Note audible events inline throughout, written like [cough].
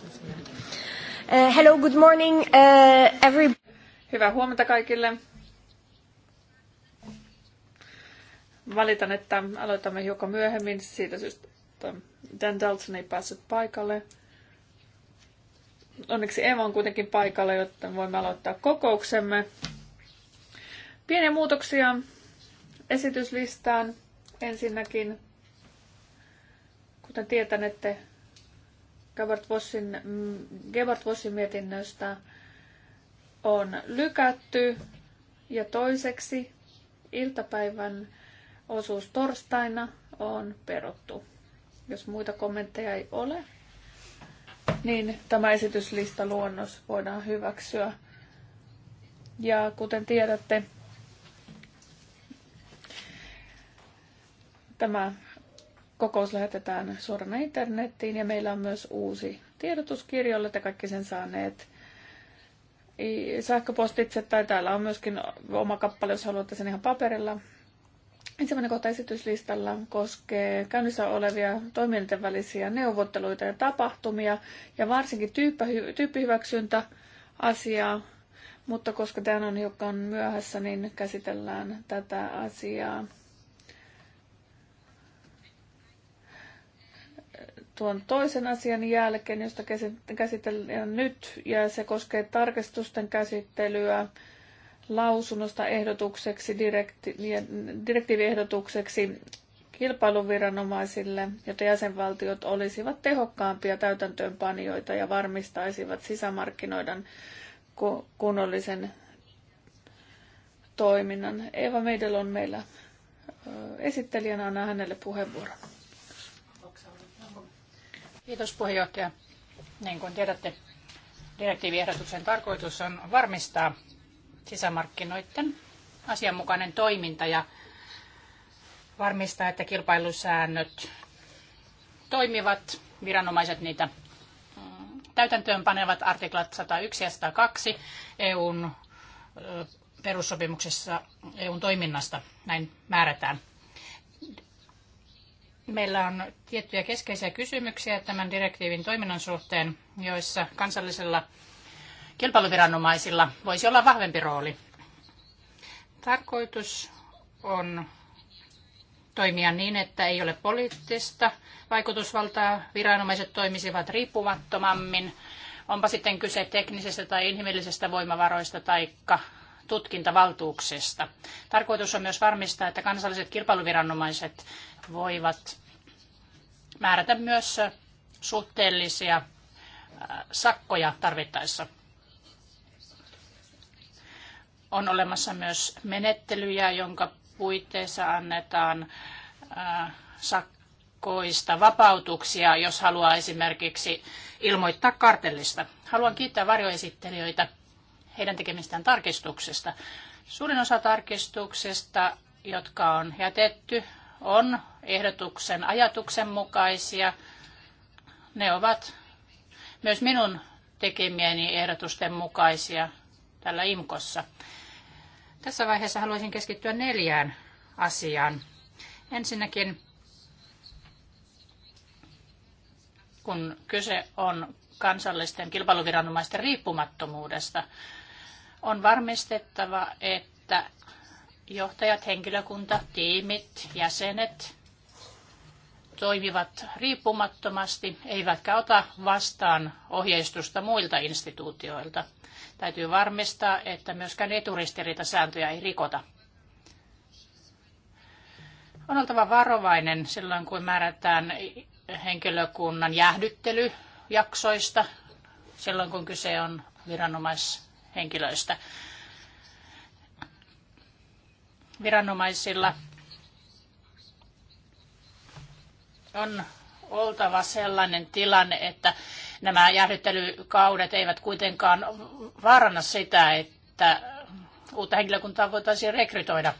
Uh, hello, good morning uh, every... Hyvää huomenta kaikille. Valitan, että aloitamme hiukan myöhemmin siitä syystä, että Dan Dalton ei päässyt paikalle. Onneksi Eva on kuitenkin paikalla, jotta voimme aloittaa kokouksemme. Pieniä muutoksia esityslistaan. Ensinnäkin, kuten tietänette, Gebhard mm, Vossin mietinnöstä on lykätty ja toiseksi iltapäivän osuus torstaina on peruttu. Jos muita kommentteja ei ole, niin tämä esityslista luonnos voidaan hyväksyä. Ja kuten tiedätte, tämä kokous lähetetään suorana internettiin ja meillä on myös uusi tiedotuskirja, olette kaikki sen saaneet sähköpostitse tai täällä on myöskin oma kappale, jos haluatte sen ihan paperilla. Ensimmäinen kohta esityslistalla koskee käynnissä olevia toimijoiden välisiä neuvotteluita ja tapahtumia ja varsinkin tyyppihyväksyntä asiaa, mutta koska tämä on hiukan myöhässä, niin käsitellään tätä asiaa tuon toisen asian jälkeen, josta käsitellään nyt, ja se koskee tarkistusten käsittelyä lausunnosta ehdotukseksi, direkti- direktiiviehdotukseksi kilpailuviranomaisille, jotta jäsenvaltiot olisivat tehokkaampia täytäntöönpanijoita ja varmistaisivat sisämarkkinoiden kunnollisen toiminnan. Eva Meidel on meillä esittelijänä, annan hänelle puheenvuoron. Kiitos puheenjohtaja. Niin kuin tiedätte, direktiiviehdotuksen tarkoitus on varmistaa sisämarkkinoiden asianmukainen toiminta ja varmistaa, että kilpailusäännöt toimivat, viranomaiset niitä mm, täytäntöön panevat artiklat 101 ja 102 EUn perussopimuksessa EUn toiminnasta, näin määrätään. Meillä on tiettyjä keskeisiä kysymyksiä tämän direktiivin toiminnan suhteen, joissa kansallisella kilpailuviranomaisilla voisi olla vahvempi rooli. Tarkoitus on toimia niin, että ei ole poliittista vaikutusvaltaa, viranomaiset toimisivat riippumattomammin, onpa sitten kyse teknisestä tai inhimillisestä voimavaroista tai tutkintavaltuuksista. Tarkoitus on myös varmistaa, että kansalliset kilpailuviranomaiset voivat määrätä myös suhteellisia äh, sakkoja tarvittaessa. On olemassa myös menettelyjä, jonka puitteissa annetaan äh, sakkoista vapautuksia, jos haluaa esimerkiksi ilmoittaa kartellista. Haluan kiittää varjoesittelijöitä heidän tekemistään tarkistuksesta. Suurin osa tarkistuksesta, jotka on jätetty, on ehdotuksen ajatuksen mukaisia. Ne ovat myös minun tekemieni ehdotusten mukaisia tällä IMKossa. Tässä vaiheessa haluaisin keskittyä neljään asiaan. Ensinnäkin, kun kyse on kansallisten kilpailuviranomaisten riippumattomuudesta, on varmistettava, että johtajat, henkilökunta, tiimit, jäsenet toimivat riippumattomasti, eivätkä ota vastaan ohjeistusta muilta instituutioilta. Täytyy varmistaa, että myöskään eturistiriitasääntöjä ei rikota. On oltava varovainen silloin, kun määrätään henkilökunnan jäähdyttelyjaksoista, silloin kun kyse on viranomais henkilöistä. Viranomaisilla on oltava sellainen tilanne, että nämä jäähdyttelykaudet eivät kuitenkaan vaaranna sitä, että uutta henkilökuntaa voitaisiin rekrytoida.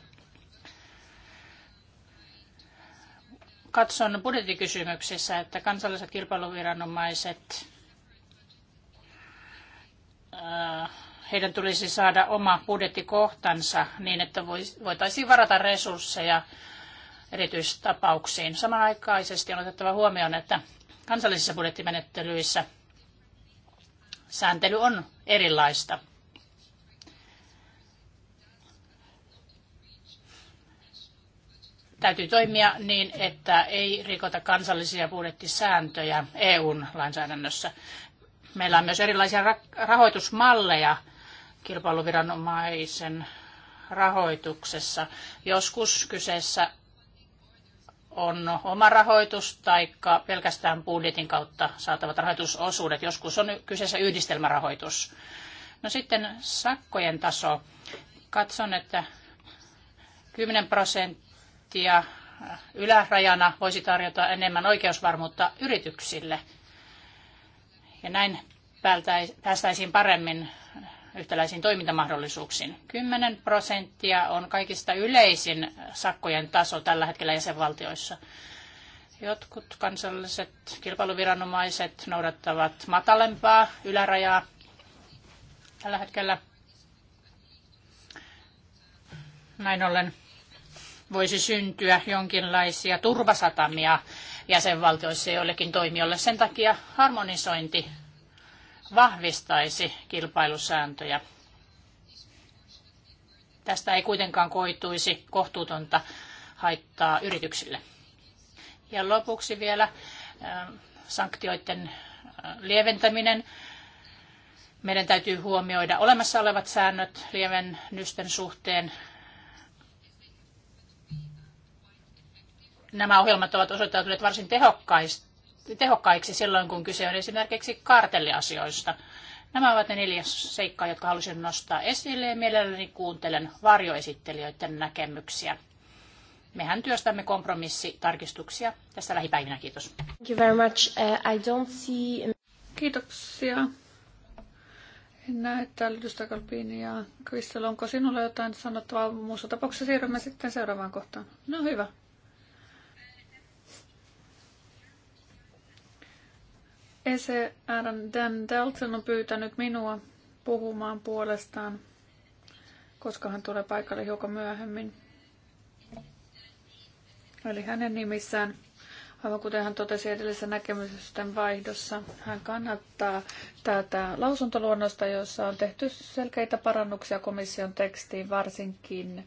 Katson budjettikysymyksissä, että kansalliset kilpailuviranomaiset heidän tulisi saada oma budjettikohtansa niin, että voitaisiin varata resursseja erityistapauksiin. Samanaikaisesti on otettava huomioon, että kansallisissa budjettimenettelyissä sääntely on erilaista. Täytyy toimia niin, että ei rikota kansallisia budjettisääntöjä EUn lainsäädännössä. Meillä on myös erilaisia rahoitusmalleja kilpailuviranomaisen rahoituksessa. Joskus kyseessä on oma rahoitus tai pelkästään budjetin kautta saatavat rahoitusosuudet. Joskus on kyseessä yhdistelmärahoitus. No sitten sakkojen taso. Katson, että 10 prosenttia ylärajana voisi tarjota enemmän oikeusvarmuutta yrityksille. Ja näin päästäisiin paremmin yhtäläisiin toimintamahdollisuuksiin. 10 prosenttia on kaikista yleisin sakkojen taso tällä hetkellä jäsenvaltioissa. Jotkut kansalliset kilpailuviranomaiset noudattavat matalempaa ylärajaa tällä hetkellä. Näin ollen voisi syntyä jonkinlaisia turvasatamia jäsenvaltioissa joillekin toimijoille. Sen takia harmonisointi vahvistaisi kilpailusääntöjä. Tästä ei kuitenkaan koituisi kohtuutonta haittaa yrityksille. Ja lopuksi vielä ähm, sanktioiden äh, lieventäminen. Meidän täytyy huomioida olemassa olevat säännöt lievennysten suhteen. Nämä ohjelmat ovat osoittautuneet varsin tehokkaista tehokkaiksi silloin, kun kyse on esimerkiksi kartelliasioista. Nämä ovat ne neljä seikkaa, jotka halusin nostaa esille ja mielelläni kuuntelen varjoesittelijöiden näkemyksiä. Mehän työstämme kompromissitarkistuksia tässä lähipäivinä. Kiitos. Thank you very much. Uh, I don't see... Kiitoksia. En näe täällä Dysta Kristel, onko sinulla jotain sanottavaa? Muussa tapauksessa siirrymme sitten seuraavaan kohtaan. No hyvä. ECRn Dan Dalton on pyytänyt minua puhumaan puolestaan, koska hän tulee paikalle hiukan myöhemmin. Eli hänen nimissään, aivan kuten hän totesi edellisessä näkemysten vaihdossa, hän kannattaa tätä lausuntoluonnosta, jossa on tehty selkeitä parannuksia komission tekstiin, varsinkin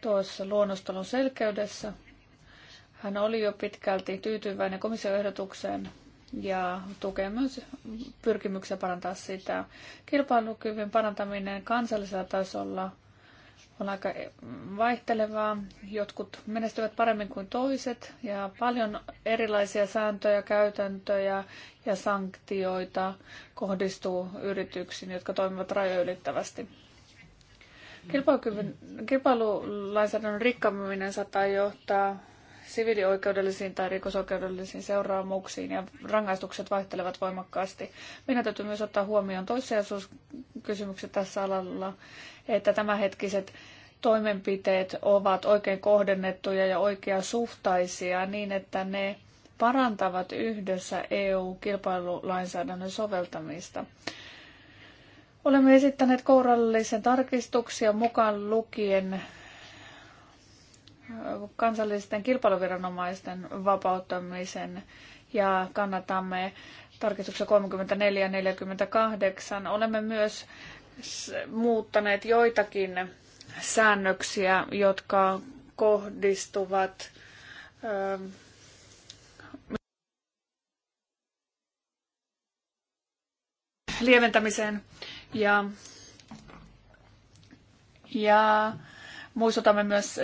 tuossa luonnostelun selkeydessä. Hän oli jo pitkälti tyytyväinen komission ehdotukseen ja tukee myös pyrkimyksiä parantaa sitä. Kilpailukyvyn parantaminen kansallisella tasolla on aika vaihtelevaa. Jotkut menestyvät paremmin kuin toiset ja paljon erilaisia sääntöjä, käytäntöjä ja sanktioita kohdistuu yrityksiin, jotka toimivat rajoja ylittävästi. Kilpailulainsäädännön rikkaminen saattaa johtaa siviilioikeudellisiin tai rikosoikeudellisiin seuraamuksiin ja rangaistukset vaihtelevat voimakkaasti. Meidän täytyy myös ottaa huomioon toissijaisuuskysymykset tässä alalla, että tämänhetkiset toimenpiteet ovat oikein kohdennettuja ja oikeasuhtaisia niin, että ne parantavat yhdessä EU-kilpailulainsäädännön soveltamista. Olemme esittäneet kourallisen tarkistuksia mukaan lukien kansallisten kilpailuviranomaisten vapauttamisen ja kannatamme tarkistuksessa 34 ja 48. Olemme myös muuttaneet joitakin säännöksiä, jotka kohdistuvat ähm, lieventämiseen ja, ja Muistutamme myös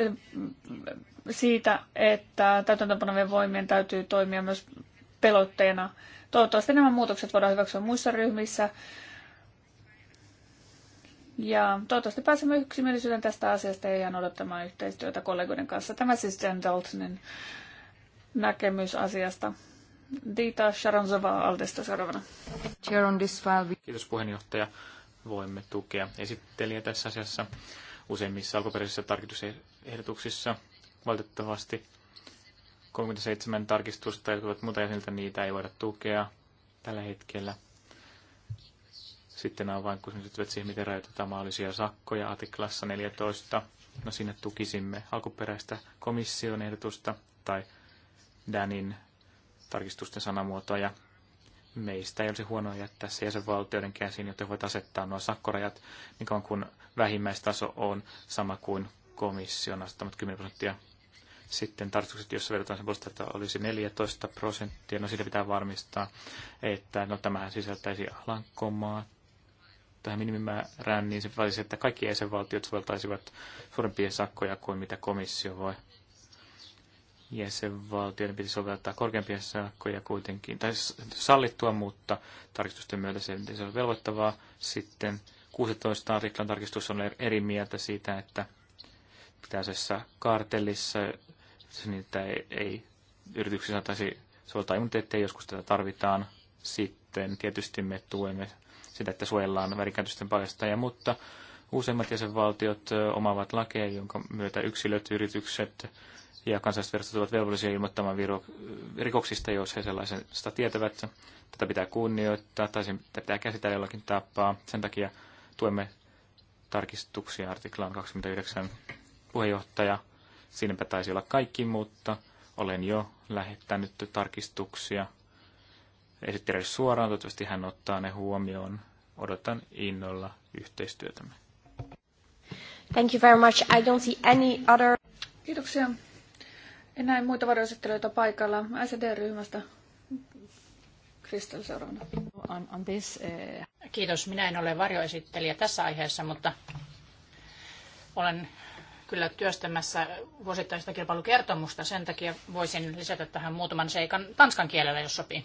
siitä, että täytäntöönpanovien voimien täytyy toimia myös pelotteena. Toivottavasti nämä muutokset voidaan hyväksyä muissa ryhmissä. Ja toivottavasti pääsemme yksimielisyyden tästä asiasta ja jään odottamaan yhteistyötä kollegoiden kanssa. Tämä siis Jen Daltonin näkemys asiasta. Dita Sharonzova Aldesta seuraavana. Kiitos puheenjohtaja. Voimme tukea esittelijä tässä asiassa useimmissa alkuperäisissä tarkistusehdotuksissa. Valitettavasti 37 tarkistusta, jotka ovat muuta jäseniltä, niitä ei voida tukea tällä hetkellä. Sitten on vain kysymykset siihen, miten rajoitetaan mahdollisia sakkoja artiklassa 14. No sinne tukisimme alkuperäistä komission ehdotusta tai Danin tarkistusten sanamuotoja. meistä ei olisi huonoa jättää se jäsenvaltioiden käsiin, joten voit asettaa nuo sakkorajat, niin kuin kun vähimmäistaso on sama kuin komission asettamat 10 prosenttia. Sitten tarkoitukset, jos verrataan sen puolesta, että olisi 14 prosenttia, no siitä pitää varmistaa, että no tämähän sisältäisi alankomaa tähän minimimäärään, niin se vaatisi, että kaikki jäsenvaltiot soveltaisivat suurempia sakkoja kuin mitä komissio voi. Jäsenvaltioiden piti soveltaa korkeampia sakkoja kuitenkin, tai sallittua, mutta tarkistusten myötä se se on velvoittavaa. Sitten 16 artiklan tarkistus on er-, eri mieltä siitä, että tässä kartellissa niitä ei, ei yrityksiä saataisi soveltaa immuniteettia, joskus tätä tarvitaan. Sitten tietysti me tuemme sitä, että suojellaan värikäytösten paljastajia, mutta useimmat jäsenvaltiot omaavat lakeja, jonka myötä yksilöt, yritykset ja kansalliset verstot ovat velvollisia ilmoittamaan rikoksista, jos he sellaisesta tietävät. Tätä pitää kunnioittaa tai sitä pitää käsitellä jollakin tapaa. Sen takia tuemme tarkistuksia artiklaan 29 puheenjohtaja. Siinäpä taisi olla kaikki, mutta olen jo lähettänyt tarkistuksia Esittelen suoraan. Toivottavasti hän ottaa ne huomioon. Odotan innolla yhteistyötämme. Thank you very much. I don't see any other... Kiitoksia. En näe muita varoesittelijöitä paikalla. SD-ryhmästä Kristel seuraavana on, on this. Eh, Kiitos. Minä en ole varjoesittelijä tässä aiheessa, mutta olen kyllä työstämässä vuosittaista kilpailukertomusta. Sen takia voisin lisätä tähän muutaman seikan tanskan kielellä, jos sopii.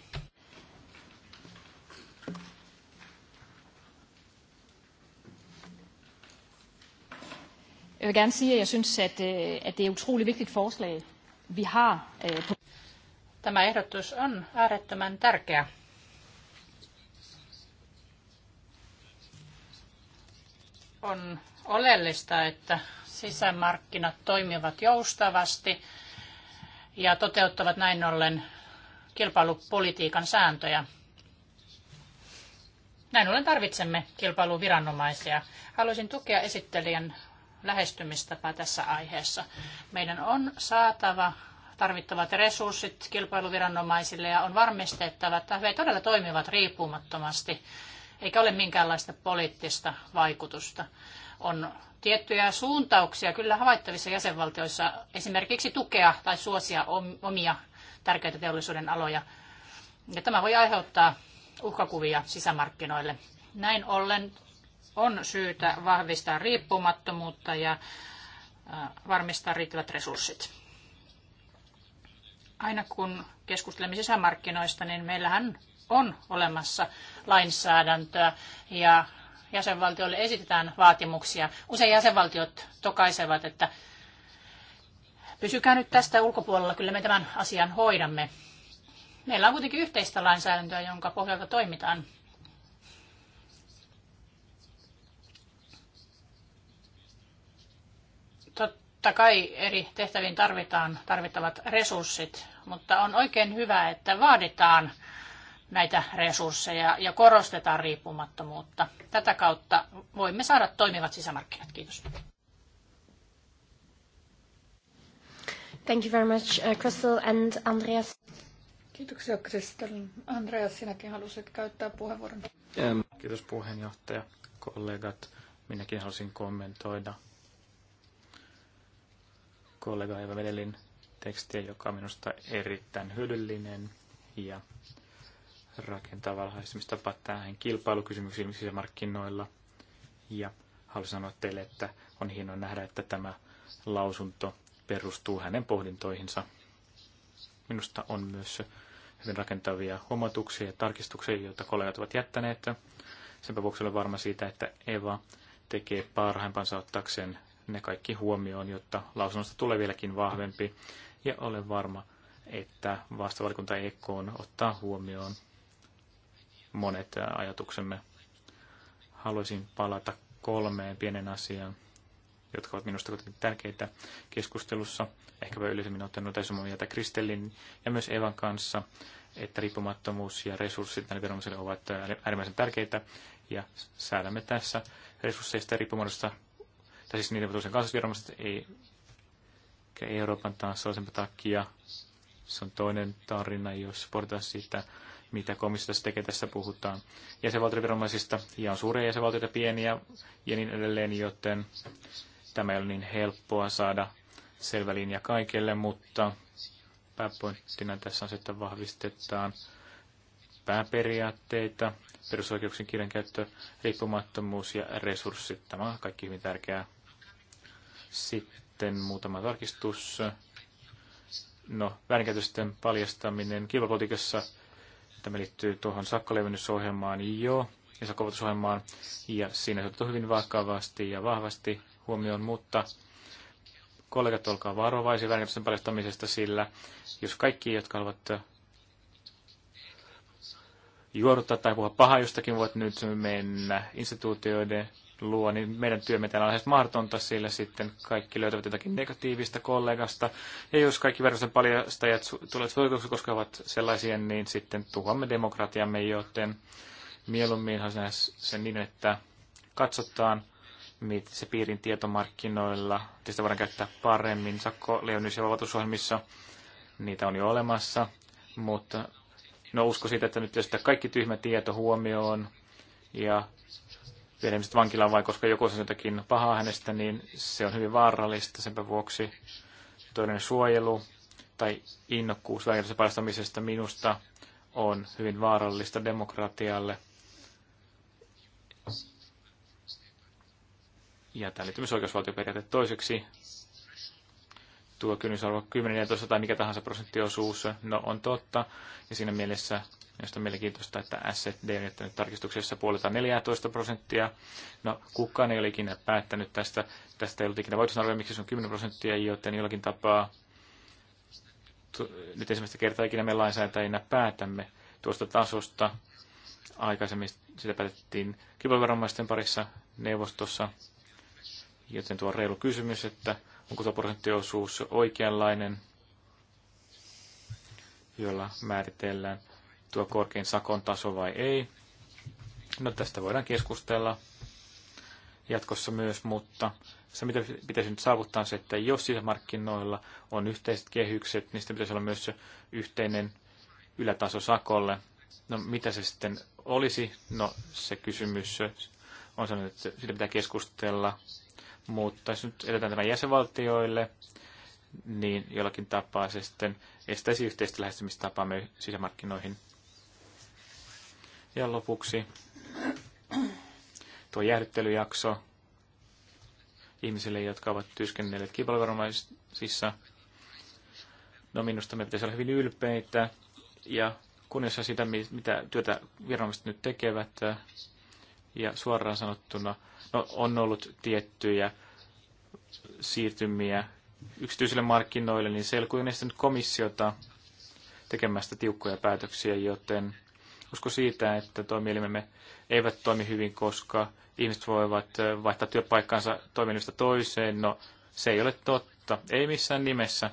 Jeg vil gerne sige, at jeg synes, at, eh, at det er utrolig vigtigt forslag, vi har. Eh, Tämä ehdotus on äärettömän tärkeä. on oleellista, että sisämarkkinat toimivat joustavasti ja toteuttavat näin ollen kilpailupolitiikan sääntöjä. Näin ollen tarvitsemme kilpailuviranomaisia. Haluaisin tukea esittelijän lähestymistapaa tässä aiheessa. Meidän on saatava tarvittavat resurssit kilpailuviranomaisille ja on varmistettava, että he todella toimivat riippumattomasti eikä ole minkäänlaista poliittista vaikutusta. On tiettyjä suuntauksia kyllä havaittavissa jäsenvaltioissa, esimerkiksi tukea tai suosia omia tärkeitä teollisuuden aloja. Ja tämä voi aiheuttaa uhkakuvia sisämarkkinoille. Näin ollen on syytä vahvistaa riippumattomuutta ja varmistaa riittävät resurssit. Aina kun keskustelemme sisämarkkinoista, niin meillähän on olemassa lainsäädäntöä ja jäsenvaltioille esitetään vaatimuksia. Usein jäsenvaltiot tokaisevat, että pysykää nyt tästä ulkopuolella, kyllä me tämän asian hoidamme. Meillä on kuitenkin yhteistä lainsäädäntöä, jonka pohjalta toimitaan. Totta kai eri tehtäviin tarvitaan tarvittavat resurssit, mutta on oikein hyvä, että vaaditaan – näitä resursseja ja korostetaan riippumattomuutta. Tätä kautta voimme saada toimivat sisämarkkinat. Kiitos. Thank you very much, uh, Crystal and Andreas. Kiitoksia Kristel. Andreas, sinäkin halusit käyttää puheenvuoron. Kiitos puheenjohtaja, kollegat. Minäkin halusin kommentoida kollega Eva Vedelin tekstiä, joka on minusta erittäin hyödyllinen ja rakentaa valhaistumistapa tähän kilpailukysymyksiin sisämarkkinoilla. Ja haluan sanoa teille, että on hienoa nähdä, että tämä lausunto perustuu hänen pohdintoihinsa. Minusta on myös hyvin rakentavia huomautuksia ja tarkistuksia, joita kollegat ovat jättäneet. Senpä vuoksi olen varma siitä, että Eva tekee parhaimpansa ottaakseen ne kaikki huomioon, jotta lausunnosta tulee vieläkin vahvempi. Ja olen varma, että vastavalikunta EK on ottaa huomioon monet ajatuksemme. Haluaisin palata kolmeen pienen asiaan, jotka ovat minusta kuitenkin tärkeitä keskustelussa. Ehkäpä yleisemmin ottaen noita samaa mieltä Kristellin ja myös Evan kanssa, että riippumattomuus ja resurssit näille viranomaisille ovat äärimmäisen tärkeitä. Ja säädämme tässä resursseista ja riippumattomuudesta, tai siis niiden vuotuisen kansallisviranomaiset, ei Euroopan taas sellaisen takia. Se on toinen tarina, jos portaa siitä mitä komissio tässä tekee. Tässä puhutaan jäsenvaltioviranomaisista ja on suuria jäsenvaltioita, pieniä ja niin edelleen, joten tämä ei ole niin helppoa saada selvä linja kaikille, mutta pääpointtina tässä on se, että vahvistetaan pääperiaatteita, perusoikeuksien kirjankäyttö, riippumattomuus ja resurssit. Tämä on kaikki hyvin tärkeää. Sitten muutama tarkistus. No, väärinkäytösten paljastaminen kilpapolitiikassa Tämä liittyy tuohon sakkolevennysohjelmaan jo ja sakkovakuutusohjelmaan, ja siinä se otettu hyvin vakavasti ja vahvasti huomioon, mutta kollegat, olkaa varovaisia väärinkäytösten paljastamisesta, sillä jos kaikki, jotka haluavat juoruttaa tai puhua pahaa jostakin, voivat nyt mennä instituutioiden luo, niin meidän työmme täällä on lähes mahdotonta, sillä sitten kaikki löytävät jotakin negatiivista kollegasta. Ja jos kaikki verkoston paljastajat tulevat suojatuksi, koska ovat sellaisia, niin sitten tuhoamme demokratiamme, joten mieluummin on sen niin, että katsotaan, mitä se piirin tietomarkkinoilla, sitä voidaan käyttää paremmin sakko, leonys- ja vapautusohjelmissa, niitä on jo olemassa, mutta no usko siitä, että nyt jos kaikki tyhmä tieto huomioon ja pienemmistä vankilaan vai koska joku on jotakin pahaa hänestä, niin se on hyvin vaarallista. Senpä vuoksi toinen suojelu tai innokkuus väkivaltaisen paljastamisesta minusta on hyvin vaarallista demokratialle. Ja tämä liittyy myös oikeusvaltioperiaate toiseksi. Tuo kynnysarvo 10, 14 tai mikä tahansa prosenttiosuus, no on totta. Ja siinä mielessä Josta on mielenkiintoista, että SSD on jättänyt tarkistuksessa puolelta 14 prosenttia. No, kukaan ei ole ikinä päättänyt tästä. Tästä ei ollut ikinä voitosarvoja, miksi se on 10 prosenttia, joten jollakin tapaa nyt ensimmäistä kertaa ikinä me lainsäätäjinä päätämme tuosta tasosta. Aikaisemmin sitä päätettiin kilpailuviranomaisten parissa neuvostossa, joten tuo on reilu kysymys, että onko tuo prosenttiosuus oikeanlainen, jolla määritellään – tuo korkein sakon taso vai ei. No tästä voidaan keskustella jatkossa myös, mutta se mitä pitäisi nyt saavuttaa on se, että jos sisämarkkinoilla on yhteiset kehykset, niin sitten pitäisi olla myös se yhteinen ylätaso sakolle. No mitä se sitten olisi? No se kysymys on sanonut, että siitä pitää keskustella. Mutta jos nyt edetään tämän jäsenvaltioille, niin jollakin tapaa se sitten estäisi yhteistä lähestymistapaamme sisämarkkinoihin. Ja lopuksi tuo jäähdyttelyjakso ihmisille, jotka ovat työskennelleet kilpailuvarmaisissa. No minusta me pitäisi olla hyvin ylpeitä ja kunnioissa sitä, mitä työtä viranomaiset nyt tekevät. Ja suoraan sanottuna no, on ollut tiettyjä siirtymiä yksityisille markkinoille, niin se ei nyt komissiota tekemästä tiukkoja päätöksiä, joten usko siitä, että toimielimemme eivät toimi hyvin, koska ihmiset voivat vaihtaa työpaikkaansa toiminnasta toiseen. No, se ei ole totta. Ei missään nimessä.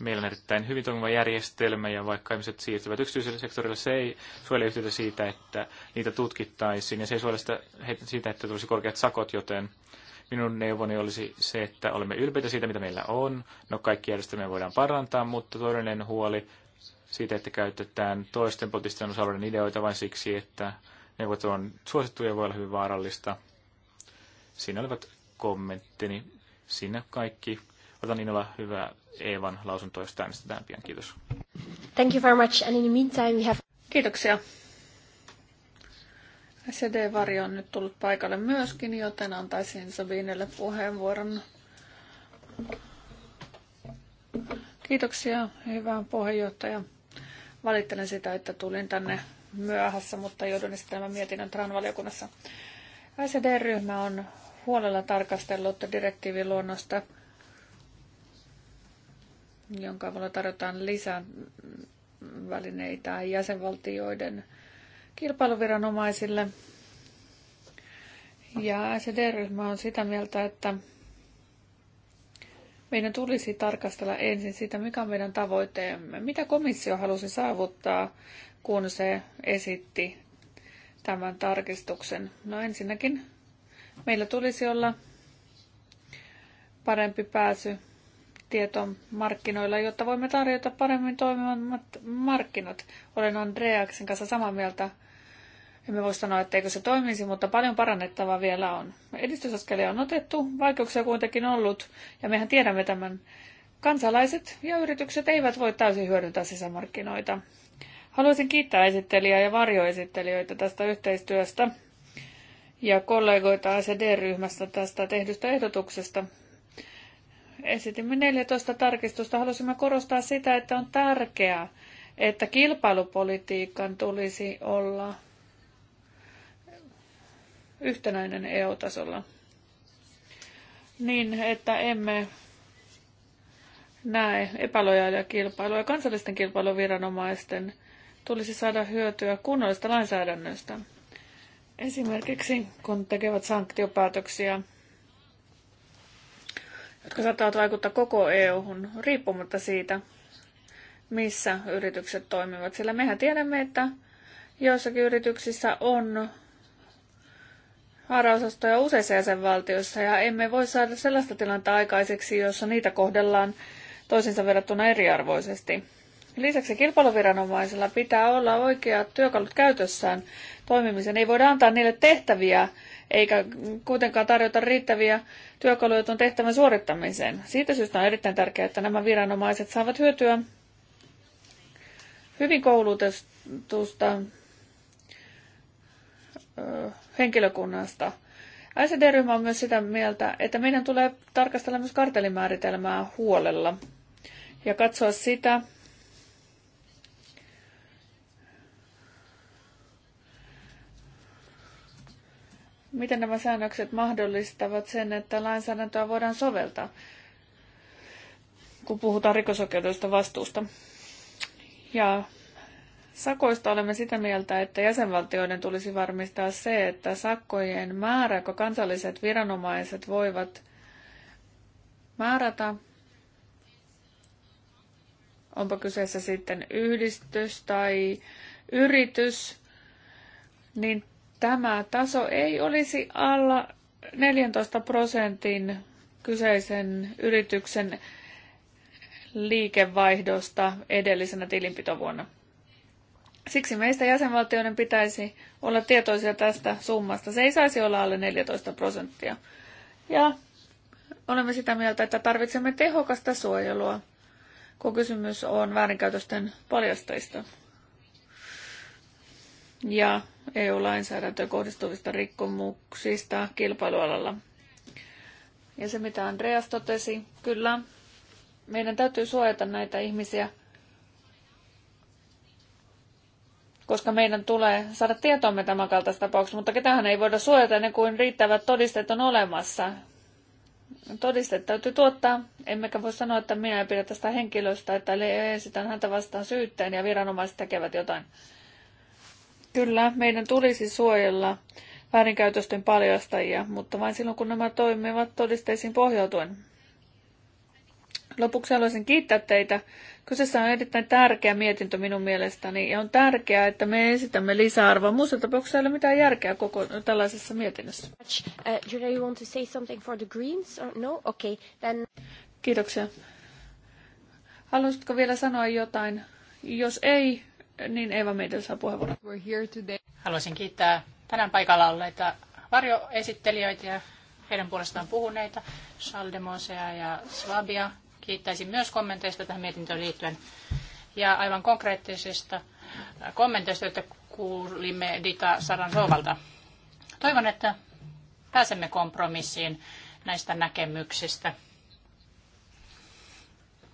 Meillä on erittäin hyvin toimiva järjestelmä ja vaikka ihmiset siirtyvät yksityiselle sektorille, se ei suojele yhteyttä siitä, että niitä tutkittaisiin ja se ei suojele sitä, siitä, että tulisi korkeat sakot, joten minun neuvoni olisi se, että olemme ylpeitä siitä, mitä meillä on. No kaikki järjestelmiä voidaan parantaa, mutta todellinen huoli siitä, että käytetään toisten poliittisten osa ideoita vain siksi, että ne on suosittuja voi olla hyvin vaarallista. Siinä olivat kommenttini. Siinä kaikki. Otan innolla hyvää Eevan lausuntoa, jos äänestetään pian. Kiitos. Thank you very much. And in the meantime we have... Kiitoksia. SED-varjo on nyt tullut paikalle myöskin, joten antaisin Sabinelle puheenvuoron. Kiitoksia, hyvä puheenjohtaja. Valittelen sitä, että tulin tänne myöhässä, mutta joudun esittämään mietinnön TRAN-valiokunnassa. icd ryhmä on huolella tarkastellut direktiiviluonnosta, jonka avulla tarjotaan lisää välineitä jäsenvaltioiden kilpailuviranomaisille. Ja icd ryhmä on sitä mieltä, että meidän tulisi tarkastella ensin sitä, mikä on meidän tavoitteemme. Mitä komissio halusi saavuttaa, kun se esitti tämän tarkistuksen? No ensinnäkin meillä tulisi olla parempi pääsy tietoon markkinoilla, jotta voimme tarjota paremmin toimivat markkinat. Olen Andreaksen kanssa samaa mieltä emme voi sanoa, etteikö se toimisi, mutta paljon parannettavaa vielä on. Edistysaskelia on otettu, vaikeuksia kuitenkin ollut, ja mehän tiedämme tämän. Kansalaiset ja yritykset eivät voi täysin hyödyntää sisämarkkinoita. Haluaisin kiittää esittelijää ja varjoesittelijöitä tästä yhteistyöstä ja kollegoita sd ryhmästä tästä tehdystä ehdotuksesta. Esitimme 14 tarkistusta. Halusimme korostaa sitä, että on tärkeää, että kilpailupolitiikan tulisi olla yhtenäinen EU-tasolla niin, että emme näe epälojaalia kilpailua. Kansallisten kilpailuviranomaisten tulisi saada hyötyä kunnollisesta lainsäädännöstä. Esimerkiksi kun tekevät sanktiopäätöksiä, jotka saattavat vaikuttaa koko EU-hun riippumatta siitä, missä yritykset toimivat. Sillä mehän tiedämme, että joissakin yrityksissä on haaraosastoja useissa jäsenvaltioissa ja emme voi saada sellaista tilannetta aikaiseksi, jossa niitä kohdellaan toisinsa verrattuna eriarvoisesti. Lisäksi kilpailuviranomaisilla pitää olla oikeat työkalut käytössään toimimiseen. Ei voida antaa niille tehtäviä eikä kuitenkaan tarjota riittäviä työkaluja tuon tehtävän suorittamiseen. Siitä syystä on erittäin tärkeää, että nämä viranomaiset saavat hyötyä hyvin koulutetusta henkilökunnasta. sd ryhmä on myös sitä mieltä, että meidän tulee tarkastella myös kartelimääritelmää huolella ja katsoa sitä, miten nämä säännökset mahdollistavat sen, että lainsäädäntöä voidaan soveltaa, kun puhutaan rikosoikeudellisesta vastuusta. Ja Sakoista olemme sitä mieltä, että jäsenvaltioiden tulisi varmistaa se, että sakkojen määrä, joka kansalliset viranomaiset voivat määrätä, onpa kyseessä sitten yhdistys tai yritys, niin tämä taso ei olisi alla 14 prosentin kyseisen yrityksen liikevaihdosta edellisenä tilinpitovuonna. Siksi meistä jäsenvaltioiden pitäisi olla tietoisia tästä summasta. Se ei saisi olla alle 14 prosenttia. Ja olemme sitä mieltä, että tarvitsemme tehokasta suojelua, kun kysymys on väärinkäytösten paljastajista ja EU-lainsäädäntöön kohdistuvista rikkomuksista kilpailualalla. Ja se, mitä Andreas totesi, kyllä, meidän täytyy suojata näitä ihmisiä – koska meidän tulee saada tietoomme tämän kaltaista tapauksesta, mutta ketähän ei voida suojata ennen kuin riittävät todisteet on olemassa. Todisteet täytyy tuottaa, emmekä voi sanoa, että minä en pidä tästä henkilöstä, että esitän häntä vastaan syytteen ja viranomaiset tekevät jotain. Kyllä, meidän tulisi suojella väärinkäytösten paljastajia, mutta vain silloin, kun nämä toimivat todisteisiin pohjautuen. Lopuksi haluaisin kiittää teitä Kyseessä on erittäin tärkeä mietintö minun mielestäni ja on tärkeää, että me esitämme lisäarvoa. Muussa tapauksessa ei ole mitään järkeä koko tällaisessa mietinnössä. Uh, you want to say something for the Greens? no? Okay, then... Kiitoksia. Haluaisitko vielä sanoa jotain? Jos ei, niin eva Meidel saa puheenvuoron. We're here today. Haluaisin kiittää tänään paikalla olleita varjoesittelijöitä ja heidän puolestaan puhuneita, Charles ja Swabia Kiittäisin myös kommenteista tähän mietintöön liittyen ja aivan konkreettisista kommenteista, joita kuulimme Dita Saransovalta. Toivon, että pääsemme kompromissiin näistä näkemyksistä.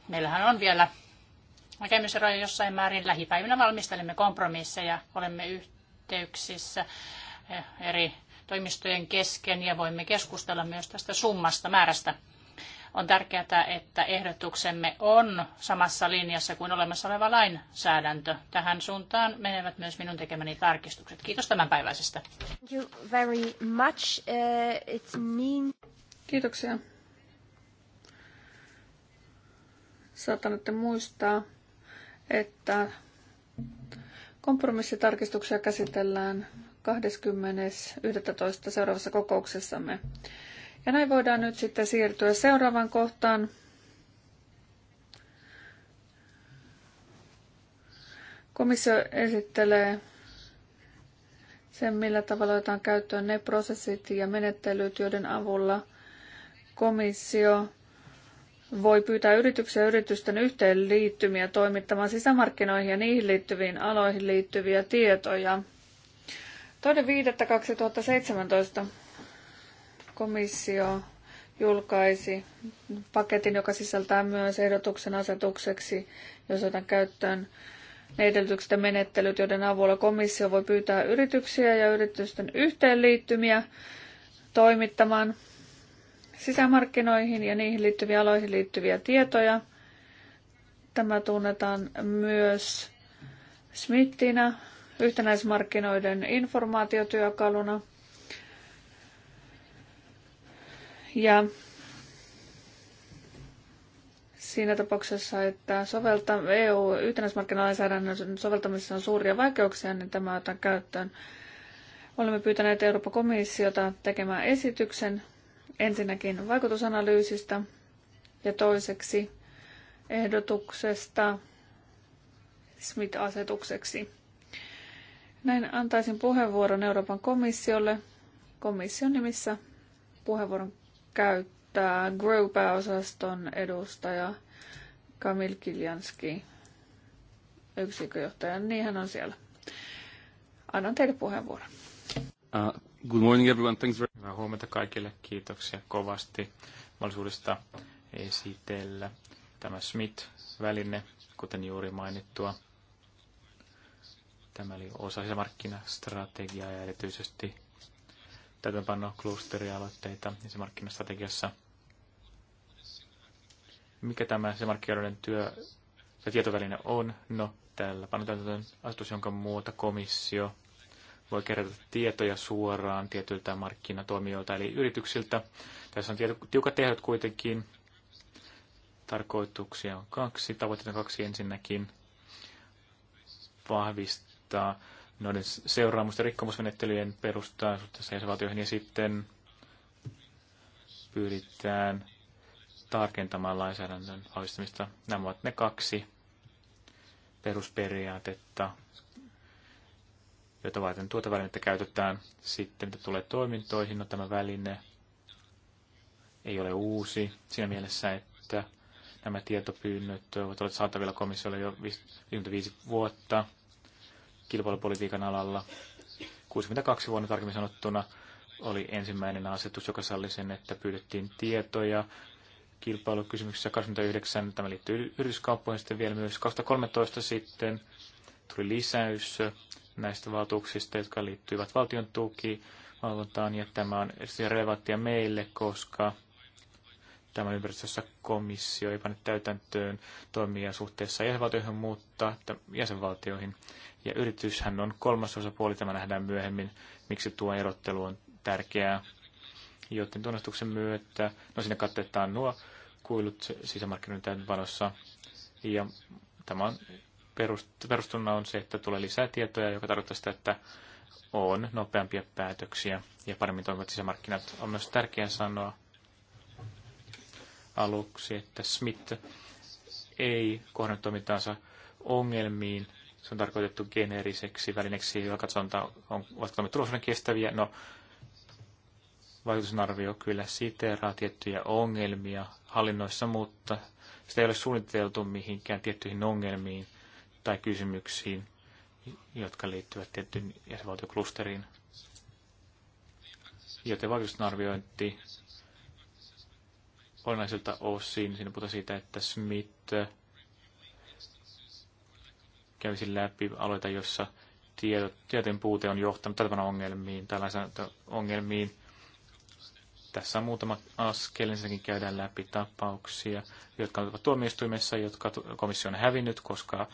Meillähän on vielä näkemyseroja jossain määrin. Lähipäivinä valmistelemme kompromisseja, olemme yhteyksissä eri toimistojen kesken ja voimme keskustella myös tästä summasta, määrästä. On tärkeää, että ehdotuksemme on samassa linjassa kuin olemassa oleva lainsäädäntö. Tähän suuntaan menevät myös minun tekemäni tarkistukset. Kiitos tämänpäiväisestä. Thank you very much. Uh, it's mean... Kiitoksia. muistaa, että kompromissitarkistuksia käsitellään 20.11. seuraavassa kokouksessamme. Ja näin voidaan nyt sitten siirtyä seuraavaan kohtaan. Komissio esittelee sen, millä tavalla otetaan käyttöön ne prosessit ja menettelyt, joiden avulla komissio voi pyytää yrityksiä ja yritysten yhteenliittymiä toimittamaan sisämarkkinoihin ja niihin liittyviin aloihin liittyviä tietoja. 2.5.2017 komissio julkaisi paketin, joka sisältää myös ehdotuksen asetukseksi, jos otan käyttöön ne edellytykset ja menettelyt, joiden avulla komissio voi pyytää yrityksiä ja yritysten yhteenliittymiä toimittamaan sisämarkkinoihin ja niihin liittyviä aloihin liittyviä tietoja. Tämä tunnetaan myös Smithinä, yhtenäismarkkinoiden informaatiotyökaluna – Ja siinä tapauksessa, että sovelta, EU-yhtenäismarkkinalainsäädännön soveltamisessa on suuria vaikeuksia, niin tämä otan käyttöön. Olemme pyytäneet Euroopan komissiota tekemään esityksen ensinnäkin vaikutusanalyysistä ja toiseksi ehdotuksesta SMIT-asetukseksi. Näin antaisin puheenvuoron Euroopan komissiolle komission nimissä puheenvuoron käyttää Grow-pääosaston edustaja Kamil Kiljanski, yksikköjohtaja. Niin hän on siellä. Annan teille puheenvuoron. Uh, good morning everyone. Thanks very... Hyvää huomenta kaikille. Kiitoksia kovasti mahdollisuudesta esitellä tämä Smith-väline, kuten juuri mainittua. Tämä oli osa sisämarkkinastrategiaa ja erityisesti täytäntöpano klusterialoitteita se markkinastrategiassa. Mikä tämä se markkinoiden työ ja tietoväline on? No, tällä panotäytäntöön asetus, jonka muuta komissio voi kerätä tietoja suoraan tietyiltä markkinatoimijoilta eli yrityksiltä. Tässä on tiukat ehdot kuitenkin. Tarkoituksia on kaksi. Tavoitteena kaksi ensinnäkin vahvistaa noiden seuraamusten rikkomusmenettelyjen perustaan suhteessa jäsenvaltioihin ja sitten pyritään tarkentamaan lainsäädännön vahvistamista. Nämä ovat ne kaksi perusperiaatetta, joita varten tuota välinettä käytetään. Sitten mitä tulee toimintoihin, no tämä väline ei ole uusi siinä mielessä, että nämä tietopyynnöt ovat olleet saatavilla komissiolle jo 55 vuotta kilpailupolitiikan alalla. 62 vuonna tarkemmin sanottuna oli ensimmäinen asetus, joka salli sen, että pyydettiin tietoja kilpailukysymyksessä 29, tämä liittyy yrityskauppoihin sitten vielä myös 2013 sitten tuli lisäys näistä valtuuksista, jotka liittyivät valtion tuki valvontaan, ja tämä on relevanttia meille, koska Tämä ympäristössä komissio ei pane täytäntöön toimia suhteessa jäsenvaltioihin, mutta jäsenvaltioihin. Ja yrityshän on kolmas osapuoli, tämä nähdään myöhemmin, miksi tuo erottelu on tärkeää. Joten tunnustuksen myötä, no siinä katsotaan nuo kuilut sisämarkkinoiden täytäntöpanossa. Ja tämä on perustunna on se, että tulee lisää tietoja, joka tarkoittaa sitä, että on nopeampia päätöksiä ja paremmin toimivat sisämarkkinat. On myös tärkeää sanoa, aluksi, että Smith ei kohdannut toimintaansa ongelmiin. Se on tarkoitettu geneeriseksi välineeksi, jolla katsotaan, on, ovatko toimet tulosuuden kestäviä. No, vaikutusarvio kyllä siteeraa tiettyjä ongelmia hallinnoissa, mutta sitä ei ole suunniteltu mihinkään tiettyihin ongelmiin tai kysymyksiin, jotka liittyvät tiettyyn jäsenvaltioklusteriin. Joten vaikutusarviointi olennaisilta osin. Siinä puhutaan siitä, että Smith kävisi läpi aloita, jossa tieto, tietojen puute on johtanut tällaisen ongelmiin, tällaisen ongelmiin. Tässä on muutama askel, ensinnäkin käydään läpi tapauksia, jotka ovat tuomioistuimessa, jotka komissio on hävinnyt, koska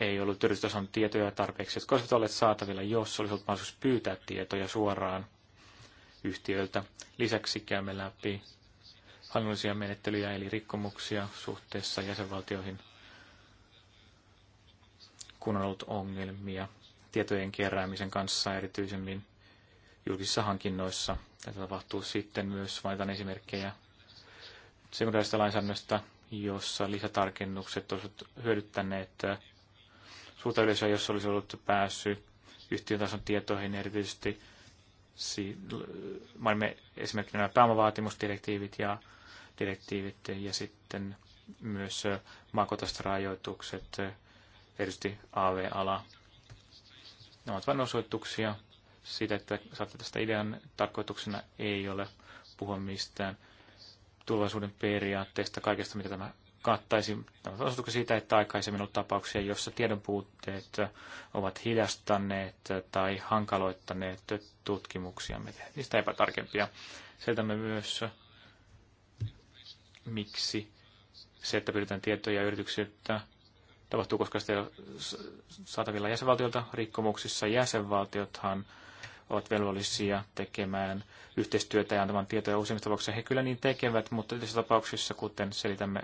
ei ollut yritystason tietoja tarpeeksi, jotka olisivat olleet saatavilla, jos olisi ollut mahdollisuus pyytää tietoja suoraan yhtiöltä. Lisäksi käymme läpi hallinnollisia menettelyjä eli rikkomuksia suhteessa jäsenvaltioihin, kun on ollut ongelmia tietojen keräämisen kanssa erityisemmin julkisissa hankinnoissa. Tätä tapahtuu sitten myös, mainitan esimerkkejä sekundaarista lainsäädännöstä, jossa lisätarkennukset olisivat hyödyttäneet suurta yleisöä, jos olisi ollut pääsy yhtiön tason tietoihin, erityisesti si- esimerkiksi nämä pääomavaatimusdirektiivit ja direktiivit ja sitten myös maakotaiset rajoitukset, erityisesti AV-ala. Nämä ovat vain osoituksia siitä, että saatte tästä idean tarkoituksena ei ole puhua mistään tulevaisuuden periaatteesta, kaikesta mitä tämä kattaisi. Tämä on osoituksia siitä, että aikaisemmin on ollut tapauksia, joissa tiedonpuutteet ovat hidastaneet tai hankaloittaneet tutkimuksia. niistä epätarkempia. Sieltä me myös miksi se, että pyydetään tietoja yrityksiltä, tapahtuu, koska sitä ei ole saatavilla jäsenvaltiolta rikkomuksissa. Jäsenvaltiothan ovat velvollisia tekemään yhteistyötä ja antamaan tietoja useimmissa tapauksissa. He kyllä niin tekevät, mutta tässä tapauksissa, kuten selitämme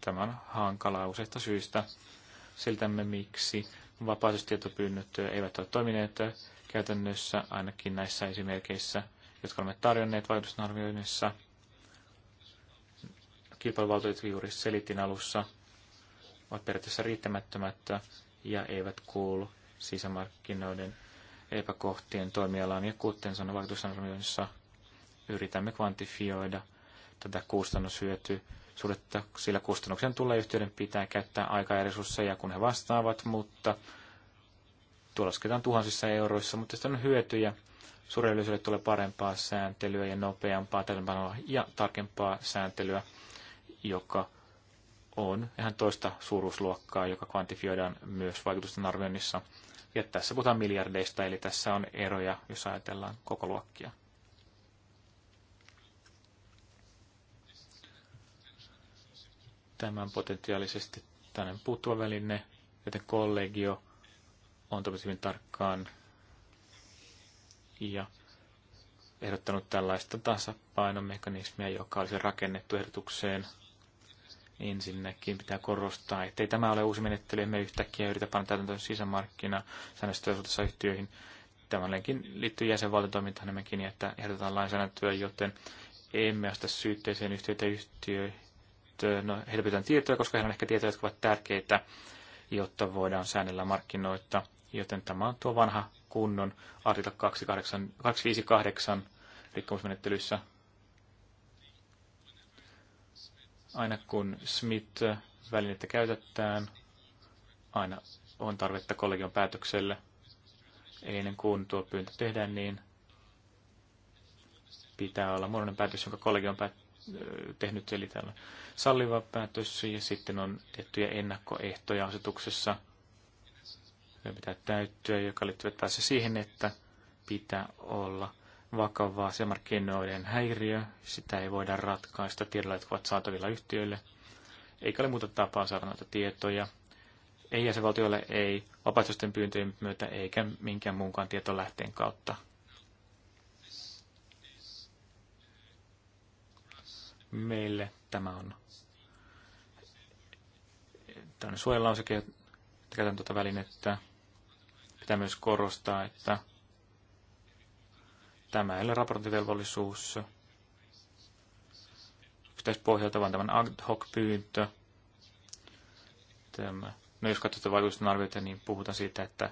tämän hankalaa useista syistä, selitämme miksi vapaaehtoistietopyynnöt eivät ole toimineet käytännössä, ainakin näissä esimerkkeissä, jotka olemme tarjonneet arvioinnissa kilpailuvaltuutettu juuri selitin alussa, ovat periaatteessa riittämättömät ja eivät kuulu sisämarkkinoiden epäkohtien toimialaan. Ja kuten sanoin vaikutusarvioinnissa yritämme kvantifioida tätä kustannushyötyä suhdetta, sillä kustannuksen tulee yhtiöiden pitää käyttää aikaa ja resursseja, kun he vastaavat, mutta tuo lasketaan tuhansissa euroissa, mutta sitten on hyötyjä. Suurelle tulee parempaa sääntelyä ja nopeampaa, ja tarkempaa sääntelyä joka on ihan toista suuruusluokkaa, joka kvantifioidaan myös vaikutusten arvioinnissa. Ja tässä puhutaan miljardeista, eli tässä on eroja, jos ajatellaan koko luokkia. Tämä on potentiaalisesti tämmöinen puuttuva väline, joten kollegio on tosi hyvin tarkkaan ja ehdottanut tällaista tasapainomekanismia, joka olisi rakennettu ehdotukseen – Ensinnäkin pitää korostaa, että ei tämä ole uusi menettely, emme yhtäkkiä yritä panna täytäntöön sisämarkkina suhteessa yhtiöihin. Tämä liittyy jäsenvaltiotoimintaan nimenkin, niin että ehdotetaan lainsäädäntöä, joten emme asta syytteeseen yhtiöitä yhtiöihin. No, heiltä pitää tietoja, koska heillä on ehkä tietoja, jotka ovat tärkeitä, jotta voidaan säännellä markkinoita. Joten tämä on tuo vanha kunnon artikla 258, 258 rikkomusmenettelyssä Aina kun Smith-välinettä käytetään, aina on tarvetta kollegion päätökselle. Eli ennen kuin tuo pyyntö tehdään, niin pitää olla muodollinen päätös, jonka kollegio on päät- tehnyt, eli tällainen salliva päätös, ja sitten on tiettyjä ennakkoehtoja asetuksessa, joita pitää täyttyä, joka liittyvät päässä siihen, että pitää olla – vakava sisämarkkinoiden häiriö. Sitä ei voida ratkaista tiedolla, jotka ovat saatavilla yhtiöille. Eikä ole muuta tapaa saada noita tietoja. Ei jäsenvaltioille, ei vapaaehtoisten pyyntöjen myötä, eikä minkään muunkaan tietolähteen kautta. Meille tämä on tämmöinen suojelauseke, että käytän tuota välinettä. Pitää myös korostaa, että Tämä ei ole raportointivelvollisuus yksittäispohjalta, vaan tämän ad hoc pyyntö. Tämä, no jos katsotaan vaikutusten arvioita, niin puhutaan siitä, että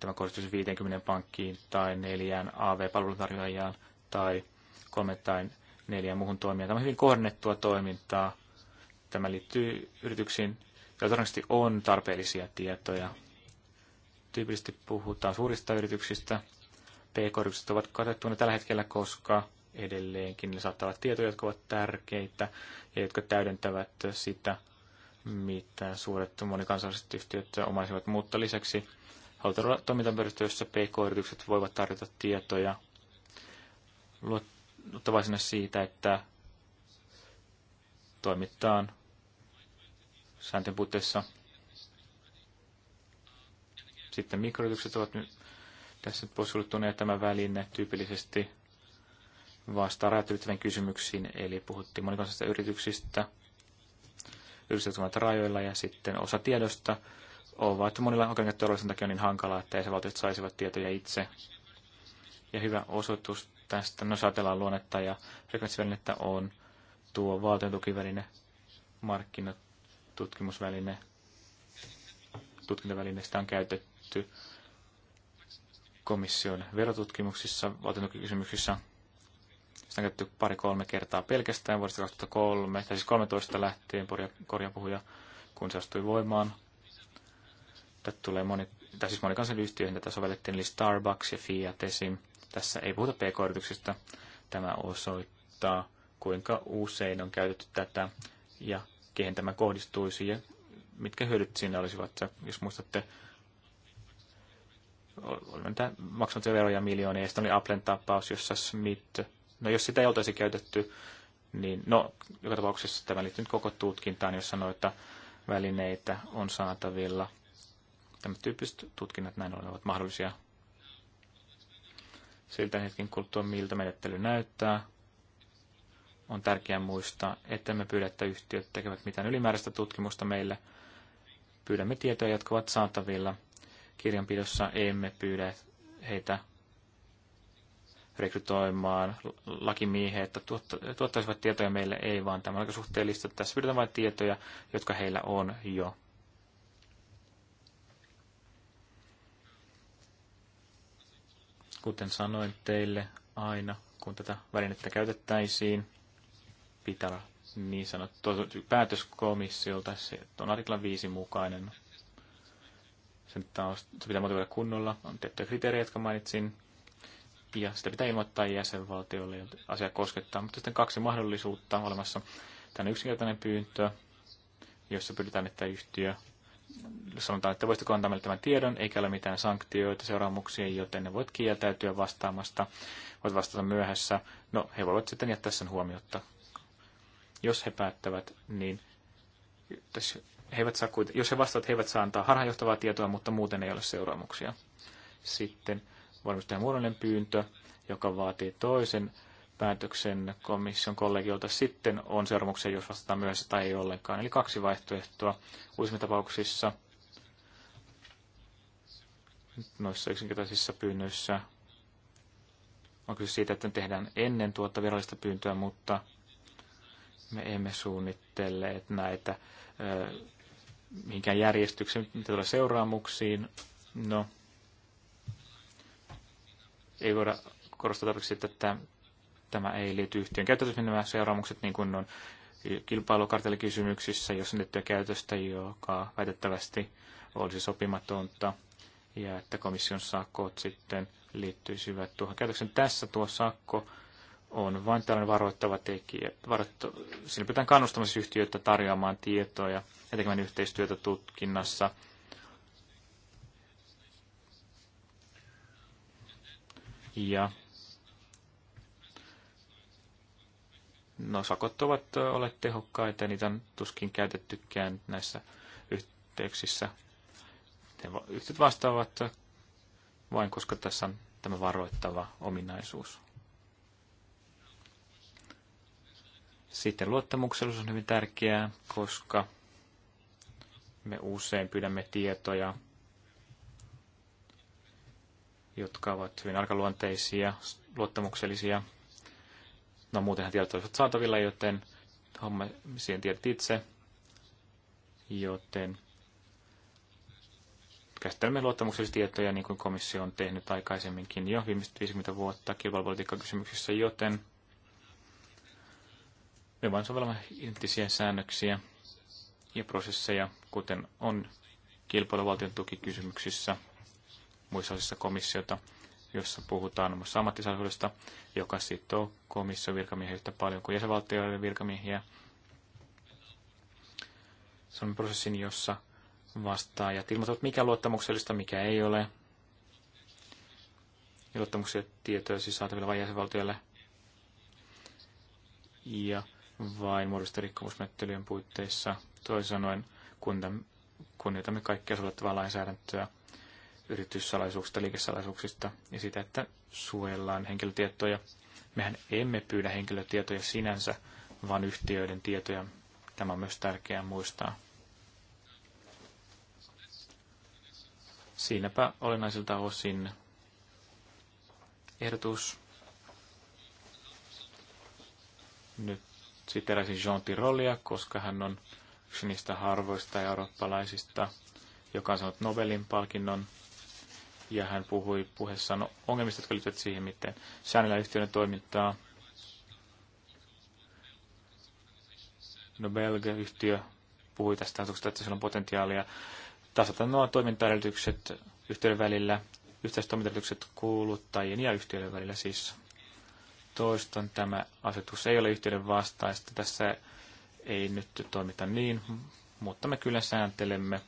tämä kohdistuisi 50 pankkiin tai neljään AV-palveluntarjoajaan tai kolme tai neljään muuhun toimijaan. Tämä on hyvin kohdennettua toimintaa. Tämä liittyy yrityksiin, joilla todennäköisesti on tarpeellisia tietoja. Tyypillisesti puhutaan suurista yrityksistä, pk-yritykset ovat katettuina tällä hetkellä, koska edelleenkin ne saattaa olla tietoja, jotka ovat tärkeitä ja jotka täydentävät sitä, mitä suuret monikansalliset yhtiöt omaisivat. Mutta lisäksi halutaan olla pk-yritykset voivat tarjota tietoja luottavaisena siitä, että toimitaan sääntöjen puitteissa. Sitten mikroyritykset ovat tässä poissuljettuna tämä väline tyypillisesti vastaa räätyyttäviin kysymyksiin, eli puhuttiin monikansallisista yrityksistä, yritykset rajoilla ja sitten osa tiedosta ovat monilla oikeudenkäyttöalueilla takia on niin hankalaa, että jäsenvaltiot saisivat tietoja itse. Ja hyvä osoitus tästä, no saatellaan luonnetta ja frekvenssivälinettä on tuo valtion tukiväline, markkinatutkimusväline, tutkintaväline, sitä on käytetty komission verotutkimuksissa, valtiontukikysymyksissä. Sitä on käytetty pari-kolme kertaa pelkästään vuodesta 2003, tai siis 13 lähtien, korjan puhuja, kun se astui voimaan. Tätä tulee moni, tai siis monikansan yhtiöihin tätä sovellettiin, eli Starbucks ja Fiat esim. Tässä ei puhuta pk-yrityksistä. Tämä osoittaa, kuinka usein on käytetty tätä ja kehen tämä kohdistuisi ja mitkä hyödyt siinä olisivat. Jos muistatte olemme maksanut veroja miljoonia, ja sitten oli Applen tapaus, jossa Smith, no jos sitä ei oltaisi käytetty, niin no, joka tapauksessa tämä liittyy nyt koko tutkintaan, jossa noita välineitä on saatavilla. Tämä tyyppiset tutkinnat näin ollen ovat mahdollisia. Siltä hetken kuluttua, miltä menettely näyttää. On tärkeää muistaa, että me pyydä, että yhtiöt tekevät mitään ylimääräistä tutkimusta meille. Pyydämme tietoja, jotka ovat saatavilla – kirjanpidossa emme pyydä heitä rekrytoimaan lakimiehiä, että tuottaisivat tietoja meille ei, vaan tämä on aika suhteellista. Tässä pyydetään vain tietoja, jotka heillä on jo. Kuten sanoin teille aina, kun tätä välinettä käytettäisiin, pitää niin sanottu päätöskomissiolta, se on artiklan 5 mukainen sen se pitää motivoida kunnolla. On tiettyjä kriteerejä, jotka mainitsin. Ja sitä pitää ilmoittaa jäsenvaltiolle, jolta asia koskettaa. Mutta sitten kaksi mahdollisuutta on olemassa. Tämä yksinkertainen pyyntö, jossa pyydetään, että yhtiö sanotaan, että voisitko antaa meille tämän tiedon, eikä ole mitään sanktioita, seuraamuksia, joten ne voit kieltäytyä vastaamasta, voit vastata myöhässä. No, he voivat sitten jättää sen huomiota. Jos he päättävät, niin tässä he eivät saa, jos he vastaavat, he eivät saa antaa harhaanjohtavaa tietoa, mutta muuten ei ole seuraamuksia. Sitten valmistajan muodollinen pyyntö, joka vaatii toisen päätöksen komission kollegiolta sitten on seuraamuksia, jos vastataan myös tai ei ollenkaan. Eli kaksi vaihtoehtoa uusimmissa tapauksissa noissa yksinkertaisissa pyynnöissä on kyse siitä, että ne tehdään ennen tuota virallista pyyntöä, mutta me emme suunnittele näitä mihinkään järjestykseen, mitä tulee seuraamuksiin. No, ei voida korostaa tarpeeksi, että tämä, tämä ei liity yhtiön käyttäytymiseen nämä seuraamukset, niin kuin on kilpailukartellikysymyksissä, jos on tiettyä käytöstä, joka väitettävästi olisi sopimatonta, ja että komission sakot sitten liittyisivät tuohon käytöksen. Tässä tuo sakko on vain tällainen varoittava tekijä. Varoittu, siinä pitää kannustamassa siis yhtiöitä tarjoamaan tietoja ja tekemään yhteistyötä tutkinnassa. Ja no, sakot ovat olleet tehokkaita ja niitä on tuskin käytettykään näissä yhteyksissä. Yhtiöt vastaavat vain, koska tässä on tämä varoittava ominaisuus. Sitten luottamuksellisuus on hyvin tärkeää, koska me usein pyydämme tietoja, jotka ovat hyvin arkaluonteisia, luottamuksellisia. No muutenhan tiedot olisivat saatavilla, joten homma siihen tiedät itse. Joten käsittelemme luottamuksellisia tietoja, niin kuin komissio on tehnyt aikaisemminkin jo viimeiset 50 vuotta kilpailupolitiikkakysymyksissä, joten me vain sovellamme identtisiä säännöksiä ja prosesseja, kuten on kilpailuvaltion tukikysymyksissä muissa osissa komissiota, jossa puhutaan muun muassa ammattisaisuudesta, joka sitoo komission virkamiehiä yhtä paljon kuin jäsenvaltioiden virkamiehiä. Se on prosessin, jossa vastaajat ilmoittavat, mikä luottamuksellista, mikä ei ole. luottamuksia tietoja siis saataville vain jäsenvaltioille. Ja vain muodollisten rikkomusmenettelyjen puitteissa Toisin sanoen kunnioitamme kaikkia sovellettavaa lainsäädäntöä yrityssalaisuuksista, liikesalaisuuksista ja sitä, että suojellaan henkilötietoja. Mehän emme pyydä henkilötietoja sinänsä, vaan yhtiöiden tietoja. Tämä on myös tärkeää muistaa. Siinäpä olennaisilta osin ehdotus. Nyt siteräisin Jean Tirolia, koska hän on yksi niistä harvoista eurooppalaisista, joka on saanut Nobelin palkinnon. Ja hän puhui puheessaan ongelmista, jotka liittyvät siihen, miten säännöllä yhtiöiden toimintaa. Nobel-yhtiö puhui tästä ajatuksesta, että siellä on potentiaalia tasata nuo toimintaedellytykset yhtiöiden välillä, yhteiset toimintaedellytykset kuuluttajien ja yhtiöiden välillä siis. Toistan, tämä asetus ei ole yhtiöiden vastaista. Tässä ei nyt toimita niin, mutta me kyllä sääntelemme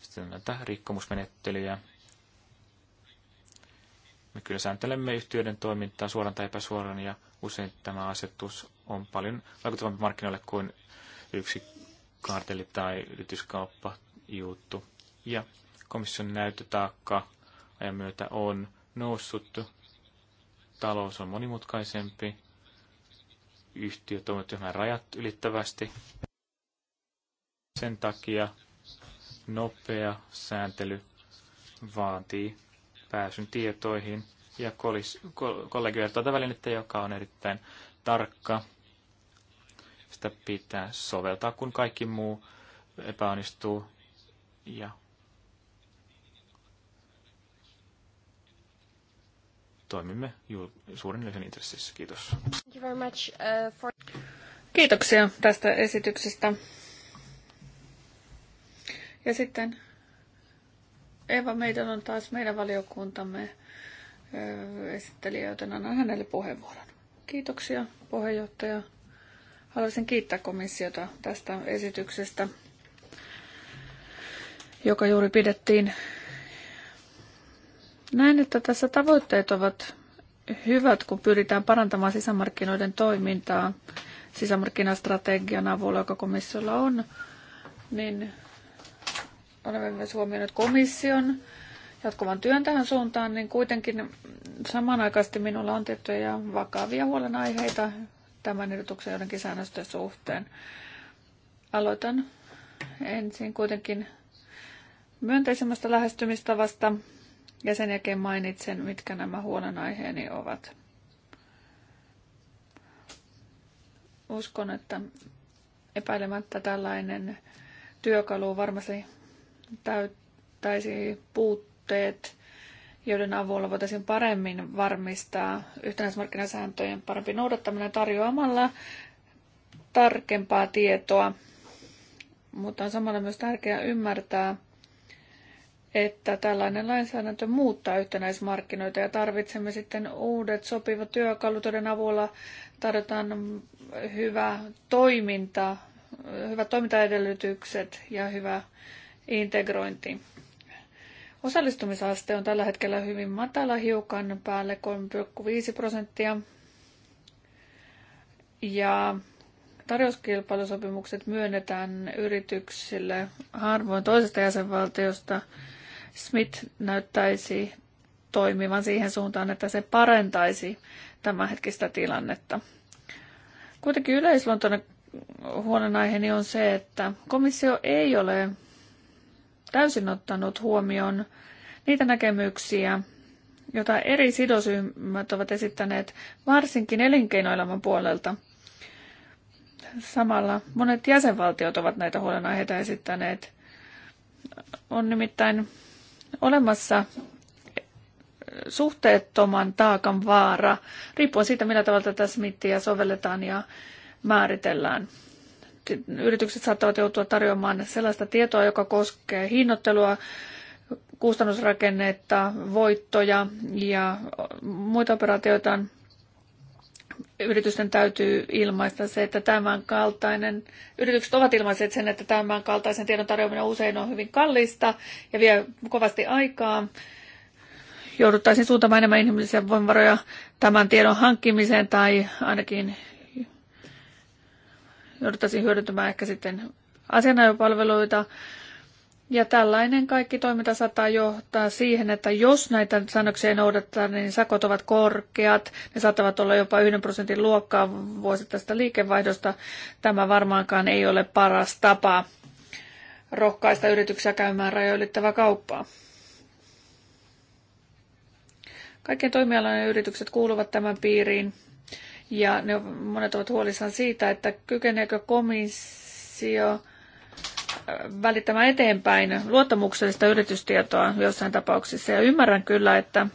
sitten näitä rikkomusmenettelyjä. Me kyllä sääntelemme yhtiöiden toimintaa suoran tai epäsuoran ja usein tämä asetus on paljon vaikuttavampi markkinoille kuin yksi kartelli- tai juttu. Ja komission näyttötaakka ajan myötä on noussut. Talous on monimutkaisempi yhtiö toimivat rajat ylittävästi. Sen takia nopea sääntely vaatii pääsyn tietoihin ja kollegivertaita välinettä, joka on erittäin tarkka. Sitä pitää soveltaa, kun kaikki muu epäonnistuu ja toimimme suurin yleisön intressissä. Kiitos very much, uh, for... Kiitoksia tästä esityksestä. Ja sitten Eva Meidon on taas meidän valiokuntamme esittelijä, joten annan hänelle puheenvuoron. Kiitoksia puheenjohtaja. Haluaisin kiittää komissiota tästä esityksestä, joka juuri pidettiin. Näin, että tässä tavoitteet ovat hyvät, kun pyritään parantamaan sisämarkkinoiden toimintaa sisämarkkinastrategian avulla, joka komissiolla on, niin olemme myös huomioineet komission jatkuvan työn tähän suuntaan, niin kuitenkin samanaikaisesti minulla on tiettyjä vakavia huolenaiheita tämän ehdotuksen joidenkin säännösten suhteen. Aloitan ensin kuitenkin myönteisemmästä lähestymistavasta ja sen jälkeen mainitsen, mitkä nämä huolenaiheeni ovat. Uskon, että epäilemättä tällainen työkalu varmasti täyttäisi puutteet, joiden avulla voitaisiin paremmin varmistaa yhtenäismarkkinasääntöjen parempi noudattaminen tarjoamalla tarkempaa tietoa. Mutta on samalla myös tärkeää ymmärtää, että tällainen lainsäädäntö muuttaa yhtenäismarkkinoita ja tarvitsemme sitten uudet sopivat työkalut, joiden avulla tarjotaan hyvä toiminta, hyvät toimintaedellytykset ja hyvä integrointi. Osallistumisaste on tällä hetkellä hyvin matala, hiukan päälle 3,5 prosenttia. Ja tarjouskilpailusopimukset myönnetään yrityksille harvoin toisesta jäsenvaltiosta – Smith näyttäisi toimivan siihen suuntaan, että se parentaisi tämänhetkistä tilannetta. Kuitenkin yleisluontoinen huolenaiheeni on se, että komissio ei ole täysin ottanut huomioon niitä näkemyksiä, joita eri sidosyhmät ovat esittäneet, varsinkin elinkeinoelämän puolelta. Samalla monet jäsenvaltiot ovat näitä huolenaiheita esittäneet. On nimittäin olemassa suhteettoman taakan vaara, riippuen siitä, millä tavalla tätä smittiä sovelletaan ja määritellään. Yritykset saattavat joutua tarjoamaan sellaista tietoa, joka koskee hinnoittelua, kustannusrakennetta, voittoja ja muita operaatioita yritysten täytyy ilmaista se, että tämän kaltainen, yritykset ovat ilmaiset sen, että tämän kaltaisen tiedon tarjoaminen usein on hyvin kallista ja vie kovasti aikaa. Jouduttaisiin suuntamaan enemmän inhimillisiä voimavaroja tämän tiedon hankkimiseen tai ainakin jouduttaisiin hyödyntämään ehkä sitten asianajopalveluita, palveluita ja tällainen kaikki toiminta saattaa johtaa siihen, että jos näitä säännöksiä ei noudateta, niin sakot ovat korkeat. Ne saattavat olla jopa yhden prosentin luokkaa vuosittaisesta liikevaihdosta. Tämä varmaankaan ei ole paras tapa rohkaista yrityksiä käymään rajoittava kauppaa. Kaikkien toimialojen yritykset kuuluvat tämän piiriin ja ne monet ovat huolissaan siitä, että kykeneekö komissio välittämään eteenpäin luottamuksellista yritystietoa jossain tapauksissa. Ja ymmärrän kyllä, että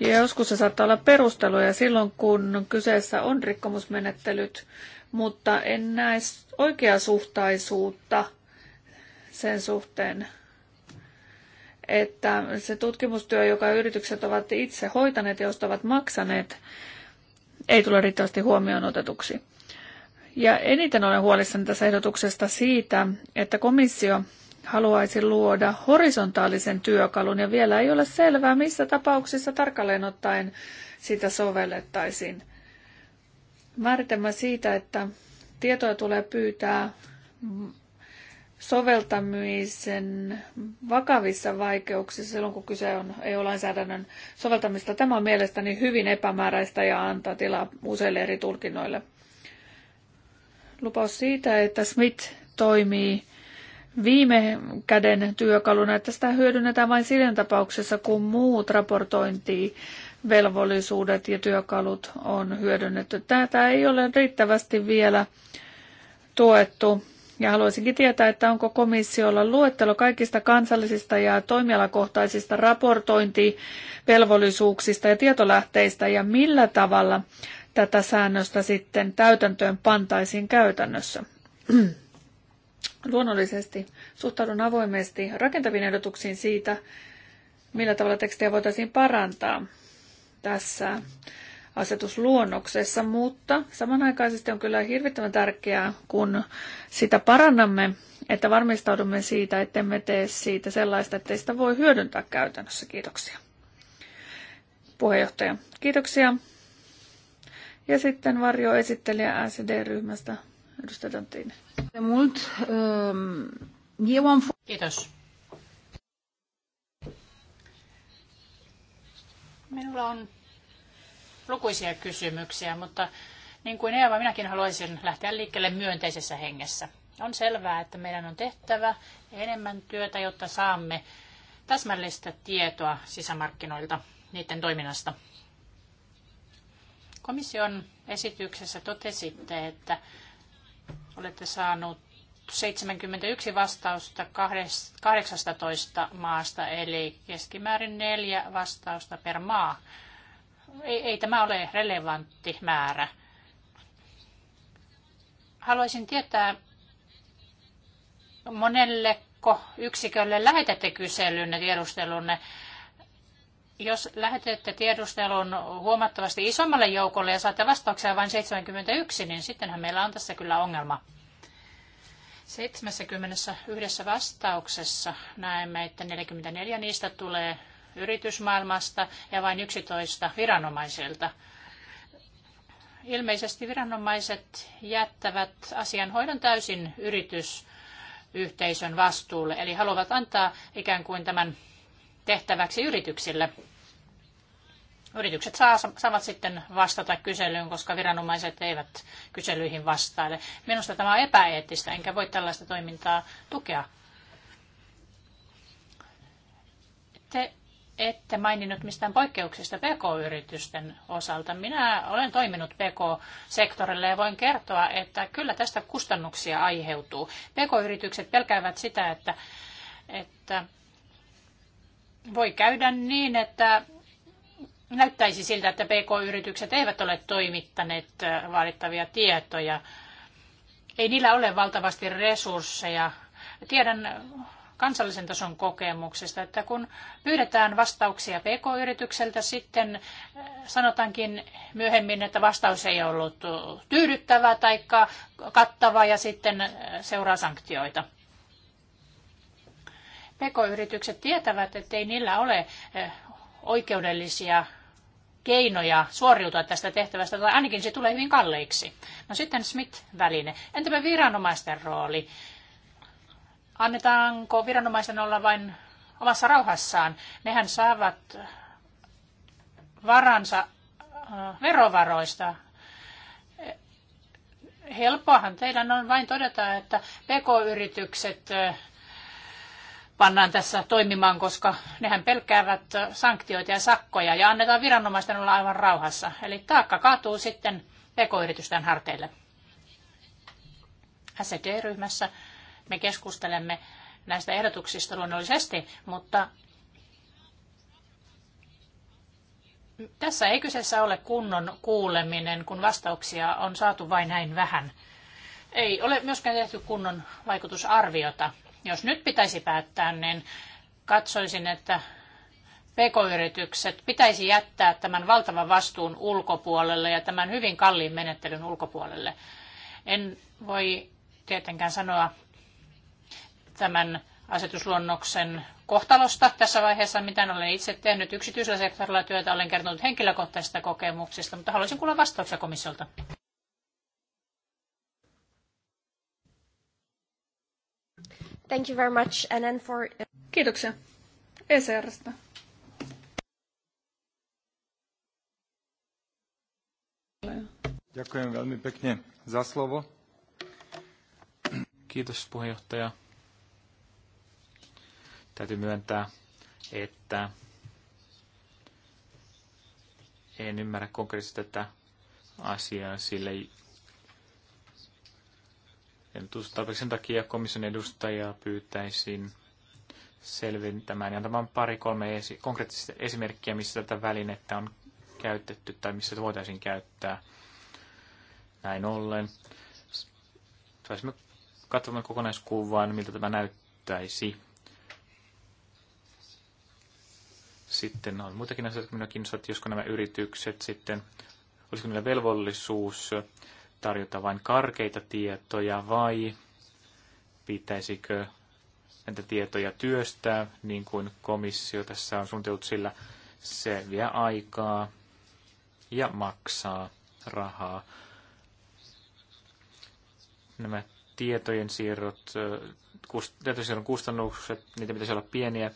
joskus se saattaa olla perusteluja silloin, kun kyseessä on rikkomusmenettelyt, mutta en näe oikeasuhtaisuutta sen suhteen, että se tutkimustyö, joka yritykset ovat itse hoitaneet ja josta ovat maksaneet, ei tule riittävästi huomioon otetuksi. Ja eniten olen huolissani tässä ehdotuksesta siitä, että komissio haluaisi luoda horisontaalisen työkalun ja vielä ei ole selvää, missä tapauksissa tarkalleen ottaen sitä sovellettaisiin. Määritelmä siitä, että tietoja tulee pyytää soveltamisen vakavissa vaikeuksissa silloin, kun kyse on EU-lainsäädännön soveltamista. Tämä on mielestäni hyvin epämääräistä ja antaa tilaa useille eri tulkinnoille lupaus siitä, että Smith toimii viime käden työkaluna, että sitä hyödynnetään vain siinä tapauksessa, kun muut velvollisuudet ja työkalut on hyödynnetty. Tätä ei ole riittävästi vielä tuettu. Ja haluaisinkin tietää, että onko komissiolla luettelo kaikista kansallisista ja toimialakohtaisista raportointivelvollisuuksista ja tietolähteistä ja millä tavalla tätä säännöstä sitten täytäntöön pantaisiin käytännössä. Luonnollisesti suhtaudun avoimesti rakentaviin ehdotuksiin siitä, millä tavalla tekstiä voitaisiin parantaa tässä asetusluonnoksessa, mutta samanaikaisesti on kyllä hirvittävän tärkeää, kun sitä parannamme, että varmistaudumme siitä, että emme tee siitä sellaista, että sitä voi hyödyntää käytännössä. Kiitoksia. Puheenjohtaja, kiitoksia. Ja sitten varjo esittelijä SD-ryhmästä, edustaja Dantin. Ähm, Kiitos. Minulla on lukuisia kysymyksiä, mutta niin kuin Eeva, minäkin haluaisin lähteä liikkeelle myönteisessä hengessä. On selvää, että meidän on tehtävä enemmän työtä, jotta saamme täsmällistä tietoa sisämarkkinoilta, niiden toiminnasta. Komission esityksessä totesitte, että olette saanut 71 vastausta 18 maasta, eli keskimäärin neljä vastausta per maa. Ei, ei tämä ole relevantti määrä. Haluaisin tietää, monelleko yksikölle lähetätte ja tiedustelunne, jos lähetätte tiedustelun huomattavasti isommalle joukolle ja saatte vastauksia vain 71, niin sittenhän meillä on tässä kyllä ongelma. 71 vastauksessa näemme, että 44 niistä tulee yritysmaailmasta ja vain 11 viranomaisilta. Ilmeisesti viranomaiset jättävät asian hoidon täysin yritysyhteisön vastuulle, eli haluavat antaa ikään kuin tämän tehtäväksi yrityksille. Yritykset saavat sitten vastata kyselyyn, koska viranomaiset eivät kyselyihin vastaile. Minusta tämä on epäeettistä, enkä voi tällaista toimintaa tukea. Te ette maininnut mistään poikkeuksista PK-yritysten osalta. Minä olen toiminut pk sektorille ja voin kertoa, että kyllä tästä kustannuksia aiheutuu. PK-yritykset pelkäävät sitä, että, että voi käydä niin, että näyttäisi siltä, että PK-yritykset eivät ole toimittaneet vaadittavia tietoja. Ei niillä ole valtavasti resursseja. Tiedän kansallisen tason kokemuksesta, että kun pyydetään vastauksia PK-yritykseltä, sitten sanotaankin myöhemmin, että vastaus ei ollut tyydyttävä tai kattava ja sitten seuraa sanktioita. PK-yritykset tietävät, että ei niillä ole eh, oikeudellisia keinoja suoriutua tästä tehtävästä, tai ainakin se tulee hyvin kalliiksi. No sitten Smith-väline. Entäpä viranomaisten rooli? Annetaanko viranomaisten olla vain omassa rauhassaan? Nehän saavat varansa eh, verovaroista. Eh, helppoahan teidän on vain todeta, että pk-yritykset pannaan tässä toimimaan, koska nehän pelkäävät sanktioita ja sakkoja ja annetaan viranomaisten olla aivan rauhassa. Eli taakka kaatuu sitten pk-yritysten harteille. SED-ryhmässä me keskustelemme näistä ehdotuksista luonnollisesti, mutta tässä ei kyseessä ole kunnon kuuleminen, kun vastauksia on saatu vain näin vähän. Ei ole myöskään tehty kunnon vaikutusarviota. Jos nyt pitäisi päättää, niin katsoisin, että pk-yritykset pitäisi jättää tämän valtavan vastuun ulkopuolelle ja tämän hyvin kalliin menettelyn ulkopuolelle. En voi tietenkään sanoa tämän asetusluonnoksen kohtalosta tässä vaiheessa, mitä olen itse tehnyt yksityisellä sektorilla työtä, olen kertonut henkilökohtaisista kokemuksista, mutta haluaisin kuulla vastauksia komissiolta. Thank you very much, and then for... Kiitoksia. ECRstä. Ďakujem veľmi pekne za slovo. Kiitos puheenjohtaja. Täytyy myöntää, että en ymmärrä konkreettisesti tätä asiaa, sillä Tarpeeksi takia komission edustajaa pyytäisin selventämään ja antamaan pari-kolme esi- konkreettista esimerkkiä, missä tätä välinettä on käytetty tai missä se voitaisiin käyttää. Näin ollen saisimme katsomaan kokonaiskuvan, miltä tämä näyttäisi. Sitten on muitakin asioita, jotka minua kiinnostavat, josko nämä yritykset sitten, olisiko niillä velvollisuus tarjota vain karkeita tietoja vai pitäisikö näitä tietoja työstää, niin kuin komissio tässä on suunniteltu sillä se vie aikaa ja maksaa rahaa. Nämä tietojen siirrot, tietojen siirron kustannukset, niitä pitäisi olla pieniä.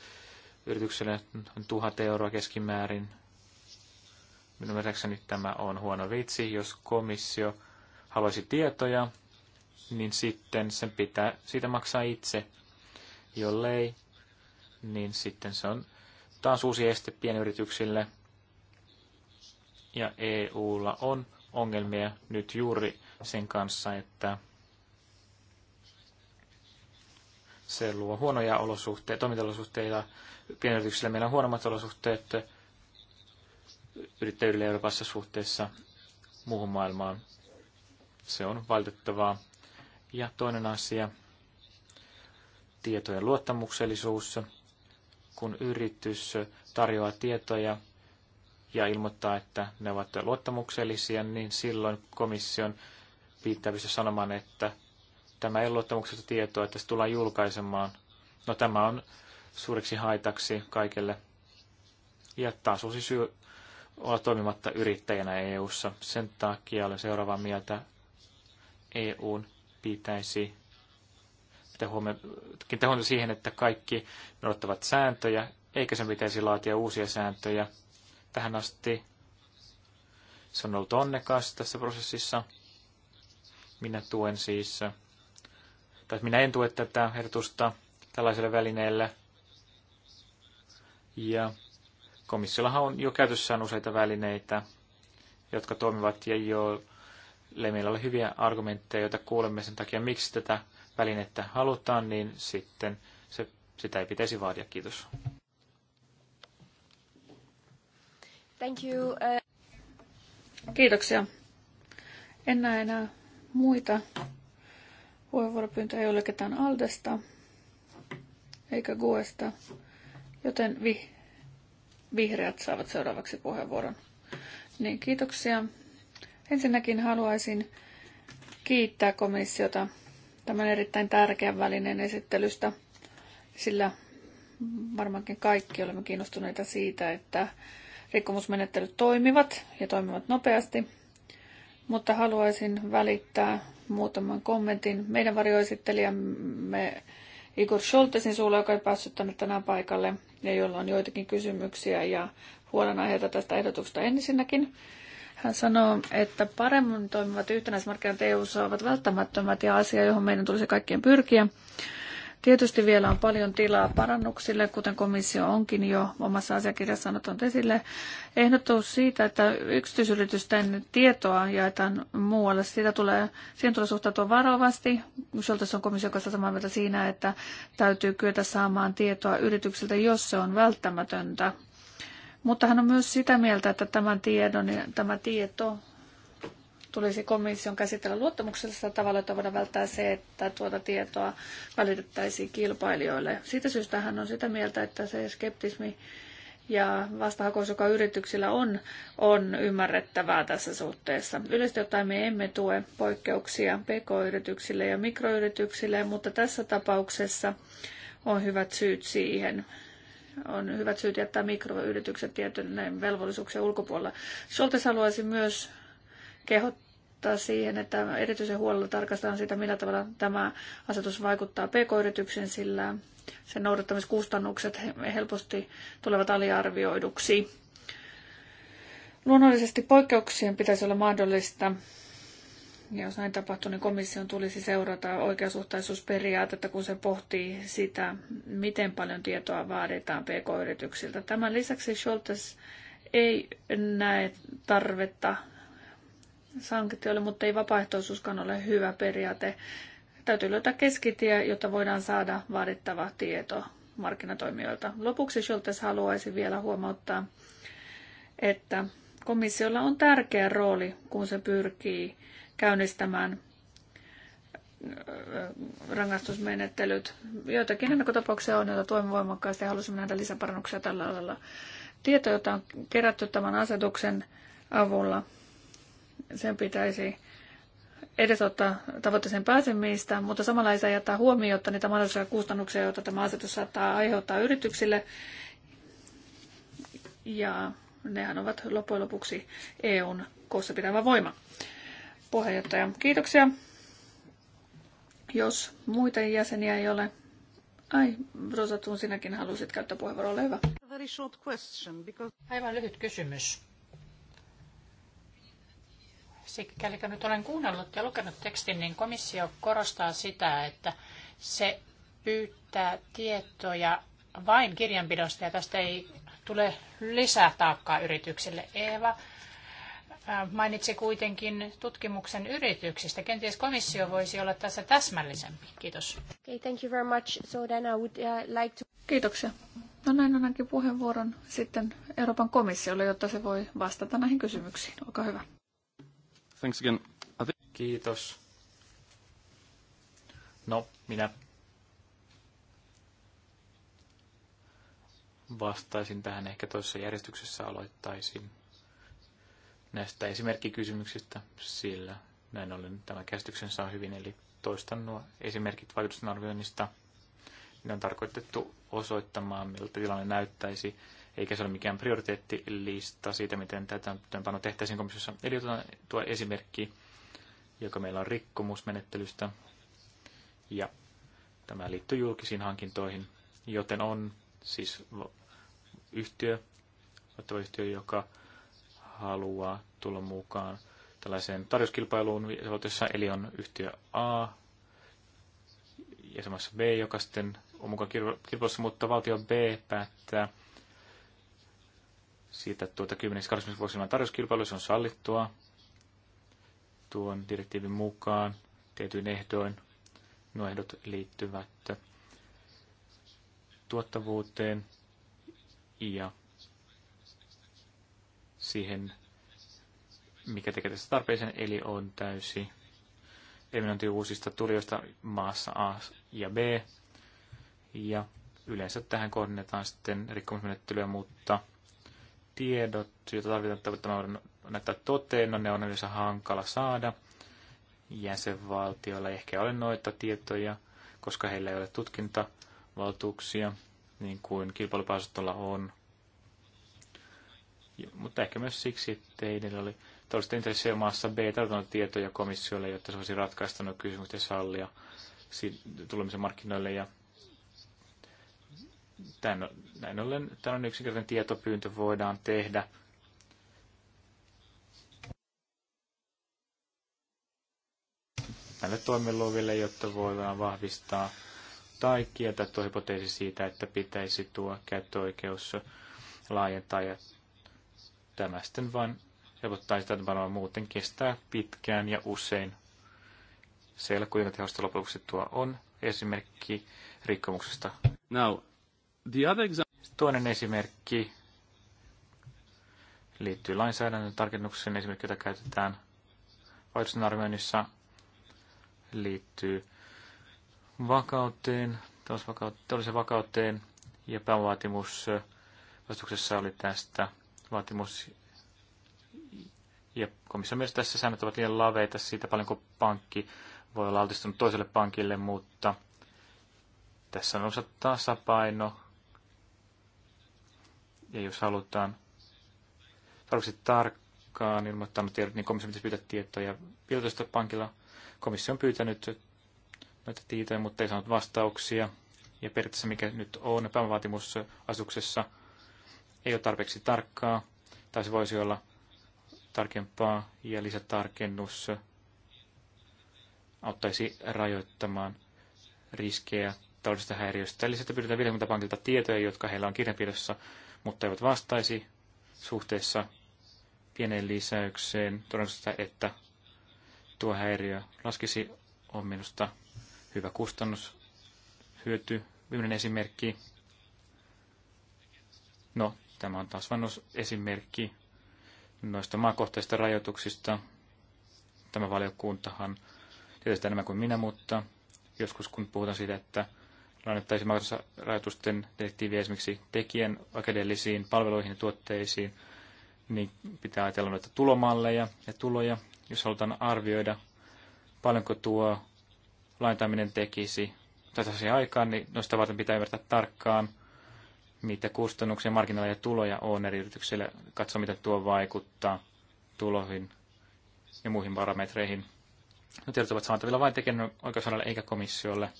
Yritykselle on tuhat euroa keskimäärin. Minun mielestäni tämä on huono vitsi, jos komissio haluaisi tietoja, niin sitten sen pitää siitä maksaa itse. Jollei, niin sitten se on taas uusi este pienyrityksille. Ja EUlla on ongelmia nyt juuri sen kanssa, että se luo huonoja olosuhteita, toimintaolosuhteita pienyrityksillä. Meillä on huonommat olosuhteet yrittäjille Euroopassa suhteessa muuhun maailmaan. Se on valitettavaa. Ja toinen asia, tietojen luottamuksellisuus. Kun yritys tarjoaa tietoja ja ilmoittaa, että ne ovat luottamuksellisia, niin silloin komission pitää sanomaan, että tämä ei ole luottamuksellista tietoa, että se tullaan julkaisemaan. No tämä on suureksi haitaksi kaikille. Ja taas uusi syy olla toimimatta yrittäjänä EU-ssa. Sen takia olen seuraavaa mieltä EUn pitäisi pitää huomioon, siihen, että kaikki noudattavat sääntöjä, eikä sen pitäisi laatia uusia sääntöjä. Tähän asti se on ollut onnekas tässä prosessissa. Minä tuen siis, tai minä en tue tätä ehdotusta tällaiselle välineelle. Ja komissiollahan on jo käytössään useita välineitä, jotka toimivat ja jo meillä oli hyviä argumentteja, joita kuulemme sen takia, miksi tätä välinettä halutaan, niin sitten se, sitä ei pitäisi vaadia. Kiitos. Thank you. Uh, kiitoksia. En näe enää muita puheenvuoropyyntöjä, ei ole ketään Aldesta eikä Guesta, joten vi- vihreät saavat seuraavaksi puheenvuoron. Niin, kiitoksia. Ensinnäkin haluaisin kiittää komissiota tämän erittäin tärkeän välineen esittelystä, sillä varmaankin kaikki olemme kiinnostuneita siitä, että rikkomusmenettelyt toimivat ja toimivat nopeasti, mutta haluaisin välittää muutaman kommentin meidän varjoesittelijämme Igor Scholtesin suulla, joka ei päässyt tänne tänään paikalle ja jolla on joitakin kysymyksiä ja huolenaiheita tästä ehdotuksesta ensinnäkin. Hän sanoo, että paremmin toimivat yhtenäismarkkinat eu ovat välttämättömät ja asia, johon meidän tulisi kaikkien pyrkiä. Tietysti vielä on paljon tilaa parannuksille, kuten komissio onkin jo omassa asiakirjassa ottanut esille. Ehdotus siitä, että yksityisyritysten tietoa jaetaan muualle, siitä tulee, siihen tulee suhtautua varovasti. Scholtes on komission kanssa samaa mieltä siinä, että täytyy kyetä saamaan tietoa yrityksiltä, jos se on välttämätöntä mutta hän on myös sitä mieltä, että tämän tiedon ja tämä tieto tulisi komission käsitellä luottamuksellisella tavalla, että voidaan välttää se, että tuota tietoa välitettäisiin kilpailijoille. Siitä syystä hän on sitä mieltä, että se skeptismi ja vastahakoisuus, joka yrityksillä on, on ymmärrettävää tässä suhteessa. Yleisesti ottaen me emme tue poikkeuksia pk-yrityksille ja mikroyrityksille, mutta tässä tapauksessa on hyvät syyt siihen on hyvät syyt jättää mikroyritykset tietyn velvollisuuksien ulkopuolella. Soltes haluaisi myös kehottaa siihen, että erityisen huolella tarkastetaan sitä, millä tavalla tämä asetus vaikuttaa pk-yrityksiin, sillä sen noudattamiskustannukset helposti tulevat aliarvioiduksi. Luonnollisesti poikkeuksien pitäisi olla mahdollista ja jos näin tapahtuu, niin komission tulisi seurata oikeasuhtaisuusperiaatetta, kun se pohtii sitä, miten paljon tietoa vaaditaan pk-yrityksiltä. Tämän lisäksi Scholtes ei näe tarvetta sanktioille, mutta ei vapaaehtoisuuskaan ole hyvä periaate. Täytyy löytää keskitie, jotta voidaan saada vaadittava tieto markkinatoimijoilta. Lopuksi Scholtes haluaisi vielä huomauttaa, että komissiolla on tärkeä rooli, kun se pyrkii käynnistämään äh, rangaistusmenettelyt. Joitakin ennakkotapauksia on, joita toimme voimakkaasti ja halusimme nähdä lisäparannuksia tällä alalla. Tieto, jota on kerätty tämän asetuksen avulla, sen pitäisi edesottaa tavoitteeseen pääsemistä, mutta samalla ei saa jättää huomiota niitä mahdollisia kustannuksia, joita tämä asetus saattaa aiheuttaa yrityksille. Ja nehän ovat loppujen lopuksi EUn koossa pitävä voima puheenjohtaja. Kiitoksia. Jos muita jäseniä ei ole. Ai, Rosatun, sinäkin halusit käyttää puheenvuoroa, ole hyvä. Aivan lyhyt kysymys. Sikäli nyt olen kuunnellut ja lukenut tekstin, niin komissio korostaa sitä, että se pyytää tietoja vain kirjanpidosta ja tästä ei tule lisää taakkaa yrityksille. Eeva mainitsi kuitenkin tutkimuksen yrityksistä. Kenties komissio voisi olla tässä täsmällisempi. Kiitos. Okay, thank you very much. So then I would, uh, like to... Kiitoksia. No näin annankin puheenvuoron sitten Euroopan komissiolle, jotta se voi vastata näihin kysymyksiin. Olkaa hyvä. Thanks again. Kiitos. No, minä vastaisin tähän ehkä toisessa järjestyksessä aloittaisin näistä esimerkkikysymyksistä, sillä näin ollen tämä käsityksen saa hyvin, eli toistan nuo esimerkit vaikutusten arvioinnista. Ne on tarkoitettu osoittamaan, miltä tilanne näyttäisi, eikä se ole mikään prioriteettilista siitä, miten täytäntöönpano tehtäisiin komissiossa. Eli otetaan tuo esimerkki, joka meillä on rikkomusmenettelystä, ja tämä liittyy julkisiin hankintoihin, joten on siis yhtiö, ottava yhtiö, joka haluaa tulla mukaan tällaiseen tarjouskilpailuun jossa eli on yhtiö A ja samassa B, joka sitten on mukaan kilpailussa, mutta valtio B päättää siitä tuota 10-20 siis vuosilla tarjouskilpailu, se on sallittua tuon direktiivin mukaan tietyin ehdoin. Nuo ehdot liittyvät tuottavuuteen ja siihen, mikä tekee tästä tarpeeseen, eli on täysi eliminointi uusista tulijoista maassa A ja B. Ja yleensä tähän kohdennetaan sitten rikkomusmenettelyä, mutta tiedot, joita tarvitaan, että tämä voidaan näyttää toteen, no ne on yleensä hankala saada. Jäsenvaltioilla ei ehkä ole noita tietoja, koska heillä ei ole tutkintavaltuuksia, niin kuin kilpailupäästöllä on mutta ehkä myös siksi, että ei niillä oli taloudellista intressejä maassa B tarjonnut tietoja komissiolle, jotta se olisi ratkaista nuo kysymykset ja sallia tulemisen markkinoille. Ja tämän, näin ollen tämän yksinkertainen tietopyyntö voidaan tehdä. näille toimiluville, jotta voidaan vahvistaa tai kieltää tuo hypoteesi siitä, että pitäisi tuo käyttöoikeus laajentaa ja Tämä sitten vain helpottaa sitä, että varmaan muuten kestää pitkään ja usein. Siellä kuinka tehosta lopuksi tuo on esimerkki rikkomuksesta. Now, the other exam- Toinen esimerkki liittyy lainsäädännön tarkennuksen esimerkki, jota käytetään vaikutusten arvioinnissa, liittyy vakauteen, teolliseen vakauteen, ja päävaatimus äh, vastuksessa oli tästä vaatimus. Ja komission mielestä tässä säännöt ovat liian laveita siitä paljonko pankki voi olla altistunut toiselle pankille, mutta tässä on osa tasapaino. Ja jos halutaan tarkasti tarkkaan ilmoittanut no tiedot, niin komissio pitäisi pyytää tietoja piilotusta pankilla. Komissio on pyytänyt noita tietoja, mutta ei saanut vastauksia. Ja periaatteessa mikä nyt on pääomavaatimus asuksessa – ei ole tarpeeksi tarkkaa, tai se voisi olla tarkempaa ja lisätarkennus auttaisi rajoittamaan riskejä taloudellisista häiriöistä. sitten pyydetään 50 pankilta tietoja, jotka heillä on kirjanpidossa, mutta eivät vastaisi suhteessa pieneen lisäykseen todennäköisesti, että tuo häiriö laskisi on minusta hyvä kustannus, hyöty. Viimeinen esimerkki. No, Tämä on taas vain esimerkki noista maakohtaisista rajoituksista. Tämä valiokuntahan tietysti enemmän kuin minä, mutta joskus kun puhutaan siitä, että annettaisiin rajoitusten direktiiviä esimerkiksi tekijän oikeudellisiin palveluihin ja tuotteisiin, niin pitää ajatella noita tulomalleja ja tuloja, jos halutaan arvioida, paljonko tuo laintaminen tekisi tätä aikaan, niin noista varten pitää ymmärtää tarkkaan, mitä kustannuksia markkinoilla ja tuloja on eri yrityksille, katsoa mitä tuo vaikuttaa tuloihin ja muihin parametreihin. No, tiedot ovat saatavilla vain tekemään oikeusalalle eikä komissiolle.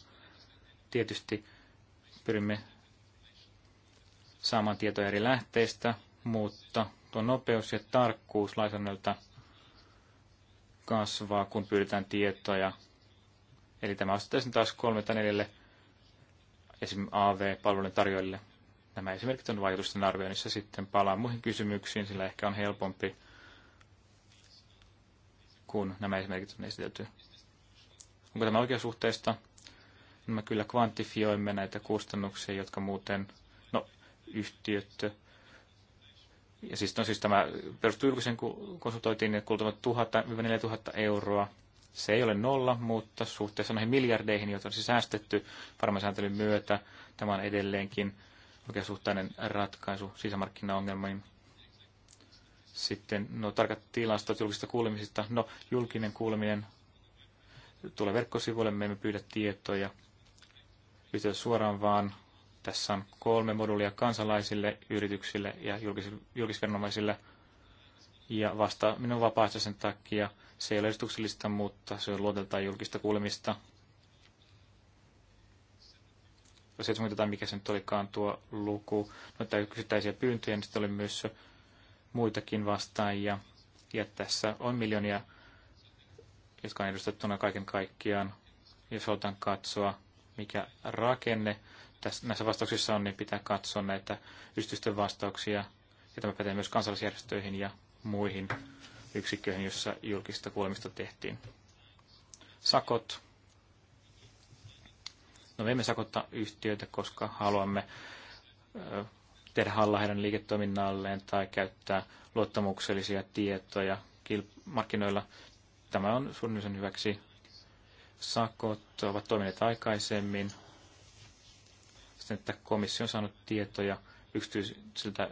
Tietysti pyrimme saamaan tietoja eri lähteistä, mutta tuo nopeus ja tarkkuus lainsäädännöltä kasvaa, kun pyydetään tietoja. Eli tämä asettaisiin taas kolme tai neljälle esim. AV-palvelujen tarjoajille Nämä esimerkit on vaikutusten arvioinnissa. Sitten palaan muihin kysymyksiin, sillä ehkä on helpompi, kun nämä esimerkit on esitelty. Onko tämä oikeasuhteista? No me kyllä kvantifioimme näitä kustannuksia, jotka muuten, no yhtiöt, ja siis, no siis tämä perustuu julkisen konsultoitiin, että kultavat 1000-4000 euroa. Se ei ole nolla, mutta suhteessa noihin miljardeihin, joita on siis säästetty varmaan sääntelyn myötä, tämä on edelleenkin oikeasuhtainen ratkaisu sisämarkkinaongelmiin. Sitten no, tarkat tilastot julkisista kuulemisista. No, julkinen kuuleminen tulee verkkosivuille, me emme pyydä tietoja. Yhteys suoraan vaan. Tässä on kolme moduulia kansalaisille, yrityksille ja julkis- julkisviranomaisille. Ja vasta minun vapaaehtoisen takia se ei ole edustuksellista, mutta se on luoteltaan julkista kuulemista 70 tai mikä se nyt olikaan tuo luku, noita yksittäisiä pyyntöjä, niin sitten oli myös muitakin vastaajia. Ja tässä on miljoonia, jotka on edustettuna kaiken kaikkiaan. Jos halutaan katsoa, mikä rakenne tässä, näissä vastauksissa on, niin pitää katsoa näitä yritysten vastauksia. Ja tämä pätee myös kansallisjärjestöihin ja muihin yksikköihin, jossa julkista kuulemista tehtiin. Sakot No me emme sakottaa yhtiöitä, koska haluamme tehdä halla heidän liiketoiminnalleen tai käyttää luottamuksellisia tietoja markkinoilla. Tämä on suunnilleen hyväksi. Sakot ovat toimineet aikaisemmin. Sitten, että komissio on saanut tietoja yksityisiltä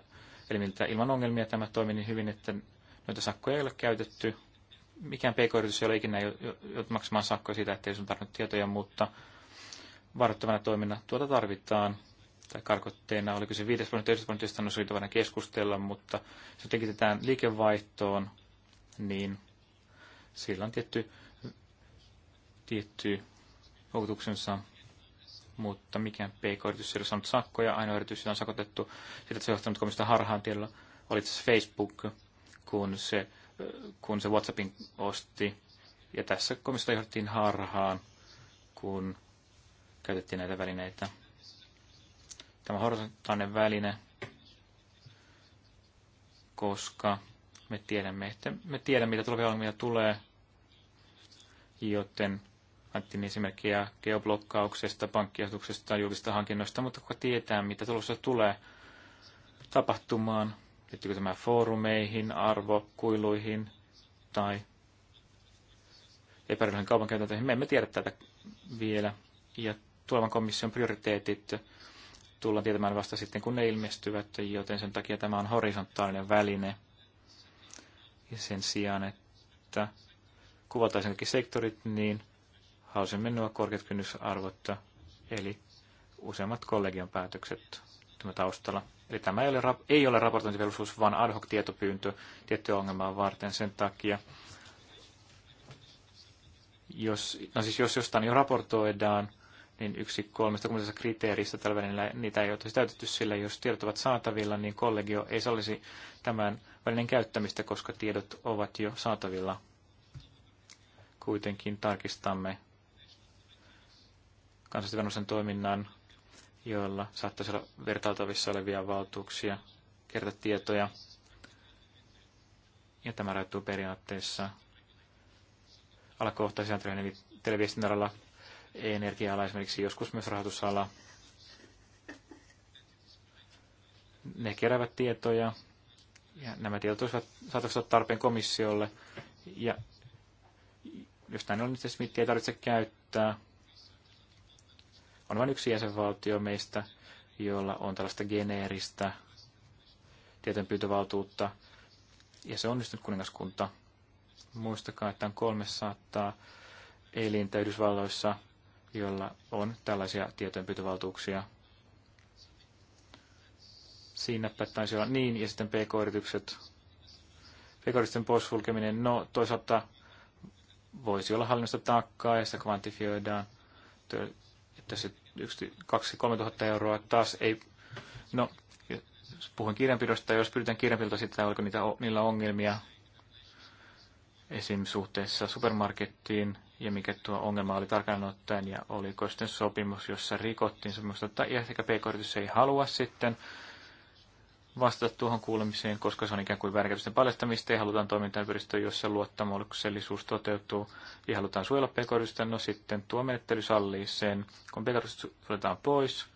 elimiltä ilman ongelmia. Tämä toimi niin hyvin, että noita sakkoja ei ole käytetty. Mikään pk-yritys ei ole ikinä joutunut maksamaan sakkoja siitä, ei sun tarvinnut tietoja, mutta varoittavana toimena tuota tarvitaan, tai karkotteena, oliko se 5 prosenttia, 9 prosenttia, on syytä keskustella, mutta se tekitetään liikevaihtoon, niin sillä on tietty, tietty houkutuksensa, mutta mikään pk-yritys ei ole saanut sakkoja, ainoa yritys, jota on sakotettu, sitä se on johtanut komista harhaan tiellä, oli itse Facebook, kun se, kun se WhatsAppin osti, ja tässä komista johdettiin harhaan, kun käytettiin näitä välineitä. Tämä horisontaalinen väline, koska me tiedämme, että me tiedämme, mitä tulevia ongelmia tulee, joten annettiin esimerkkiä geoblokkauksesta, pankkiasutuksesta, julkisista hankinnoista, mutta kuka tietää, mitä tulossa tulee tapahtumaan, liittyykö tämä foorumeihin, arvokuiluihin tai epäreiluihin kaupankäytäntöihin. Me emme tiedä tätä vielä. Ja tulevan komission prioriteetit tullaan tietämään vasta sitten, kun ne ilmestyvät, joten sen takia tämä on horisontaalinen väline. Ja sen sijaan, että kuvataan jotenkin sektorit, niin halusimme nuo korkeat kynnysarvot, eli useammat kollegion päätökset tämä taustalla. Eli tämä ei ole, ei ole raportointivelvollisuus, vaan ad hoc tietopyyntö tiettyä ongelmaa varten sen takia. Jos, no siis jos jostain jo raportoidaan, niin yksi 30 kriteeristä tällä välillä, niitä ei olisi täytetty sillä, jos tiedot ovat saatavilla, niin kollegio ei sallisi tämän välinen käyttämistä, koska tiedot ovat jo saatavilla. Kuitenkin tarkistamme kansallisen toiminnan, joilla saattaisi olla vertailtavissa olevia valtuuksia, kertatietoja. Ja tämä rajoittuu periaatteessa alakohtaisen televiestintäalalla energia-ala esimerkiksi, joskus myös rahoitusala. Ne keräävät tietoja ja nämä tiedot olisivat olla tarpeen komissiolle. Ja jos näin on, niin Smithia ei tarvitse käyttää. On vain yksi jäsenvaltio meistä, jolla on tällaista geneeristä tietojenpyyntövaltuutta. Ja se on onnistunut kuningaskunta. Muistakaa, että on 300 elintä Yhdysvalloissa jolla on tällaisia tietojenpyytövaltuuksia. siinä päättäisi olla niin, ja sitten PK-yritykset, pk poissulkeminen, no toisaalta voisi olla hallinnosta taakkaa, ja sitä kvantifioidaan, että se 2-3 tuhatta euroa taas ei, no puhun kirjanpidosta, jos pyritään kirjanpidolta sitä, oliko niitä, niillä ongelmia esim. suhteessa supermarkettiin, ja mikä tuo ongelma oli tarkalleen ottaen, ja oliko sitten sopimus, jossa rikottiin sopimusta, että ehkä pk ei halua sitten vastata tuohon kuulemiseen, koska se on ikään kuin värkätysten paljastamista, ja halutaan toimintaympäristöä, jossa luottamuksellisuus toteutuu, ja halutaan suojella p no sitten tuo menettely sallii sen, kun p suljetaan pois,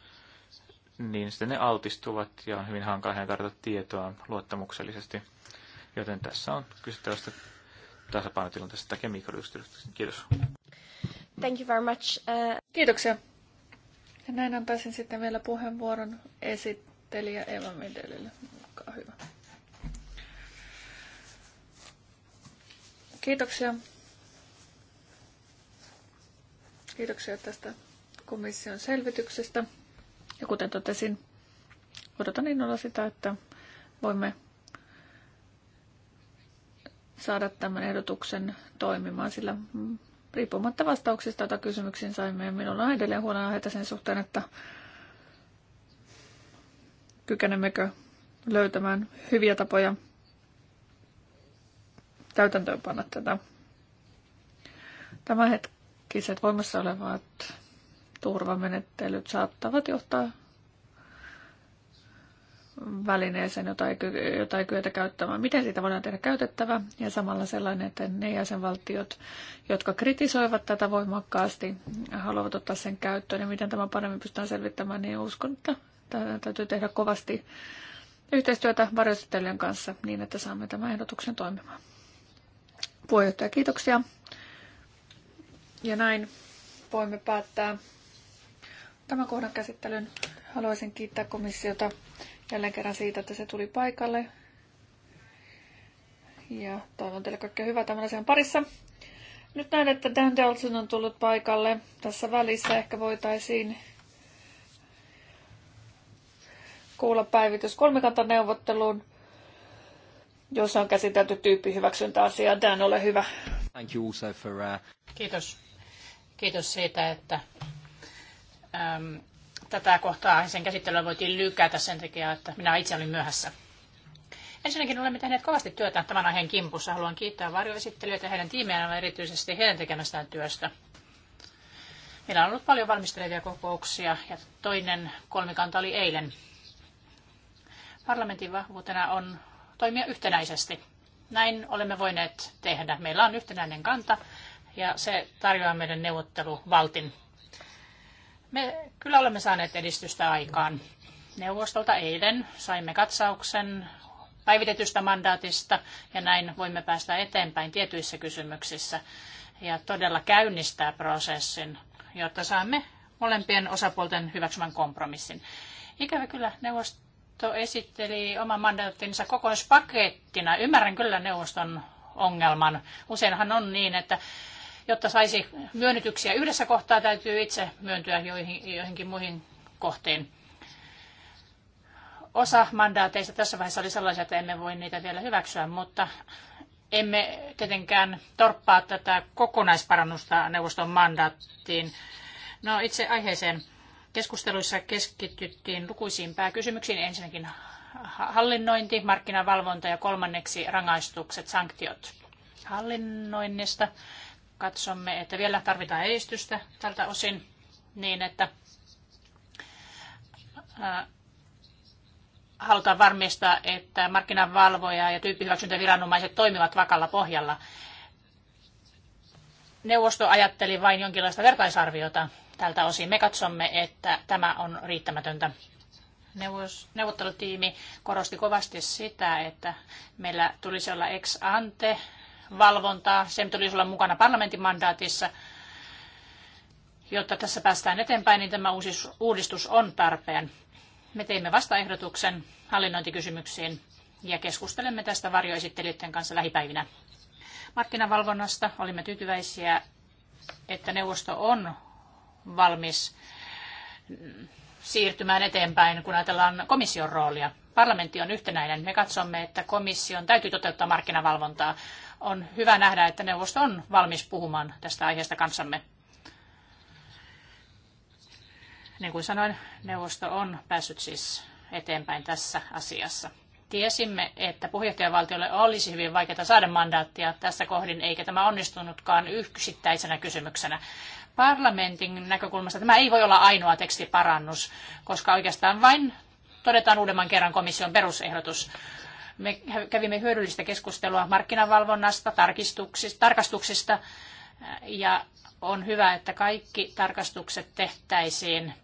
niin sitten ne altistuvat, ja on hyvin hankala heidän tarjota tietoa luottamuksellisesti. Joten tässä on kyse tällaista tasapainotilanteesta tekee mikroyksitystä. Kiitos. Thank you very much. Uh... Kiitoksia. Ja näin antaisin sitten vielä puheenvuoron esittelijä Eva Medelille. Olkaa hyvä. Kiitoksia. Kiitoksia tästä komission selvityksestä. Ja kuten totesin, odotan innolla sitä, että voimme saada tämän ehdotuksen toimimaan, sillä riippumatta vastauksista, joita kysymyksiin saimme, ja minulla on edelleen huono aiheita sen suhteen, että kykenemmekö löytämään hyviä tapoja täytäntöönpanna tätä. Tämänhetkiset voimassa olevat turvamenettelyt saattavat johtaa välineeseen, jota ei, jota ei kyetä käyttämään. Miten siitä voidaan tehdä käytettävä? Ja samalla sellainen, että ne jäsenvaltiot, jotka kritisoivat tätä voimakkaasti, haluavat ottaa sen käyttöön, ja miten tämä paremmin pystytään selvittämään, niin uskon, että täytyy tehdä kovasti yhteistyötä varjoittelijan kanssa niin, että saamme tämän ehdotuksen toimimaan. Puheenjohtaja, kiitoksia. Ja näin voimme päättää tämän kohdan käsittelyn. Haluaisin kiittää komissiota jälleen kerran siitä, että se tuli paikalle. Ja toivon teille kaikkea hyvää tämän asian parissa. Nyt näen, että Dan Delson on tullut paikalle. Tässä välissä ehkä voitaisiin kuulla päivitys kolmikantaneuvotteluun, jossa on käsitelty asiaa. Dan, ole hyvä. Thank you also for, uh... Kiitos. Kiitos siitä, että äm, tätä kohtaa sen käsittelyä voitiin lykätä sen takia, että minä itse olin myöhässä. Ensinnäkin olemme tehneet kovasti työtä tämän aiheen kimpussa. Haluan kiittää varjoesittelijöitä ja heidän tiimeään erityisesti heidän tekemästään työstä. Meillä on ollut paljon valmistelevia kokouksia ja toinen kolmikanta oli eilen. Parlamentin vahvuutena on toimia yhtenäisesti. Näin olemme voineet tehdä. Meillä on yhtenäinen kanta ja se tarjoaa meidän neuvotteluvaltin. Me kyllä olemme saaneet edistystä aikaan. Neuvostolta eilen saimme katsauksen päivitetystä mandaatista ja näin voimme päästä eteenpäin tietyissä kysymyksissä ja todella käynnistää prosessin, jotta saamme molempien osapuolten hyväksymän kompromissin. Ikävä kyllä neuvosto esitteli oman mandaattinsa kokonaispakettina. Ymmärrän kyllä neuvoston ongelman. Useinhan on niin, että Jotta saisi myönnytyksiä yhdessä kohtaa, täytyy itse myöntyä joihin, joihinkin muihin kohteen. Osa mandaateista tässä vaiheessa oli sellaisia, että emme voi niitä vielä hyväksyä, mutta emme tietenkään torppaa tätä kokonaisparannusta neuvoston mandaattiin. No itse aiheeseen keskusteluissa keskityttiin lukuisiin pääkysymyksiin. Ensinnäkin hallinnointi, markkinavalvonta ja kolmanneksi rangaistukset, sanktiot hallinnoinnista katsomme, että vielä tarvitaan edistystä tältä osin niin, että halutaan varmistaa, että markkinavalvoja ja tyyppihyväksyntäviranomaiset toimivat vakalla pohjalla. Neuvosto ajatteli vain jonkinlaista vertaisarviota tältä osin. Me katsomme, että tämä on riittämätöntä. Neuvos, neuvottelutiimi korosti kovasti sitä, että meillä tulisi olla ex ante valvontaa. Sen tulisi olla mukana parlamentin mandaatissa. Jotta tässä päästään eteenpäin, niin tämä uudistus on tarpeen. Me teimme vastaehdotuksen hallinnointikysymyksiin ja keskustelemme tästä varjoesittelijöiden kanssa lähipäivinä. Markkinavalvonnasta olimme tyytyväisiä, että neuvosto on valmis siirtymään eteenpäin, kun ajatellaan komission roolia. Parlamentti on yhtenäinen. Me katsomme, että komission täytyy toteuttaa markkinavalvontaa on hyvä nähdä, että neuvosto on valmis puhumaan tästä aiheesta kanssamme. Niin kuin sanoin, neuvosto on päässyt siis eteenpäin tässä asiassa. Tiesimme, että puheenjohtajavaltiolle olisi hyvin vaikeaa saada mandaattia tässä kohdin, eikä tämä onnistunutkaan yksittäisenä kysymyksenä parlamentin näkökulmasta tämä ei voi olla ainoa tekstiparannus, koska oikeastaan vain todetaan uudemman kerran komission perusehdotus. Me kävimme hyödyllistä keskustelua markkinavalvonnasta, tarkistuksista, tarkastuksista ja on hyvä, että kaikki tarkastukset tehtäisiin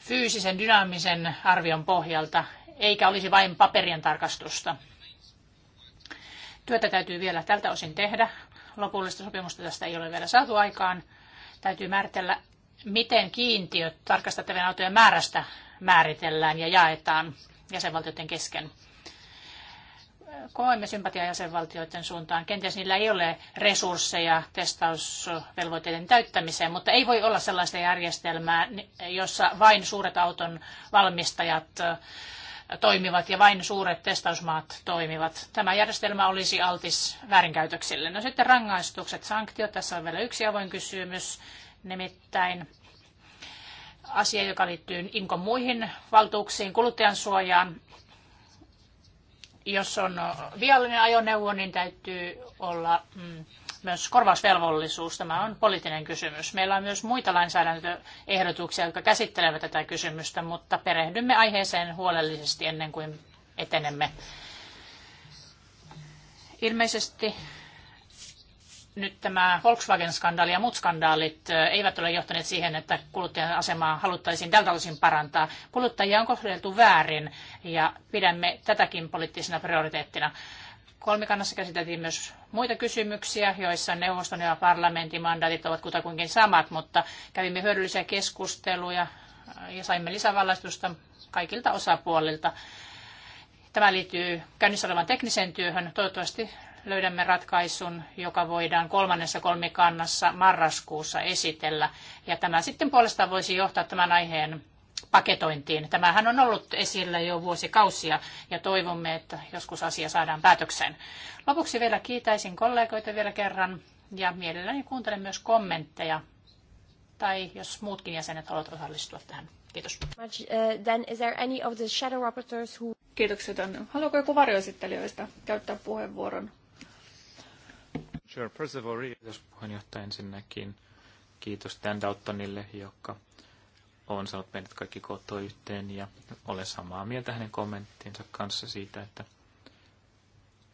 fyysisen dynaamisen arvion pohjalta, eikä olisi vain paperien tarkastusta. Työtä täytyy vielä tältä osin tehdä. Lopullista sopimusta tästä ei ole vielä saatu aikaan. Täytyy määritellä, miten kiintiöt tarkastettavien autojen määrästä määritellään ja jaetaan jäsenvaltioiden kesken. Koemme sympatiaa jäsenvaltioiden suuntaan. Kenties niillä ei ole resursseja testausvelvoitteiden täyttämiseen, mutta ei voi olla sellaista järjestelmää, jossa vain suuret auton valmistajat toimivat ja vain suuret testausmaat toimivat. Tämä järjestelmä olisi altis väärinkäytöksille. No sitten rangaistukset, sanktiot. Tässä on vielä yksi avoin kysymys, nimittäin asia, joka liittyy IMKOn muihin valtuuksiin, kuluttajansuojaan. suojaan. Jos on viallinen ajoneuvo, niin täytyy olla mm, myös korvausvelvollisuus. Tämä on poliittinen kysymys. Meillä on myös muita lainsäädäntöehdotuksia, jotka käsittelevät tätä kysymystä, mutta perehdymme aiheeseen huolellisesti ennen kuin etenemme. Ilmeisesti nyt tämä Volkswagen-skandaali ja muut skandaalit eivät ole johtaneet siihen, että kuluttajan asemaa haluttaisiin tältä osin parantaa. Kuluttajia on kohdeltu väärin ja pidämme tätäkin poliittisena prioriteettina. Kolmikannassa käsiteltiin myös muita kysymyksiä, joissa neuvoston ja parlamentin mandaatit ovat kutakuinkin samat, mutta kävimme hyödyllisiä keskusteluja ja saimme lisävallastusta kaikilta osapuolilta. Tämä liittyy käynnissä olevaan tekniseen työhön. Toivottavasti löydämme ratkaisun, joka voidaan kolmannessa kolmikannassa marraskuussa esitellä. Ja tämä sitten puolestaan voisi johtaa tämän aiheen paketointiin. Tämähän on ollut esillä jo vuosikausia ja toivomme, että joskus asia saadaan päätökseen. Lopuksi vielä kiitäisin kollegoita vielä kerran ja mielelläni kuuntelen myös kommentteja tai jos muutkin jäsenet haluavat osallistua tähän. Kiitos. Uh, then is there any of the shadow who... Kiitoksia Haluaako joku varjoesittelijöistä käyttää puheenvuoron? Sure, first of all, Kiitos puheenjohtaja ensinnäkin. Kiitos Dan Daltonille, joka on saanut meidät kaikki kotoa yhteen ja olen samaa mieltä hänen kommenttinsa kanssa siitä, että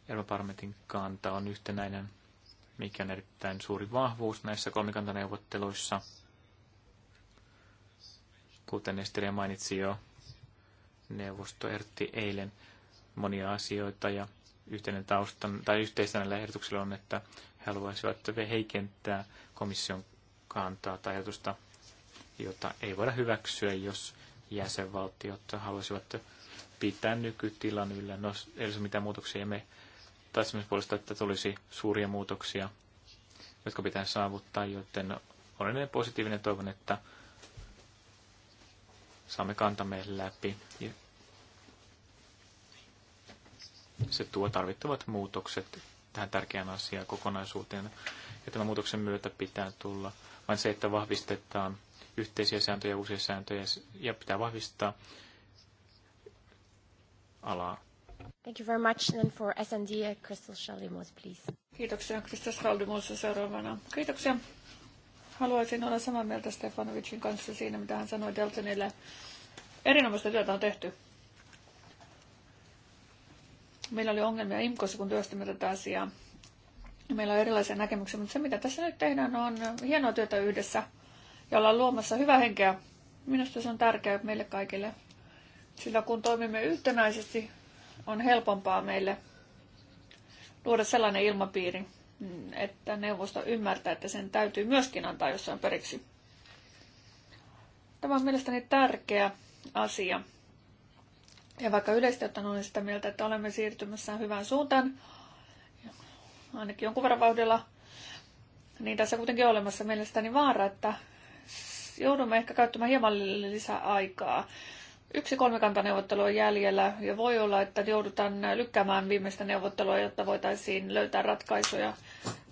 Eurooparlamentin kanta on yhtenäinen, mikä on erittäin suuri vahvuus näissä kolmikantaneuvotteluissa. Kuten Estelia mainitsi jo, neuvosto ehdotti eilen monia asioita ja yhteinen tausta, tai yhteistä näillä ehdotuksilla on, että he haluaisivat heikentää komission kantaa tai ehdotusta, jota ei voida hyväksyä, jos jäsenvaltiot haluaisivat pitää nykytilan yllä. No, ei olisi mitään muutoksia. Me taisimme puolesta, että tulisi suuria muutoksia, jotka pitää saavuttaa, joten olen positiivinen. Toivon, että saamme kantamme läpi se tuo tarvittavat muutokset tähän tärkeään asiaan kokonaisuuteen. Ja tämän muutoksen myötä pitää tulla vain se, että vahvistetaan yhteisiä sääntöjä ja uusia sääntöjä ja pitää vahvistaa alaa. Thank you very much. And for SND, Crystal Shalimos, please. Kiitoksia, Crystal Schaldemose seuraavana. Kiitoksia. Haluaisin olla samaa mieltä Stefanovicin kanssa siinä, mitä hän sanoi Deltonille. Erinomaista työtä on tehty Meillä oli ongelmia IMKOssa, kun työstimme tätä asiaa. Meillä on erilaisia näkemyksiä, mutta se mitä tässä nyt tehdään on hienoa työtä yhdessä ja ollaan luomassa hyvää henkeä. Minusta se on tärkeää meille kaikille, sillä kun toimimme yhtenäisesti, on helpompaa meille luoda sellainen ilmapiiri, että neuvosto ymmärtää, että sen täytyy myöskin antaa jossain periksi. Tämä on mielestäni tärkeä asia. Ja vaikka yleisesti ottaen olen sitä mieltä, että olemme siirtymässä hyvään suuntaan, ainakin jonkun verran vauhdilla, niin tässä kuitenkin on olemassa mielestäni vaara, että joudumme ehkä käyttämään hieman lisää aikaa. Yksi kolmikantaneuvottelu on jäljellä ja voi olla, että joudutaan lykkäämään viimeistä neuvottelua, jotta voitaisiin löytää ratkaisuja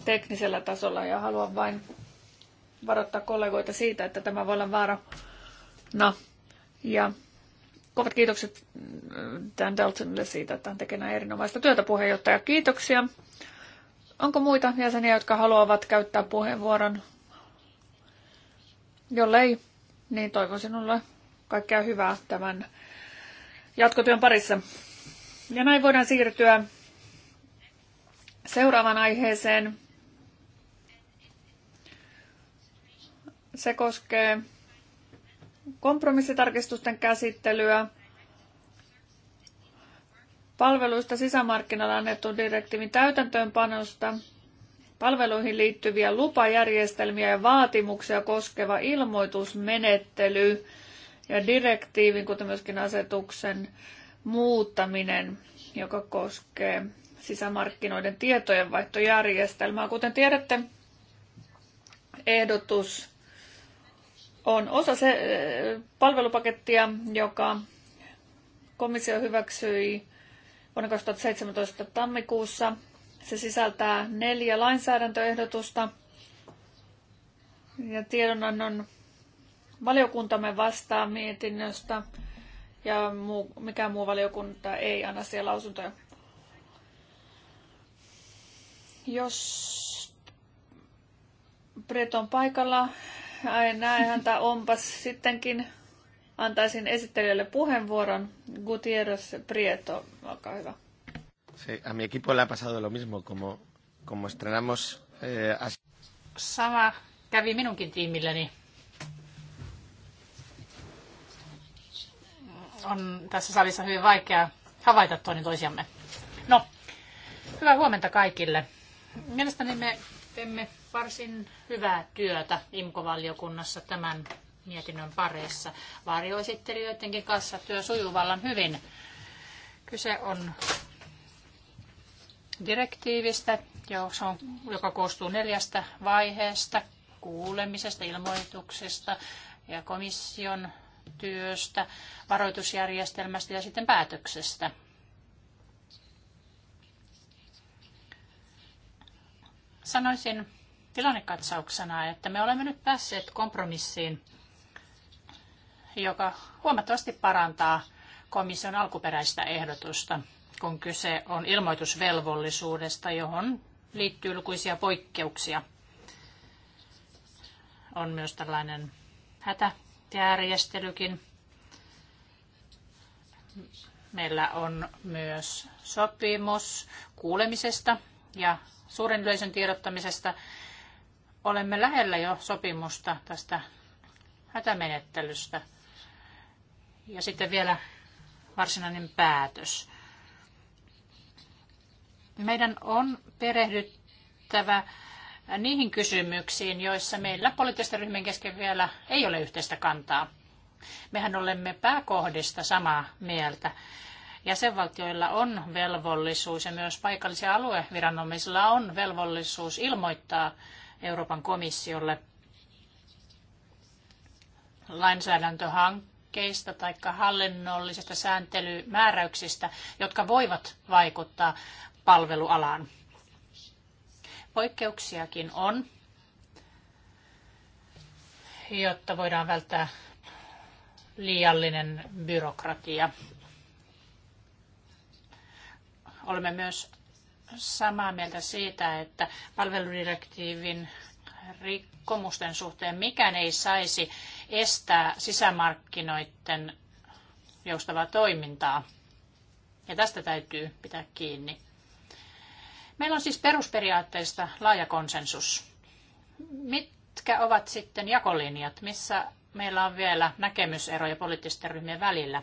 teknisellä tasolla. Ja haluan vain varoittaa kollegoita siitä, että tämä voi olla No, Ja Kovat kiitokset mm, Dan Daltonille siitä, että hän tekee erinomaista työtä puheenjohtaja. Kiitoksia. Onko muita jäseniä, jotka haluavat käyttää puheenvuoron? Jollei, niin toivon sinulle kaikkea hyvää tämän jatkotyön parissa. Ja näin voidaan siirtyä seuraavaan aiheeseen. Se koskee kompromissitarkistusten käsittelyä, palveluista sisämarkkinoilla annettu direktiivin täytäntöönpanosta, palveluihin liittyviä lupajärjestelmiä ja vaatimuksia koskeva ilmoitusmenettely ja direktiivin, kuten myöskin asetuksen muuttaminen, joka koskee sisämarkkinoiden tietojenvaihtojärjestelmää. Kuten tiedätte, ehdotus on osa se eh, palvelupakettia, joka komissio hyväksyi vuonna 2017 tammikuussa. Se sisältää neljä lainsäädäntöehdotusta ja tiedonannon valiokuntamme vastaa mietinnöstä ja muu, mikään muu valiokunta ei anna siellä lausuntoja. Jos Bret on paikalla, ai näe häntä onpas sittenkin. Antaisin esittelijälle puheenvuoron. Gutierrez Prieto, olkaa hyvä. Sí, a mi equipo le ha pasado lo mismo, como, como estrenamos... Eh, as... Sama kävi minunkin tiimilleni. On tässä salissa hyvin vaikea havaita toinen toisiamme. No, hyvää huomenta kaikille. Mielestäni me teemme varsin hyvää työtä IMKO-valiokunnassa tämän mietinnön pareissa. Varjoesittelijöidenkin kanssa työ sujuu vallan hyvin. Kyse on direktiivistä, joka koostuu neljästä vaiheesta, kuulemisesta, ilmoituksesta ja komission työstä, varoitusjärjestelmästä ja sitten päätöksestä. Sanoisin, tilannekatsauksena, että me olemme nyt päässeet kompromissiin, joka huomattavasti parantaa komission alkuperäistä ehdotusta, kun kyse on ilmoitusvelvollisuudesta, johon liittyy lukuisia poikkeuksia. On myös tällainen hätäjärjestelykin. Meillä on myös sopimus kuulemisesta ja suuren yleisön tiedottamisesta olemme lähellä jo sopimusta tästä hätämenettelystä. Ja sitten vielä varsinainen päätös. Meidän on perehdyttävä niihin kysymyksiin, joissa meillä poliittisten ryhmien kesken vielä ei ole yhteistä kantaa. Mehän olemme pääkohdista samaa mieltä. Jäsenvaltioilla on velvollisuus ja myös paikallisia alueviranomaisilla on velvollisuus ilmoittaa Euroopan komissiolle lainsäädäntöhankkeista tai hallinnollisista sääntelymääräyksistä, jotka voivat vaikuttaa palvelualaan. Poikkeuksiakin on, jotta voidaan välttää liiallinen byrokratia. Olemme myös samaa mieltä siitä, että palveludirektiivin rikkomusten suhteen mikään ei saisi estää sisämarkkinoiden joustavaa toimintaa. Ja tästä täytyy pitää kiinni. Meillä on siis perusperiaatteista laaja konsensus. Mitkä ovat sitten jakolinjat? Missä meillä on vielä näkemyseroja poliittisten ryhmien välillä?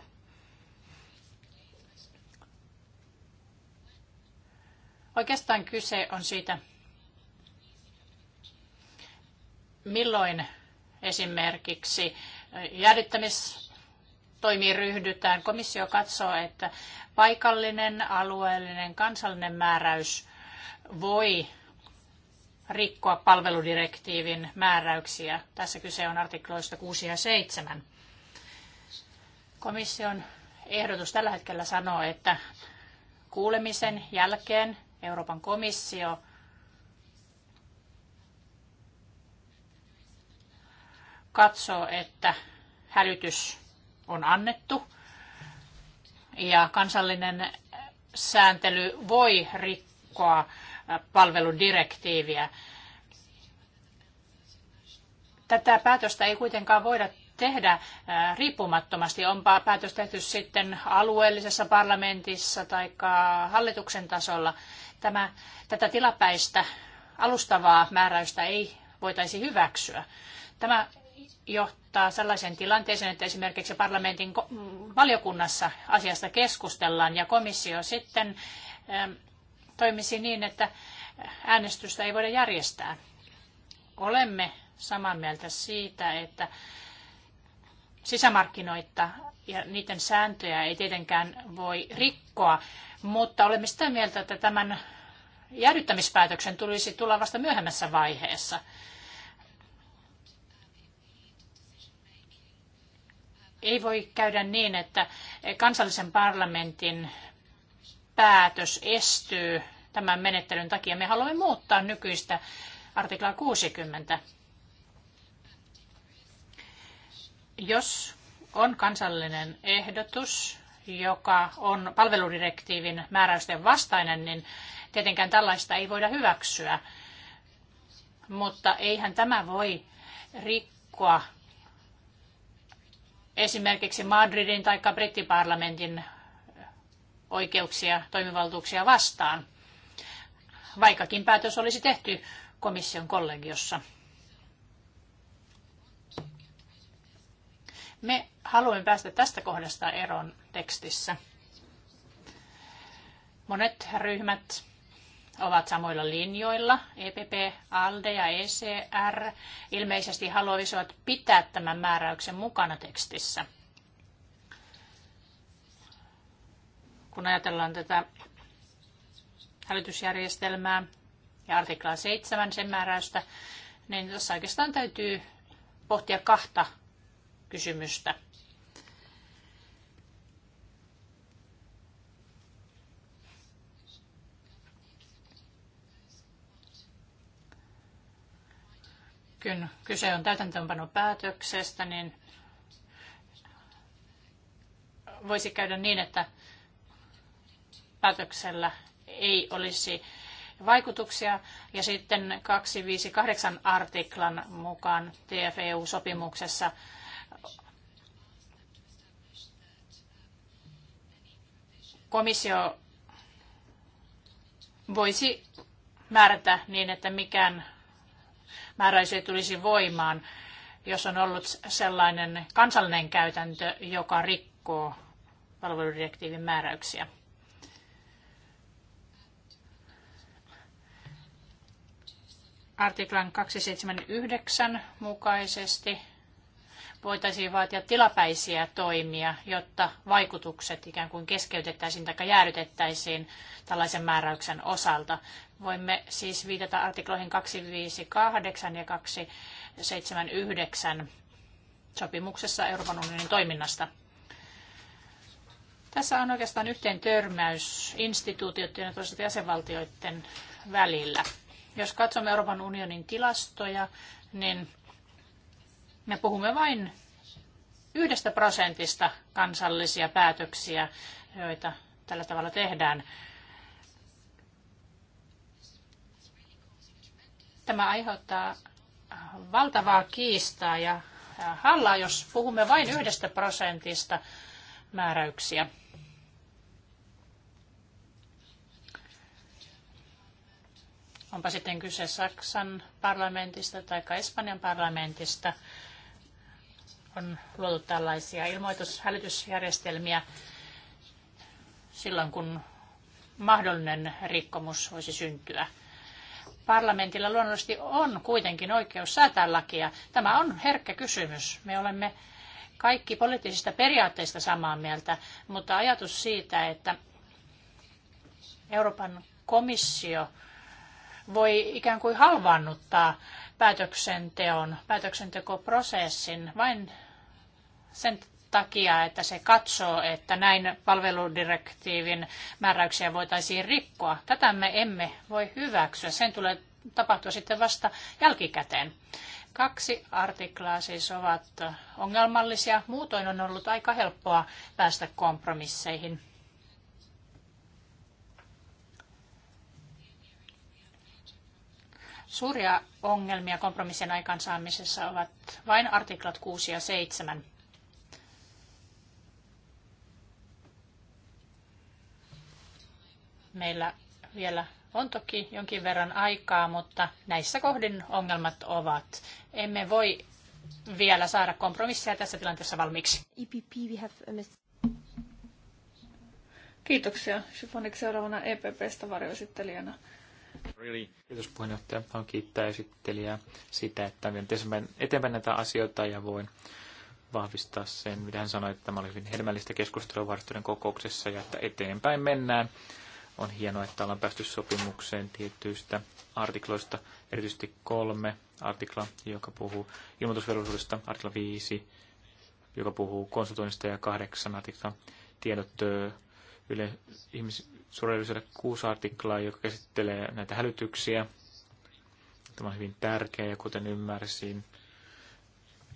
Oikeastaan kyse on siitä, milloin esimerkiksi jäädyttämistoimiin ryhdytään. Komissio katsoo, että paikallinen, alueellinen, kansallinen määräys voi rikkoa palveludirektiivin määräyksiä. Tässä kyse on artikloista 6 ja 7. Komission ehdotus tällä hetkellä sanoo, että kuulemisen jälkeen Euroopan komissio katsoo, että hälytys on annettu ja kansallinen sääntely voi rikkoa palveludirektiiviä. Tätä päätöstä ei kuitenkaan voida tehdä äh, riippumattomasti, onpa päätös tehty sitten alueellisessa parlamentissa tai hallituksen tasolla. Tämä, tätä tilapäistä alustavaa määräystä ei voitaisi hyväksyä. Tämä johtaa sellaiseen tilanteeseen, että esimerkiksi parlamentin valiokunnassa asiasta keskustellaan ja komissio sitten ähm, toimisi niin, että äänestystä ei voida järjestää. Olemme samaa mieltä siitä, että sisämarkkinoita ja niiden sääntöjä ei tietenkään voi rikkoa, mutta olemme sitä mieltä, että tämän jäädyttämispäätöksen tulisi tulla vasta myöhemmässä vaiheessa. Ei voi käydä niin, että kansallisen parlamentin päätös estyy tämän menettelyn takia. Me haluamme muuttaa nykyistä artiklaa 60 Jos on kansallinen ehdotus, joka on palveludirektiivin määräysten vastainen, niin tietenkään tällaista ei voida hyväksyä. Mutta eihän tämä voi rikkoa esimerkiksi Madridin tai brittiparlamentin oikeuksia, toimivaltuuksia vastaan, vaikkakin päätös olisi tehty komission kollegiossa. Me haluamme päästä tästä kohdasta eroon tekstissä. Monet ryhmät ovat samoilla linjoilla. EPP, ALDE ja ECR ilmeisesti haluaisivat pitää tämän määräyksen mukana tekstissä. Kun ajatellaan tätä hälytysjärjestelmää ja artiklaa 7 sen määräystä, niin tässä oikeastaan täytyy pohtia kahta kysymystä. Kun kyse on täytäntöönpanopäätöksestä, niin voisi käydä niin, että päätöksellä ei olisi vaikutuksia. Ja sitten 258 artiklan mukaan TFEU-sopimuksessa komissio voisi määrätä niin, että mikään määräisy ei tulisi voimaan, jos on ollut sellainen kansallinen käytäntö, joka rikkoo palveludirektiivin määräyksiä. Artiklan 279 mukaisesti voitaisiin vaatia tilapäisiä toimia, jotta vaikutukset ikään kuin keskeytettäisiin tai jäädytettäisiin tällaisen määräyksen osalta. Voimme siis viitata artikloihin 258 ja 279 sopimuksessa Euroopan unionin toiminnasta. Tässä on oikeastaan yhteen törmäys instituutioiden ja toisaalta jäsenvaltioiden välillä. Jos katsomme Euroopan unionin tilastoja, niin me puhumme vain yhdestä prosentista kansallisia päätöksiä, joita tällä tavalla tehdään. Tämä aiheuttaa valtavaa kiistaa ja hallaa, jos puhumme vain yhdestä prosentista määräyksiä. Onpa sitten kyse Saksan parlamentista tai Espanjan parlamentista on luotu tällaisia ilmoitushälytysjärjestelmiä silloin, kun mahdollinen rikkomus voisi syntyä. Parlamentilla luonnollisesti on kuitenkin oikeus säätää lakia. Tämä on herkkä kysymys. Me olemme kaikki poliittisista periaatteista samaa mieltä, mutta ajatus siitä, että Euroopan komissio voi ikään kuin halvaannuttaa päätöksenteon, päätöksentekoprosessin vain sen takia, että se katsoo, että näin palveludirektiivin määräyksiä voitaisiin rikkoa. Tätä me emme voi hyväksyä. Sen tulee tapahtua sitten vasta jälkikäteen. Kaksi artiklaa siis ovat ongelmallisia. Muutoin on ollut aika helppoa päästä kompromisseihin. Suuria ongelmia kompromissien aikaansaamisessa ovat vain artiklat 6 ja 7. Meillä vielä on toki jonkin verran aikaa, mutta näissä kohdin ongelmat ovat. Emme voi vielä saada kompromissia tässä tilanteessa valmiiksi. EPP, we have a uh, Kiitoksia. Siponik seuraavana EPPstä varjoesittelijänä. Really. Kiitos puheenjohtaja. Haluan kiittää esittelijää sitä, että olen eteenpäin näitä asioita ja voin vahvistaa sen, mitä hän sanoi, että tämä oli hyvin hedelmällistä keskustelua kokouksessa ja että eteenpäin mennään on hienoa, että ollaan päästy sopimukseen tietyistä artikloista, erityisesti kolme artikla, joka puhuu ilmoitusvelvollisuudesta, artikla 5, joka puhuu konsultoinnista ja kahdeksan artikla tiedot yle, ihmis, kuusi artiklaa, joka käsittelee näitä hälytyksiä. Tämä on hyvin tärkeä ja kuten ymmärsin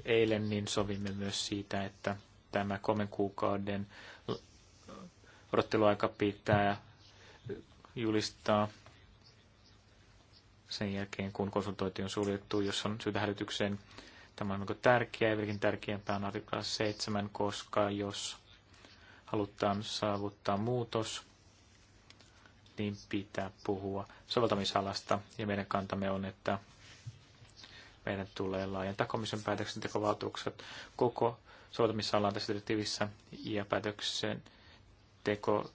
eilen, niin sovimme myös siitä, että tämä kolmen kuukauden odotteluaika pitää julistaa sen jälkeen, kun konsultointi on suljettu, jos on syytä hälytykseen. Tämä on tärkeää ja vieläkin tärkeämpää on artikla 7, koska jos halutaan saavuttaa muutos, niin pitää puhua soveltamisalasta. Ja meidän kantamme on, että meidän tulee laajentaa komission päätöksentekovaltuukset koko soveltamisalaan tässä direktiivissä ja päätöksen teko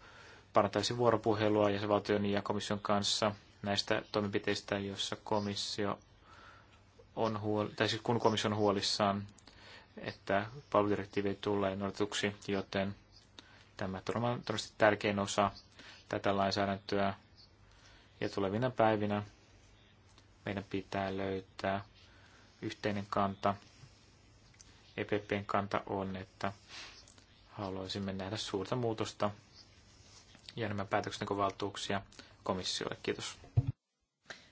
parantaisi vuoropuhelua jäsenvaltion ja komission kanssa näistä toimenpiteistä, joissa komissio on huol- tai siis kun komissio on huolissaan, että palveludirektiivi tulee noudatuksi, joten tämä on todennäköisesti tärkein osa tätä lainsäädäntöä. Ja tulevina päivinä meidän pitää löytää yhteinen kanta. EPPn kanta on, että haluaisimme nähdä suurta muutosta ja enemmän päätöksentekovaltuuksia komissiolle. Kiitos.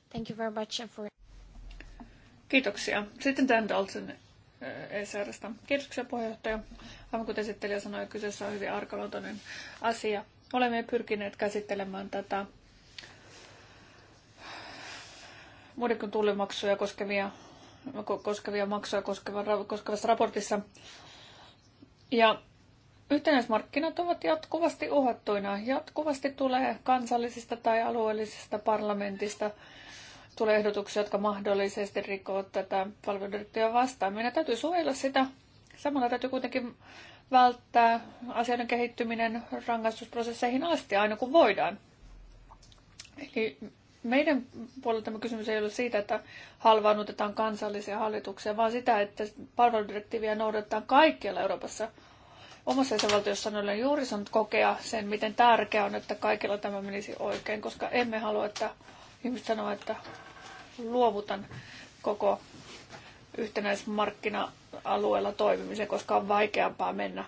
Thank you very much for... Kiitoksia. Sitten Dan Dalton äh, ECRstä. Kiitoksia puheenjohtaja. Aivan kuten esittelijä sanoi, kyseessä on hyvin arkaluontoinen asia. Olemme pyrkineet käsittelemään tätä muiden kuin tullimaksuja koskevia, koskevia maksuja koskevassa raportissa. Ja Yhtenäismarkkinat ovat jatkuvasti uhattuina. Jatkuvasti tulee kansallisista tai alueellisista parlamentista tulee ehdotuksia, jotka mahdollisesti rikkovat tätä palveludirektiiviä vastaan. Meidän täytyy suojella sitä. Samalla täytyy kuitenkin välttää asioiden kehittyminen rangaistusprosesseihin asti aina kun voidaan. Eli meidän puolelta kysymys ei ole siitä, että halvaannutetaan kansallisia hallituksia, vaan sitä, että palveludirektiiviä noudatetaan kaikkialla Euroopassa – omassa jäsenvaltiossa olen juuri saanut kokea sen, miten tärkeää on, että kaikilla tämä menisi oikein, koska emme halua, että ihmiset sanoo, että luovutan koko yhtenäismarkkina-alueella toimimisen, koska on vaikeampaa mennä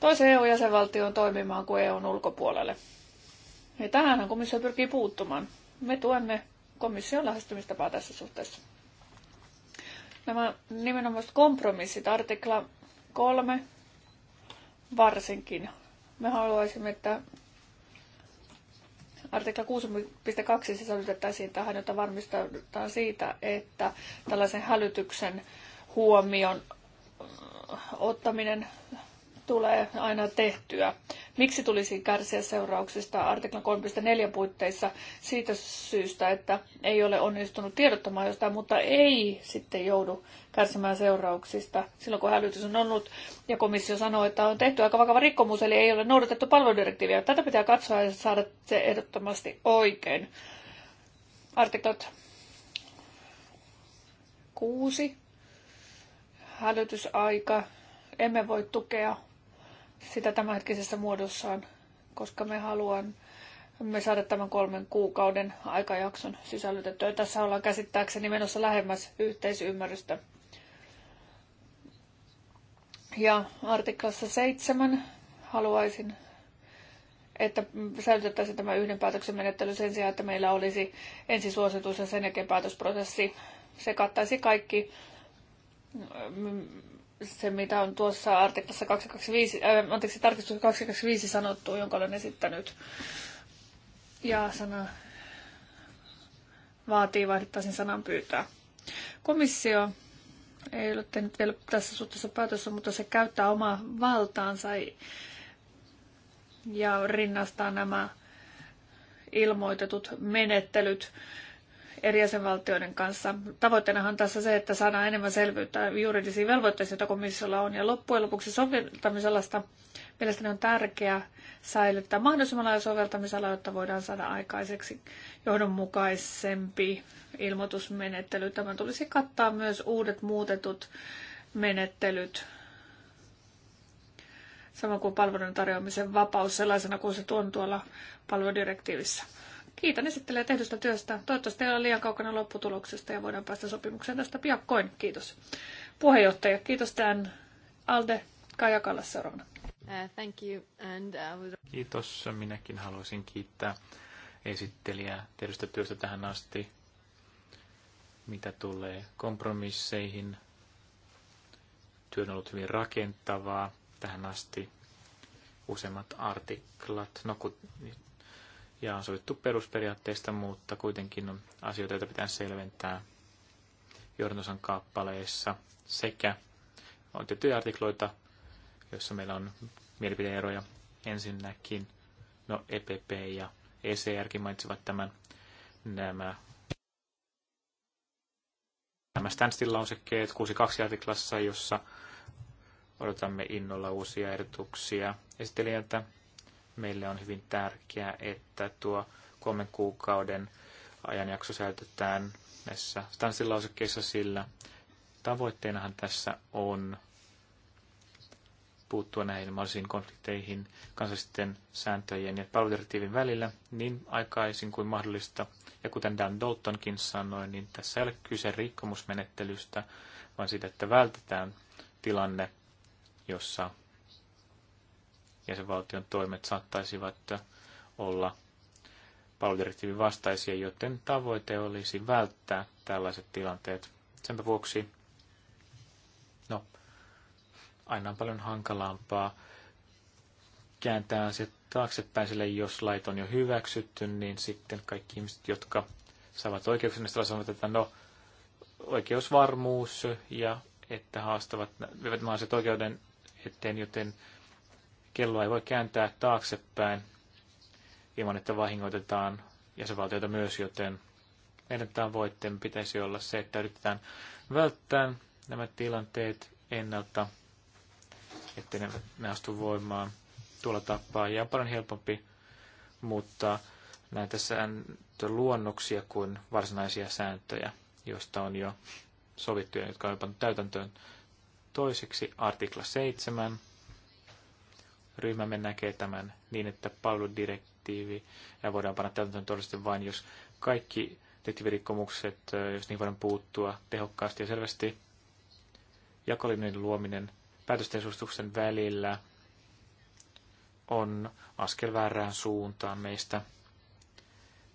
toiseen EU-jäsenvaltioon toimimaan kuin EUn ulkopuolelle. Ja tähänhän komissio pyrkii puuttumaan. Me tuemme komission lähestymistapaa tässä suhteessa. Nämä nimenomaiset kompromissit, artikla 3, varsinkin. Me haluaisimme, että artikla 6.2 sisällytettäisiin tähän, jota varmistetaan siitä, että tällaisen hälytyksen huomion ottaminen tulee aina tehtyä. Miksi tulisi kärsiä seurauksista artiklan 3.4 puitteissa siitä syystä, että ei ole onnistunut tiedottamaan jostain, mutta ei sitten joudu kärsimään seurauksista silloin, kun hälytys on ollut ja komissio sanoo, että on tehty aika vakava rikkomus, eli ei ole noudatettu palveludirektiiviä. Tätä pitää katsoa ja saada se ehdottomasti oikein. Artiklat 6. Hälytysaika. Emme voi tukea sitä tämänhetkisessä muodossaan, koska me haluamme me saada tämän kolmen kuukauden aikajakson sisällytettyä. Tässä ollaan käsittääkseni menossa lähemmäs yhteisymmärrystä. Ja artiklassa 7 haluaisin, että säilytettäisiin tämä yhden päätöksen menettely sen sijaan, että meillä olisi ensisuositus ja sen jälkeen päätösprosessi. Se kattaisi kaikki mm, se, mitä on tuossa artiklassa 225, äh, anteeksi, tarkistus 225 sanottu, jonka olen esittänyt. Ja sana vaatii vaihdettaisiin sanan pyytää. Komissio ei ole tehnyt vielä tässä suhteessa päätössä, mutta se käyttää omaa valtaansa ja rinnastaa nämä ilmoitetut menettelyt eri jäsenvaltioiden kanssa. Tavoitteena on tässä se, että saadaan enemmän selvyyttä juridisiin velvoitteisiin, joita komissiolla on. Ja loppujen lopuksi soveltamisalasta mielestäni on tärkeää säilyttää mahdollisimman laaja soveltamisala, jotta voidaan saada aikaiseksi johdonmukaisempi ilmoitusmenettely. Tämän tulisi kattaa myös uudet muutetut menettelyt, samoin kuin palvelun tarjoamisen vapaus sellaisena kuin se on tuolla palveludirektiivissä. Kiitän esittelijä tehdystä työstä. Toivottavasti ei ole liian kaukana lopputuloksesta ja voidaan päästä sopimukseen tästä piakkoin. Kiitos. Puheenjohtaja, kiitos tämän Alde Kajakalla seuraavana. Uh, thank you. And, uh, Kiitos. Minäkin haluaisin kiittää esittelijää tehdystä työstä tähän asti. Mitä tulee kompromisseihin, työ on ollut hyvin rakentavaa tähän asti. Useimmat artiklat, no kun ja on sovittu perusperiaatteista, mutta kuitenkin on asioita, joita pitää selventää Jordanosan kappaleissa sekä on tiettyjä artikloita, joissa meillä on mielipideeroja ensinnäkin. No EPP ja ECRkin mainitsivat tämän nämä nämä standstill-lausekkeet 6.2 artiklassa, jossa odotamme innolla uusia ehdotuksia esittelijältä Meille on hyvin tärkeää, että tuo kolmen kuukauden ajanjakso säilytetään näissä stanssilausekkeissa, sillä tavoitteenahan tässä on puuttua näihin mahdollisiin konflikteihin kansallisten sääntöjen ja palvelutirektiivin välillä niin aikaisin kuin mahdollista. Ja kuten Dan Daltonkin sanoi, niin tässä ei ole kyse rikkomusmenettelystä, vaan siitä, että vältetään tilanne, jossa jäsenvaltion toimet saattaisivat olla palveludirektiivin vastaisia, joten tavoite olisi välttää tällaiset tilanteet. Sen vuoksi no, aina on paljon hankalampaa kääntää asiat taaksepäin, sillä jos lait on jo hyväksytty, niin sitten kaikki ihmiset, jotka saavat oikeuksia, niin sanovat, että no, oikeusvarmuus ja että haastavat, vievät maaset oikeuden eteen, joten Kelloa ei voi kääntää taaksepäin ilman, että vahingoitetaan jäsenvaltioita myös, joten meidän tavoitteen pitäisi olla se, että yritetään välttää nämä tilanteet ennalta, ettei ne, ne astu voimaan tuolla tapaa. Ja on paljon helpompi muuttaa näitä sääntöluonnoksia kuin varsinaisia sääntöjä, joista on jo sovittuja, jotka on jopa täytäntöön. Toiseksi artikla 7 ryhmämme näkee tämän niin, että palveludirektiivi ja voidaan panna täytäntöön todellisesti vain, jos kaikki direktiivirikkomukset, jos niihin voidaan puuttua tehokkaasti ja selvästi. Jakolinjojen luominen päätösten suosituksen välillä on askel väärään suuntaan meistä.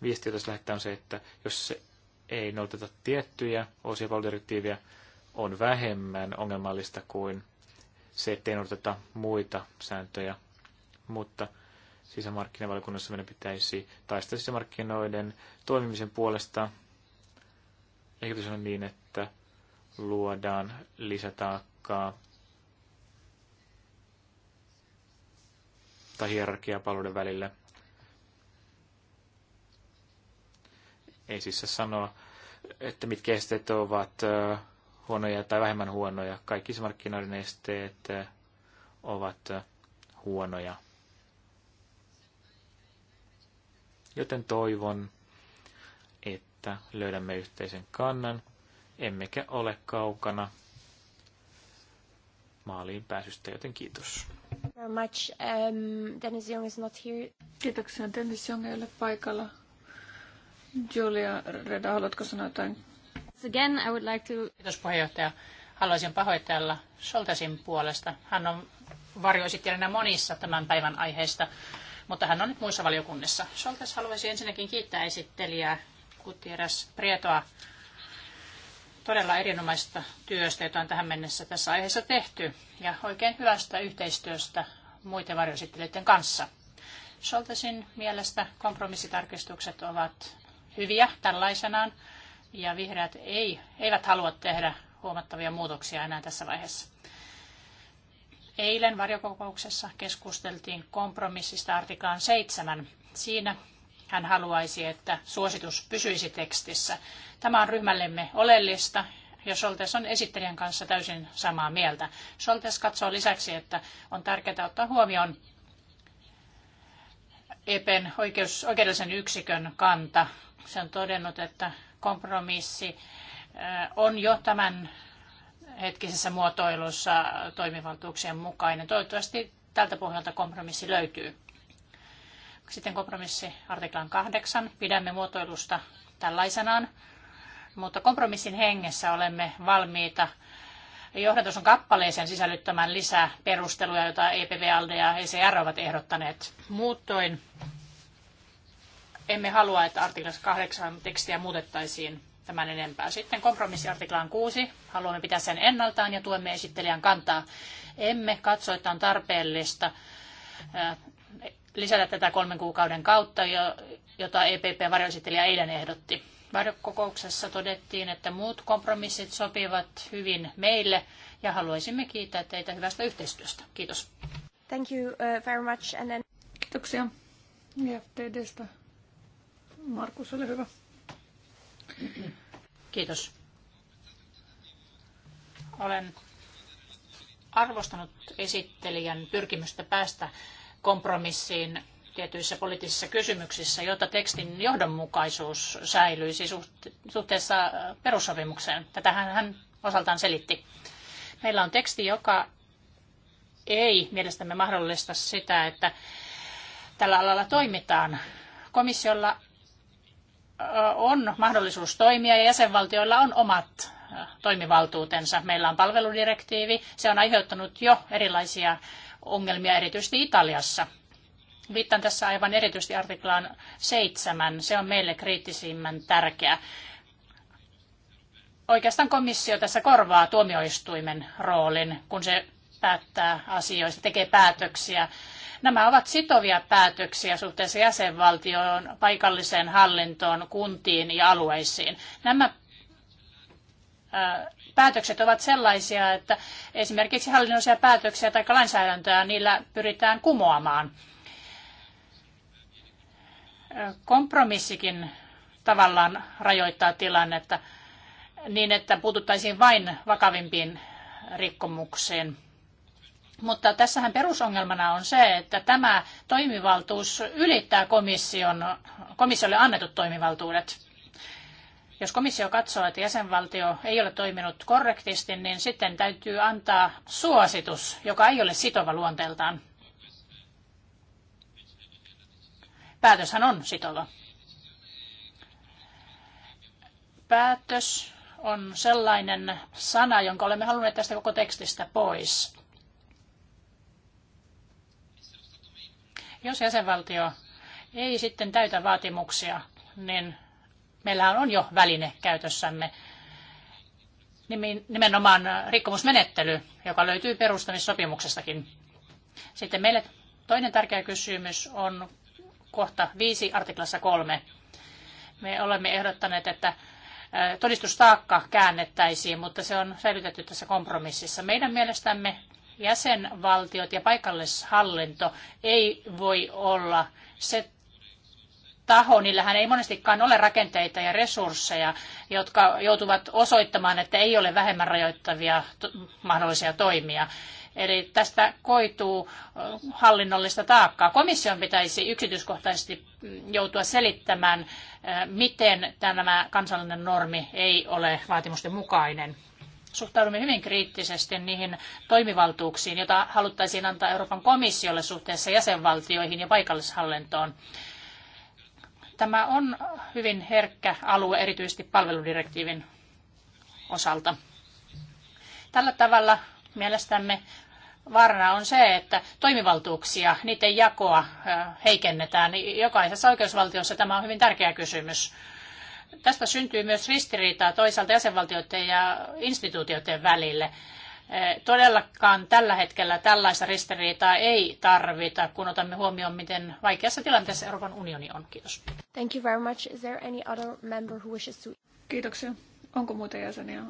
Viesti, jota se lähettää, on se, että jos se ei noudateta tiettyjä osia palveludirektiiviä, on vähemmän ongelmallista kuin se, ettei noudateta muita sääntöjä, mutta sisämarkkinavaliokunnassa meidän pitäisi taistella sisämarkkinoiden toimimisen puolesta. Eikö se ole niin, että luodaan lisätaakkaa tai hierarkiaa palveluiden välillä? Ei siis sanoa, että mitkä esteet ovat huonoja tai vähemmän huonoja. Kaikki markkinoiden esteet eh, ovat eh, huonoja. Joten toivon, että löydämme yhteisen kannan, emmekä ole kaukana maaliin pääsystä, joten kiitos. much. Um, Dennis Young is not here. Kiitoksia. Dennis Young ei ole paikalla. Julia Reda, haluatko sanoa jotain again I would like to... Kiitos puheenjohtaja. Haluaisin pahoitella Soltasin puolesta. Hän on varjoesittelijänä monissa tämän päivän aiheista, mutta hän on nyt muissa valiokunnissa. Soltas haluaisi ensinnäkin kiittää esittelijää Gutierrez Prietoa todella erinomaista työstä, jota on tähän mennessä tässä aiheessa tehty, ja oikein hyvästä yhteistyöstä muiden varjoesittelijöiden kanssa. Soltasin mielestä kompromissitarkistukset ovat hyviä tällaisenaan ja vihreät ei, eivät halua tehdä huomattavia muutoksia enää tässä vaiheessa. Eilen varjokokouksessa keskusteltiin kompromissista artiklaan 7. Siinä hän haluaisi, että suositus pysyisi tekstissä. Tämä on ryhmällemme oleellista ja Soltes on esittelijän kanssa täysin samaa mieltä. Soltes katsoo lisäksi, että on tärkeää ottaa huomioon EPEN oikeus, oikeudellisen yksikön kanta. Se on todennut, että kompromissi on jo tämän hetkisessä muotoilussa toimivaltuuksien mukainen. Toivottavasti tältä pohjalta kompromissi löytyy. Sitten kompromissi artiklan kahdeksan. Pidämme muotoilusta tällaisenaan, mutta kompromissin hengessä olemme valmiita johdatus on kappaleeseen sisällyttämään lisää perusteluja, joita EPV, ALDE ja ECR ovat ehdottaneet. Muutoin emme halua, että artiklassa 8 tekstiä muutettaisiin tämän enempää. Sitten kompromissiartiklaan 6. Haluamme pitää sen ennaltaan ja tuemme esittelijän kantaa. Emme katso, että on tarpeellista äh, lisätä tätä kolmen kuukauden kautta, jota EPP-varjoesittelijä eilen ehdotti. Varjokokouksessa todettiin, että muut kompromissit sopivat hyvin meille ja haluaisimme kiittää teitä hyvästä yhteistyöstä. Kiitos. Thank you uh, very much. And then... Kiitoksia. Ja, Markus, ole hyvä. Kiitos. Olen arvostanut esittelijän pyrkimystä päästä kompromissiin tietyissä poliittisissa kysymyksissä, jotta tekstin johdonmukaisuus säilyisi suhteessa äh, perussopimukseen. Tätähän hän osaltaan selitti. Meillä on teksti, joka ei mielestämme mahdollista sitä, että tällä alalla toimitaan. Komissiolla on mahdollisuus toimia ja jäsenvaltioilla on omat toimivaltuutensa. Meillä on palveludirektiivi, se on aiheuttanut jo erilaisia ongelmia erityisesti Italiassa. Viittaan tässä aivan erityisesti artiklaan 7. Se on meille kriittisimmän tärkeä. Oikeastaan komissio tässä korvaa tuomioistuimen roolin, kun se päättää asioista, tekee päätöksiä Nämä ovat sitovia päätöksiä suhteessa jäsenvaltioon, paikalliseen hallintoon, kuntiin ja alueisiin. Nämä päätökset ovat sellaisia, että esimerkiksi hallinnollisia päätöksiä tai lainsäädäntöä niillä pyritään kumoamaan. Kompromissikin tavallaan rajoittaa tilannetta niin, että puututtaisiin vain vakavimpiin rikkomuksiin. Mutta tässähän perusongelmana on se, että tämä toimivaltuus ylittää komission, komissiolle annetut toimivaltuudet. Jos komissio katsoo, että jäsenvaltio ei ole toiminut korrektisti, niin sitten täytyy antaa suositus, joka ei ole sitova luonteeltaan. Päätöshän on sitova. Päätös on sellainen sana, jonka olemme halunneet tästä koko tekstistä pois Jos jäsenvaltio ei sitten täytä vaatimuksia, niin meillähän on jo väline käytössämme, nimenomaan rikkomusmenettely, joka löytyy perustamissopimuksestakin. Sitten meille toinen tärkeä kysymys on kohta 5 artiklassa 3. Me olemme ehdottaneet, että todistustaakka käännettäisiin, mutta se on säilytetty tässä kompromississa. Meidän mielestämme jäsenvaltiot ja paikallishallinto ei voi olla se taho, niillähän ei monestikaan ole rakenteita ja resursseja, jotka joutuvat osoittamaan, että ei ole vähemmän rajoittavia mahdollisia toimia. Eli tästä koituu hallinnollista taakkaa. Komission pitäisi yksityiskohtaisesti joutua selittämään, miten tämä kansallinen normi ei ole vaatimusten mukainen suhtaudumme hyvin kriittisesti niihin toimivaltuuksiin, joita haluttaisiin antaa Euroopan komissiolle suhteessa jäsenvaltioihin ja paikallishallintoon. Tämä on hyvin herkkä alue erityisesti palveludirektiivin osalta. Tällä tavalla mielestämme vaarana on se, että toimivaltuuksia, niiden jakoa heikennetään. Jokaisessa oikeusvaltiossa tämä on hyvin tärkeä kysymys. Tästä syntyy myös ristiriitaa toisaalta jäsenvaltioiden ja instituutioiden välille. E, todellakaan tällä hetkellä tällaista ristiriitaa ei tarvita, kun otamme huomioon, miten vaikeassa tilanteessa Euroopan unioni on. Kiitos. Thank you very much. Is there any other member who wishes to... Kiitoksia. Onko muita jäseniä?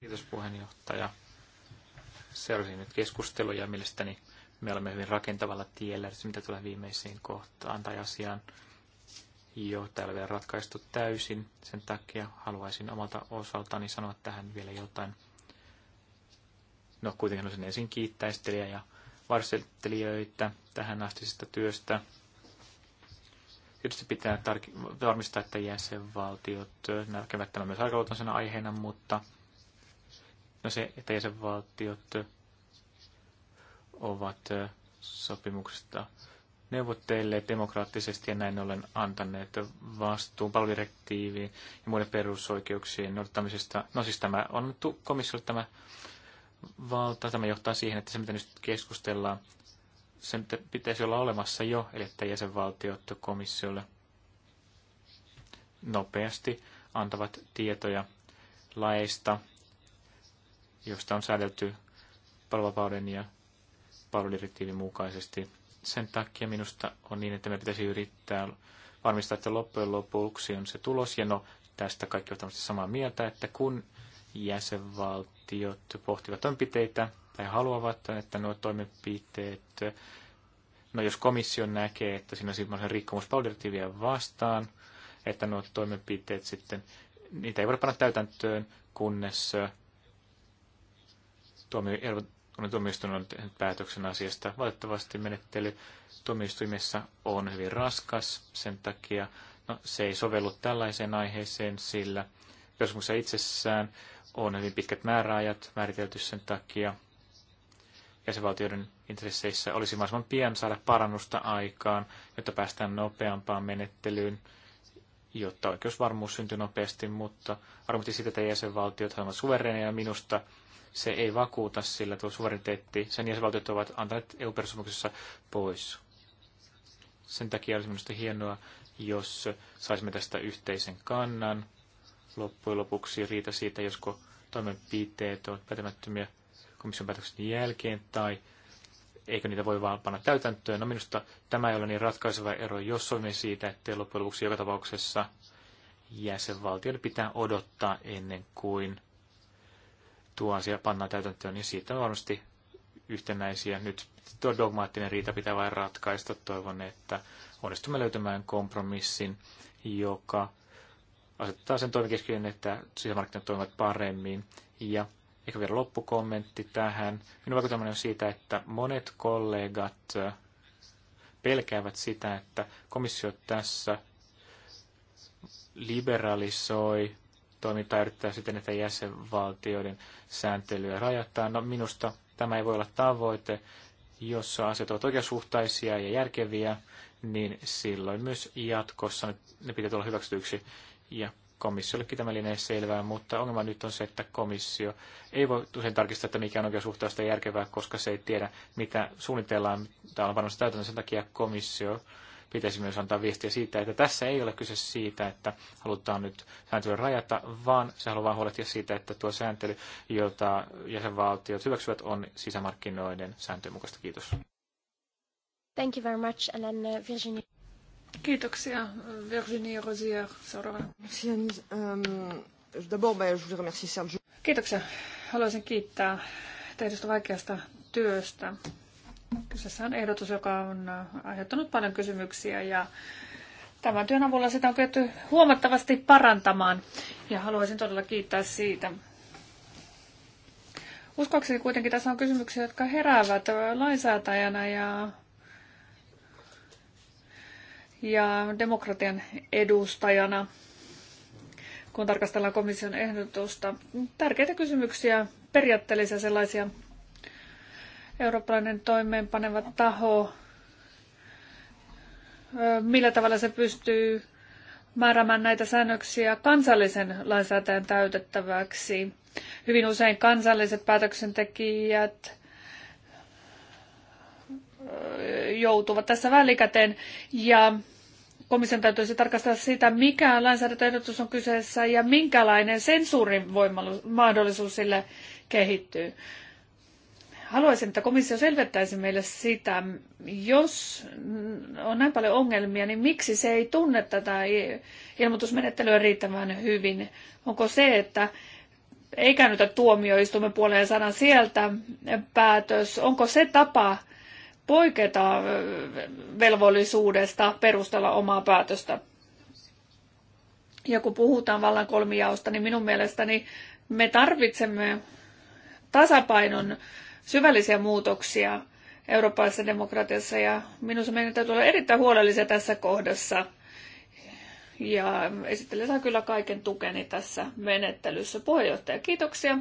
Kiitos puheenjohtaja. Seurasin nyt keskustelua ja mielestäni me olemme hyvin rakentavalla tiellä, mitä tulee viimeisiin kohtaan tai asiaan jo täällä vielä ratkaistu täysin. Sen takia haluaisin omalta osaltani sanoa tähän vielä jotain. No kuitenkin olisin ensin kiittäistelijä ja varsittelijöitä tähän astisesta työstä. Tietysti pitää tarki- varmistaa, että jäsenvaltiot näkevät tämän myös arkaluontoisena aiheena, mutta no se, että jäsenvaltiot ovat sopimuksesta neuvotteilleet demokraattisesti ja näin ollen antaneet vastuun palveludirektiiviin ja muiden perusoikeuksien noudattamisesta. No siis tämä on annettu komissiolle tämä valta. Tämä johtaa siihen, että se mitä nyt keskustellaan, sen pitäisi olla olemassa jo, eli että jäsenvaltiot komissiolle nopeasti antavat tietoja laeista, josta on säädelty palvelupauden ja palveludirektiivin mukaisesti sen takia minusta on niin, että me pitäisi yrittää varmistaa, että loppujen lopuksi on se tulos. Ja no, tästä kaikki ovat samaa mieltä, että kun jäsenvaltiot pohtivat toimenpiteitä tai haluavat, että nuo toimenpiteet, no jos komissio näkee, että siinä on semmoisen rikkomus vastaan, että nuo toimenpiteet sitten, niitä ei voida panna täytäntöön, kunnes tuomioistuin kun tuomioistuin on tehnyt päätöksen asiasta. Valitettavasti menettely tuomioistuimessa on hyvin raskas sen takia. No, se ei sovellu tällaiseen aiheeseen, sillä perusmuksessa itsessään on hyvin pitkät määräajat määritelty sen takia. Jäsenvaltioiden intresseissä olisi mahdollisimman pian saada parannusta aikaan, jotta päästään nopeampaan menettelyyn, jotta oikeusvarmuus syntyy nopeasti, mutta varmasti sitä, että jäsenvaltiot ovat suvereneja minusta se ei vakuuta sillä tuo suvereniteetti. Sen jäsenvaltiot ovat antaneet EU-perussopimuksessa pois. Sen takia olisi minusta hienoa, jos saisimme tästä yhteisen kannan. Loppujen lopuksi riitä siitä, josko toimenpiteet ovat päätämättömiä komission päätöksen jälkeen tai eikö niitä voi vaan panna täytäntöön. No minusta tämä ei ole niin ratkaiseva ero, jos sovimme siitä, että loppujen lopuksi joka tapauksessa jäsenvaltioiden pitää odottaa ennen kuin tuo asia pannaan täytäntöön, niin siitä on varmasti yhtenäisiä. Nyt tuo dogmaattinen riita pitää vain ratkaista. Toivon, että onnistumme löytämään kompromissin, joka asettaa sen toimikeskinen, että sisämarkkinat toimivat paremmin. Ja ehkä vielä loppukommentti tähän. Minun vaikutelmani on siitä, että monet kollegat pelkäävät sitä, että komissio tässä liberalisoi toimintaa yrittää siten, että jäsenvaltioiden sääntelyä rajoittaa. No minusta tämä ei voi olla tavoite, jos asiat ovat oikeasuhtaisia ja järkeviä, niin silloin myös jatkossa ne pitää tulla hyväksytyksi. Ja komissiollekin tämä lienee selvää, mutta ongelma nyt on se, että komissio ei voi usein tarkistaa, että mikä on oikeasuhtaista ja järkevää, koska se ei tiedä, mitä suunnitellaan. Tämä on varmasti täytäntö sen takia komissio pitäisi myös antaa viestiä siitä, että tässä ei ole kyse siitä, että halutaan nyt sääntelyä rajata, vaan se haluaa huolehtia siitä, että tuo sääntely, jota jäsenvaltiot hyväksyvät, on sisämarkkinoiden sääntöjen mukaista. Kiitos. Thank you very much, and then uh, Virginie. Kiitoksia. Virginie Rosier, seuraava. Euh, Kiitoksia. Haluaisin kiittää tehdystä vaikeasta työstä. Kyseessä on ehdotus, joka on aiheuttanut paljon kysymyksiä ja tämän työn avulla sitä on kyetty huomattavasti parantamaan ja haluaisin todella kiittää siitä. Uskoakseni kuitenkin tässä on kysymyksiä, jotka heräävät lainsäätäjänä ja, ja demokratian edustajana, kun tarkastellaan komission ehdotusta. Tärkeitä kysymyksiä, periaatteellisia sellaisia, eurooppalainen toimeenpaneva taho, millä tavalla se pystyy määräämään näitä säännöksiä kansallisen lainsäätäjän täytettäväksi. Hyvin usein kansalliset päätöksentekijät joutuvat tässä välikäteen ja komission täytyisi tarkastella sitä, mikä lainsäädäntöehdotus on kyseessä ja minkälainen sensuurin mahdollisuus sille kehittyy haluaisin, että komissio selventäisi meille sitä, jos on näin paljon ongelmia, niin miksi se ei tunne tätä ilmoitusmenettelyä riittävän hyvin? Onko se, että ei käännytä tuomioistuimen puoleen ja sieltä päätös? Onko se tapa poiketa velvollisuudesta perustella omaa päätöstä? Ja kun puhutaan vallan kolmijaosta, niin minun mielestäni me tarvitsemme tasapainon syvällisiä muutoksia eurooppalaisessa demokratiassa ja minusta meidän täytyy olla erittäin huolellisia tässä kohdassa. Ja esittelen saa kyllä kaiken tukeni tässä menettelyssä. Puheenjohtaja, kiitoksia.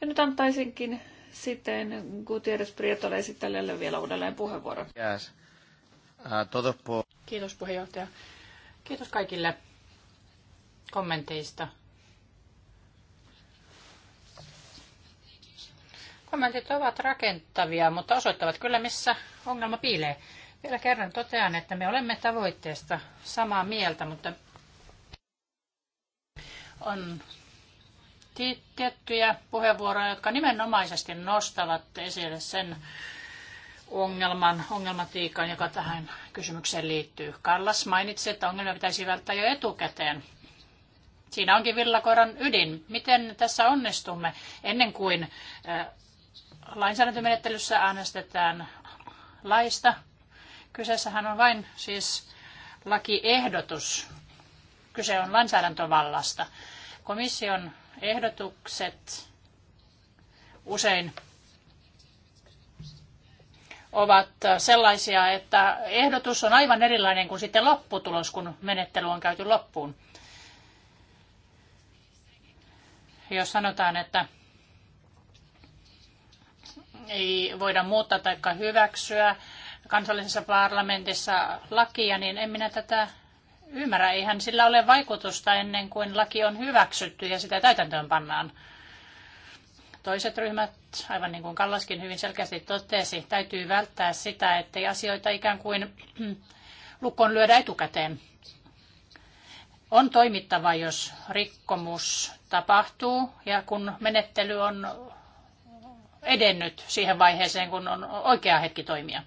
Ja nyt antaisinkin sitten Gutierrez Prietolle esittelijälle vielä uudelleen puheenvuoron. Yes. Uh, Kiitos puheenjohtaja. Kiitos kaikille kommenteista Kommentit ovat rakentavia, mutta osoittavat kyllä, missä ongelma piilee. Vielä kerran totean, että me olemme tavoitteesta samaa mieltä, mutta on tiettyjä puheenvuoroja, jotka nimenomaisesti nostavat esille sen ongelman, ongelmatiikan, joka tähän kysymykseen liittyy. Kallas mainitsi, että ongelmia pitäisi välttää jo etukäteen. Siinä onkin villakoiran ydin. Miten tässä onnistumme ennen kuin lainsäädäntömenettelyssä äänestetään laista. Kyseessähän on vain siis lakiehdotus. Kyse on lainsäädäntövallasta. Komission ehdotukset usein ovat sellaisia, että ehdotus on aivan erilainen kuin sitten lopputulos, kun menettely on käyty loppuun. Jos sanotaan, että ei voida muuttaa tai hyväksyä kansallisessa parlamentissa lakia, niin en minä tätä ymmärrä. Eihän sillä ole vaikutusta ennen kuin laki on hyväksytty ja sitä täytäntöön pannaan. Toiset ryhmät, aivan niin kuin Kallaskin hyvin selkeästi totesi, täytyy välttää sitä, ettei asioita ikään kuin [clears throat] lukkoon lyödä etukäteen. On toimittava, jos rikkomus tapahtuu ja kun menettely on edennyt siihen vaiheeseen, kun on oikea hetki toimia.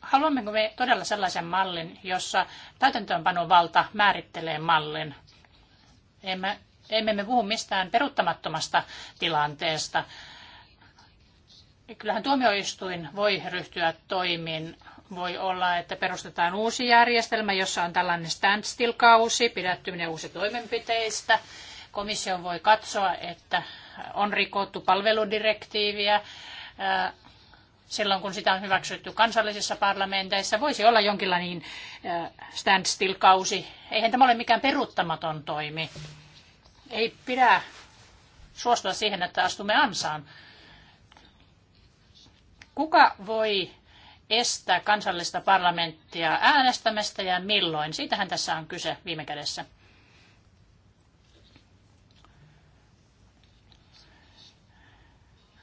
Haluammeko me todella sellaisen mallin, jossa täytäntöönpanovalta määrittelee mallin? Emme, emme me puhu mistään peruuttamattomasta tilanteesta. Kyllähän tuomioistuin voi ryhtyä toimiin voi olla, että perustetaan uusi järjestelmä, jossa on tällainen standstill-kausi, pidättyminen uusi toimenpiteistä. Komissio voi katsoa, että on rikottu palveludirektiiviä äh, silloin, kun sitä on hyväksytty kansallisissa parlamenteissa. Voisi olla jonkinlainen äh, standstill-kausi. Eihän tämä ole mikään peruuttamaton toimi. Ei pidä suostua siihen, että astumme ansaan. Kuka voi estää kansallista parlamenttia äänestämästä ja milloin? Siitähän tässä on kyse viime kädessä.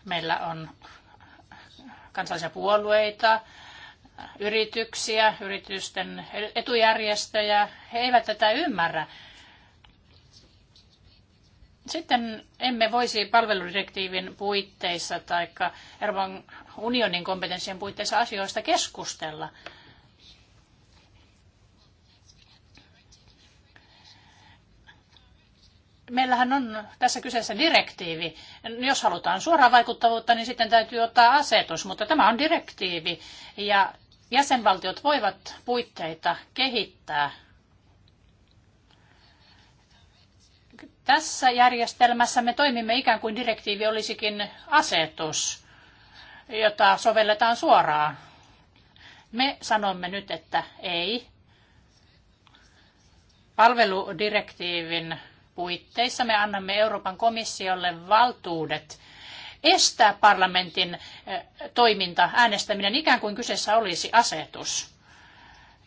Meillä on kansallisia puolueita, yrityksiä, yritysten etujärjestöjä. He eivät tätä ymmärrä. Sitten emme voisi palveludirektiivin puitteissa tai Euroopan unionin kompetenssien puitteissa asioista keskustella. meillähän on tässä kyseessä direktiivi. Jos halutaan suoraa vaikuttavuutta, niin sitten täytyy ottaa asetus, mutta tämä on direktiivi ja jäsenvaltiot voivat puitteita kehittää. Tässä järjestelmässä me toimimme ikään kuin direktiivi olisikin asetus, jota sovelletaan suoraan. Me sanomme nyt, että ei. Palveludirektiivin puitteissa me annamme Euroopan komissiolle valtuudet estää parlamentin eh, toiminta, äänestäminen ikään kuin kyseessä olisi asetus.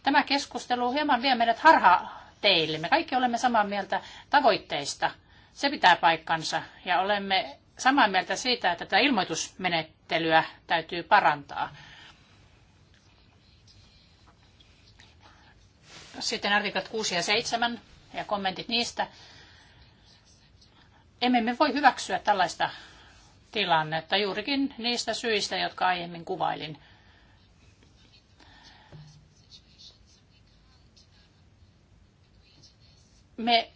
Tämä keskustelu hieman vie meidät harha teille. Me kaikki olemme samaa mieltä tavoitteista. Se pitää paikkansa ja olemme samaa mieltä siitä, että tätä ilmoitusmenettelyä täytyy parantaa. Sitten artiklat 6 ja 7 ja kommentit niistä. Emme me voi hyväksyä tällaista tilannetta juurikin niistä syistä, jotka aiemmin kuvailin. Me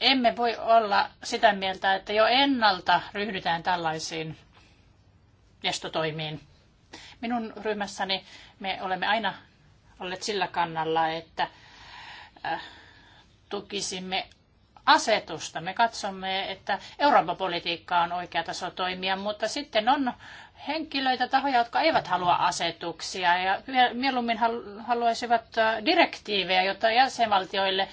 emme voi olla sitä mieltä, että jo ennalta ryhdytään tällaisiin estotoimiin. Minun ryhmässäni me olemme aina olleet sillä kannalla, että äh, tukisimme asetusta. Me katsomme, että Euroopan politiikka on oikea taso toimia, mutta sitten on henkilöitä, tahoja, jotka eivät halua asetuksia ja mieluummin haluaisivat äh, direktiivejä, jotta jäsenvaltioille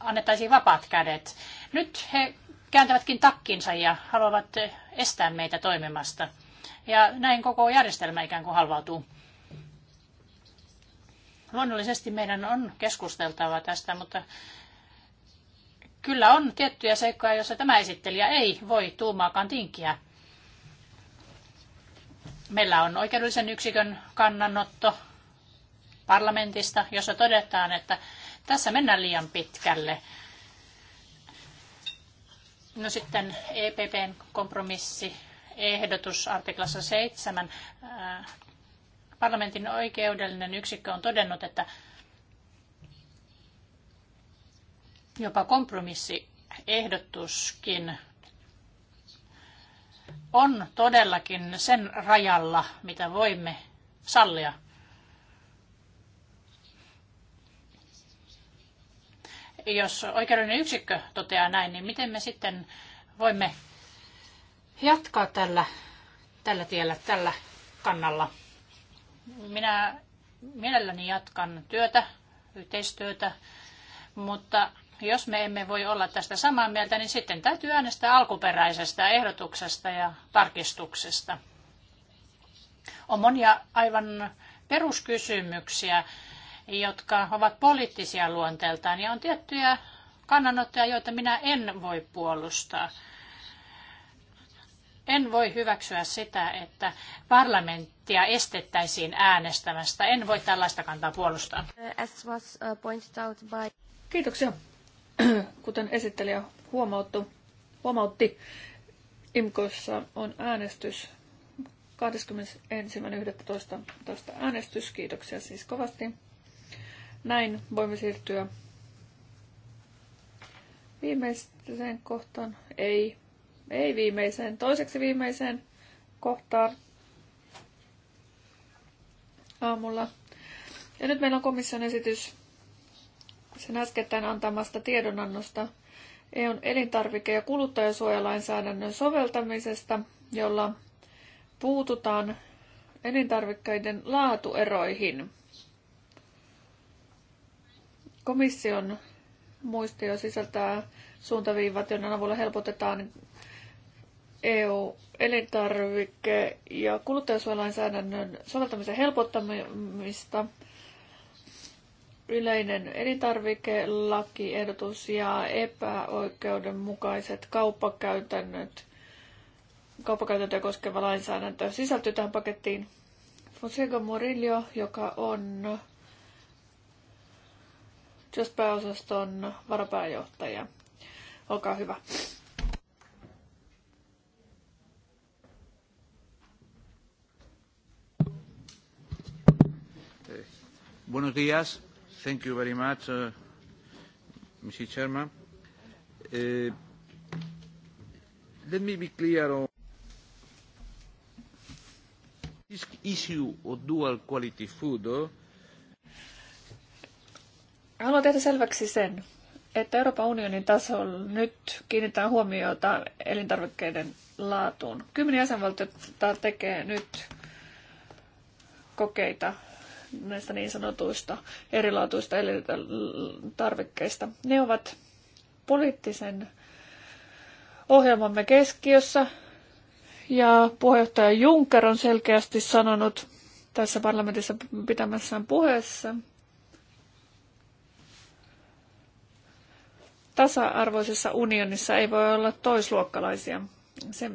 annettaisiin vapaat kädet. Nyt he kääntävätkin takkinsa ja haluavat äh, estää meitä toimimasta. Ja näin koko järjestelmä ikään kuin halvautuu. Luonnollisesti meidän on keskusteltava tästä, mutta kyllä on tiettyjä seikkoja, joissa tämä esittelijä ei voi tuumaakaan tinkiä. Meillä on oikeudellisen yksikön kannanotto parlamentista, jossa todetaan, että tässä mennään liian pitkälle. No sitten EPPn kompromissi, ehdotus artiklassa 7. Parlamentin oikeudellinen yksikkö on todennut, että Jopa kompromissiehdotuskin on todellakin sen rajalla, mitä voimme sallia. Jos oikeudellinen yksikkö toteaa näin, niin miten me sitten voimme jatkaa tällä, tällä tiellä, tällä kannalla? Minä mielelläni jatkan työtä, yhteistyötä, mutta jos me emme voi olla tästä samaa mieltä, niin sitten täytyy äänestää alkuperäisestä ehdotuksesta ja tarkistuksesta. On monia aivan peruskysymyksiä, jotka ovat poliittisia luonteeltaan ja on tiettyjä kannanottoja, joita minä en voi puolustaa. En voi hyväksyä sitä, että parlamenttia estettäisiin äänestämästä. En voi tällaista kantaa puolustaa. Uh, Kiitoksia. [clears throat] Kuten esittelijä huomautti, imkoissa on äänestys 21.11. äänestys. Kiitoksia siis kovasti. Näin voimme siirtyä viimeiseen kohtaan. Ei, ei viimeiseen. Toiseksi viimeiseen kohtaan aamulla. Ja nyt meillä on komission esitys sen äskettäin antamasta tiedonannosta EUn elintarvike- ja kuluttajasuojalainsäädännön soveltamisesta, jolla puututaan elintarvikkeiden laatueroihin. Komission muistio sisältää suuntaviivat, joiden avulla helpotetaan EU-elintarvike- ja kuluttajasuojalainsäädännön soveltamisen helpottamista – yleinen elintarvikelakiehdotus ja epäoikeudenmukaiset kauppakäytännöt, kauppakäytäntöjä koskeva lainsäädäntö sisältyy tähän pakettiin. Fonseca Murillo, joka on Just pääosaston varapääjohtaja. Olkaa hyvä. Buenos días. Thank you very much, uh, Mr. Chairman. Uh, let me be clear on this issue of dual quality food. Uh. Haluan tehdä selväksi sen, että Euroopan unionin tasolla nyt kiinnitetään huomiota elintarvikkeiden laatuun. Kymmenen jäsenvaltiota tekee nyt kokeita näistä niin sanotuista erilaatuista elintarvikkeista. Ne ovat poliittisen ohjelmamme keskiössä ja puheenjohtaja Juncker on selkeästi sanonut tässä parlamentissa pitämässään puheessa, tasa-arvoisessa unionissa ei voi olla toisluokkalaisia. Se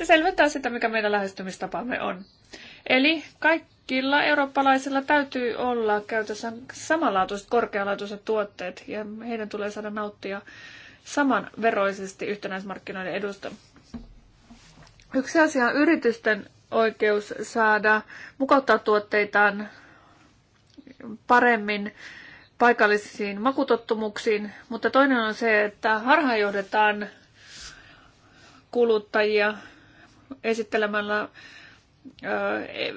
Se selventää sitä, mikä meidän lähestymistapamme on. Eli kaikilla eurooppalaisilla täytyy olla käytössä samanlaatuiset korkealaatuiset tuotteet ja heidän tulee saada nauttia samanveroisesti yhtenäismarkkinoiden edusta. Yksi asia on yritysten oikeus saada mukauttaa tuotteitaan paremmin paikallisiin makutottumuksiin, mutta toinen on se, että harhaanjohdetaan kuluttajia esittelemällä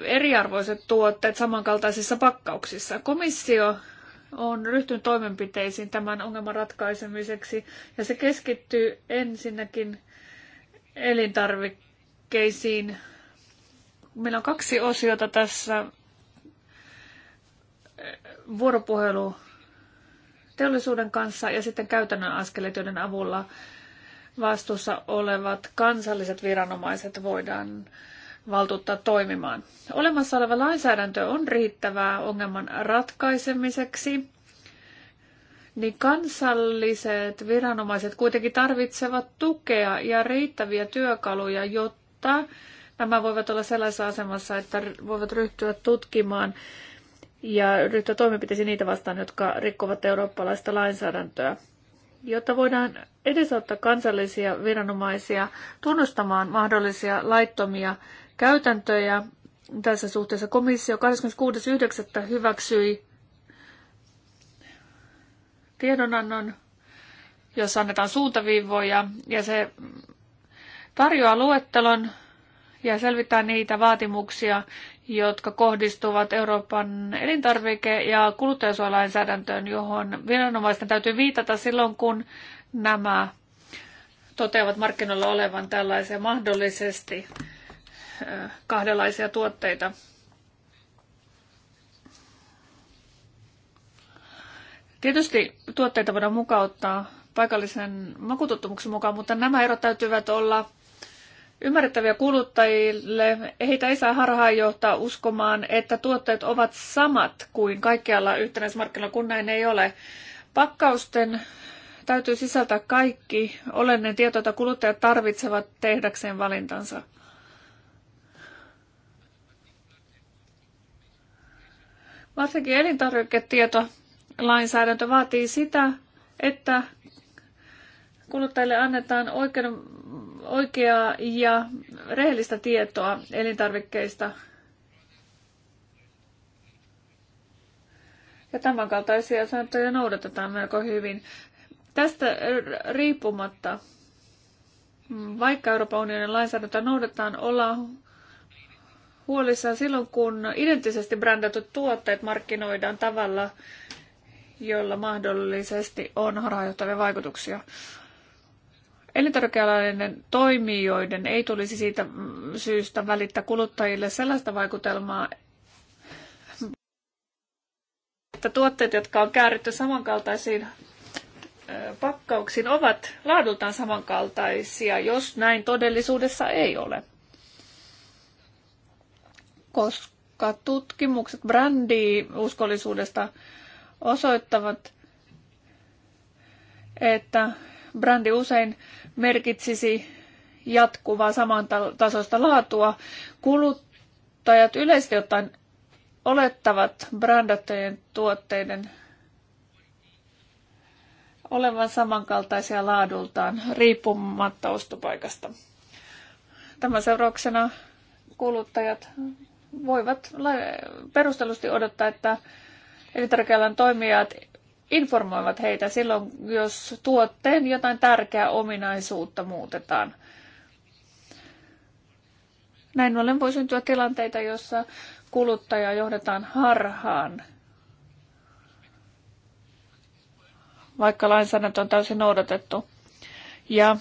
eriarvoiset tuotteet samankaltaisissa pakkauksissa. Komissio on ryhtynyt toimenpiteisiin tämän ongelman ratkaisemiseksi ja se keskittyy ensinnäkin elintarvikkeisiin. Meillä on kaksi osiota tässä vuoropuhelu teollisuuden kanssa ja sitten käytännön askeleet, joiden avulla vastuussa olevat kansalliset viranomaiset voidaan valtuuttaa toimimaan. Olemassa oleva lainsäädäntö on riittävää ongelman ratkaisemiseksi, niin kansalliset viranomaiset kuitenkin tarvitsevat tukea ja riittäviä työkaluja, jotta nämä voivat olla sellaisessa asemassa, että voivat ryhtyä tutkimaan ja ryhtyä toimenpiteisiin niitä vastaan, jotka rikkovat eurooppalaista lainsäädäntöä jotta voidaan edesauttaa kansallisia viranomaisia tunnustamaan mahdollisia laittomia käytäntöjä. Tässä suhteessa komissio 26.9. hyväksyi tiedonannon, jossa annetaan suuntaviivoja ja se tarjoaa luettelon ja selvittää niitä vaatimuksia, jotka kohdistuvat Euroopan elintarvike- ja kuluttajasuojalainsäädäntöön, johon viranomaisten täytyy viitata silloin, kun nämä toteavat markkinoilla olevan tällaisia mahdollisesti kahdenlaisia tuotteita. Tietysti tuotteita voidaan mukauttaa paikallisen makutottumuksen mukaan, mutta nämä erot täytyvät olla ymmärrettäviä kuluttajille. Heitä ei saa harhaan johtaa uskomaan, että tuotteet ovat samat kuin kaikkialla yhtenäismarkkinoilla, kun näin ei ole. Pakkausten täytyy sisältää kaikki olennainen tieto, jota kuluttajat tarvitsevat tehdäkseen valintansa. Varsinkin elintarviketieto lainsäädäntö vaatii sitä, että kuluttajille annetaan oikeuden oikeaa ja rehellistä tietoa elintarvikkeista. Ja tämän kaltaisia sääntöjä noudatetaan melko hyvin. Tästä riippumatta, vaikka Euroopan unionin lainsäädäntöä noudatetaan, ollaan huolissaan silloin, kun identtisesti brändätyt tuotteet markkinoidaan tavalla, jolla mahdollisesti on harhaanjohtavia vaikutuksia. Elintarvikealainen toimijoiden ei tulisi siitä syystä välittää kuluttajille sellaista vaikutelmaa, että tuotteet, jotka on kääritty samankaltaisiin pakkauksiin, ovat laadultaan samankaltaisia, jos näin todellisuudessa ei ole. Koska tutkimukset brändiuskollisuudesta osoittavat, että brändi usein merkitsisi jatkuvaa samantasoista laatua. Kuluttajat yleisesti ottaen olettavat brändattujen tuotteiden olevan samankaltaisia laadultaan riippumatta ostopaikasta. Tämän seurauksena kuluttajat voivat perustellusti odottaa, että elintarvikealan toimijat informoivat heitä silloin, jos tuotteen jotain tärkeää ominaisuutta muutetaan. Näin ollen voi syntyä tilanteita, joissa kuluttaja johdetaan harhaan, vaikka lainsäädäntö on täysin noudatettu. Ja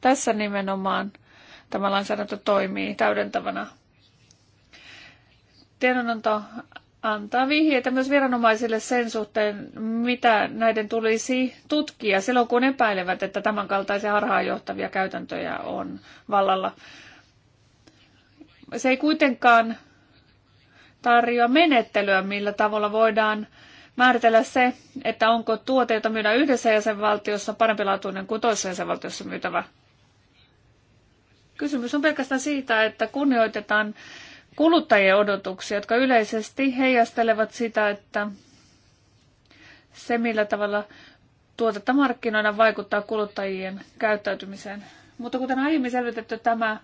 tässä nimenomaan tämä lainsäädäntö toimii täydentävänä. Tiedonanto antaa vihjeitä myös viranomaisille sen suhteen, mitä näiden tulisi tutkia silloin, kun epäilevät, että tämänkaltaisia harhaanjohtavia käytäntöjä on vallalla. Se ei kuitenkaan tarjoa menettelyä, millä tavalla voidaan määritellä se, että onko tuote, jota myydään yhdessä jäsenvaltiossa, parempilaatuinen kuin toisessa jäsenvaltiossa myytävä. Kysymys on pelkästään siitä, että kunnioitetaan kuluttajien odotuksia, jotka yleisesti heijastelevat sitä, että se millä tavalla tuotetta markkinoina vaikuttaa kuluttajien käyttäytymiseen. Mutta kuten aiemmin selvitetty, tämä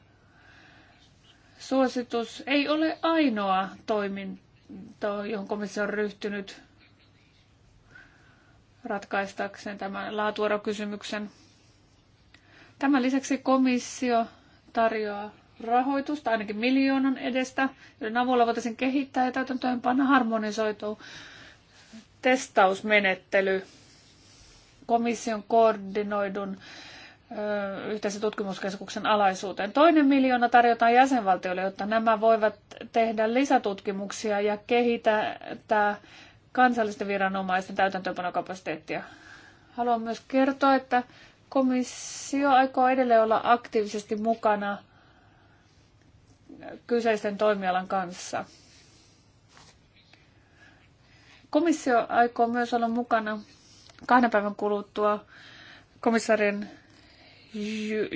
suositus ei ole ainoa toiminto, johon komissio on ryhtynyt ratkaistakseen tämän laatuorokysymyksen. Tämän lisäksi komissio tarjoaa rahoitusta ainakin miljoonan edestä, joiden avulla voitaisiin kehittää ja panna harmonisoitu testausmenettely komission koordinoidun yhteisen tutkimuskeskuksen alaisuuteen. Toinen miljoona tarjotaan jäsenvaltioille, jotta nämä voivat tehdä lisätutkimuksia ja kehittää kansallisten viranomaisten täytäntöönpanokapasiteettia. Haluan myös kertoa, että komissio aikoo edelleen olla aktiivisesti mukana kyseisen toimialan kanssa. Komissio aikoo myös olla mukana kahden päivän kuluttua komissaarien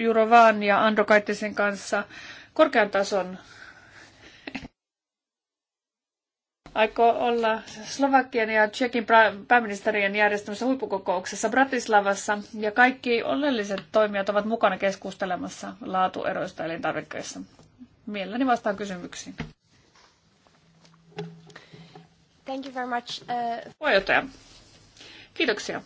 Jurovan ja Androkaittisen kanssa korkean tason aikoo olla Slovakian ja Tsekin pääministerien järjestämässä huippukokouksessa Bratislavassa ja kaikki oleelliset toimijat ovat mukana keskustelemassa laatueroista elintarvikkeissa. Mielelläni vastaan kysymyksiin. Thank you very much. Uh... Puheenjohtaja, kiitoksia.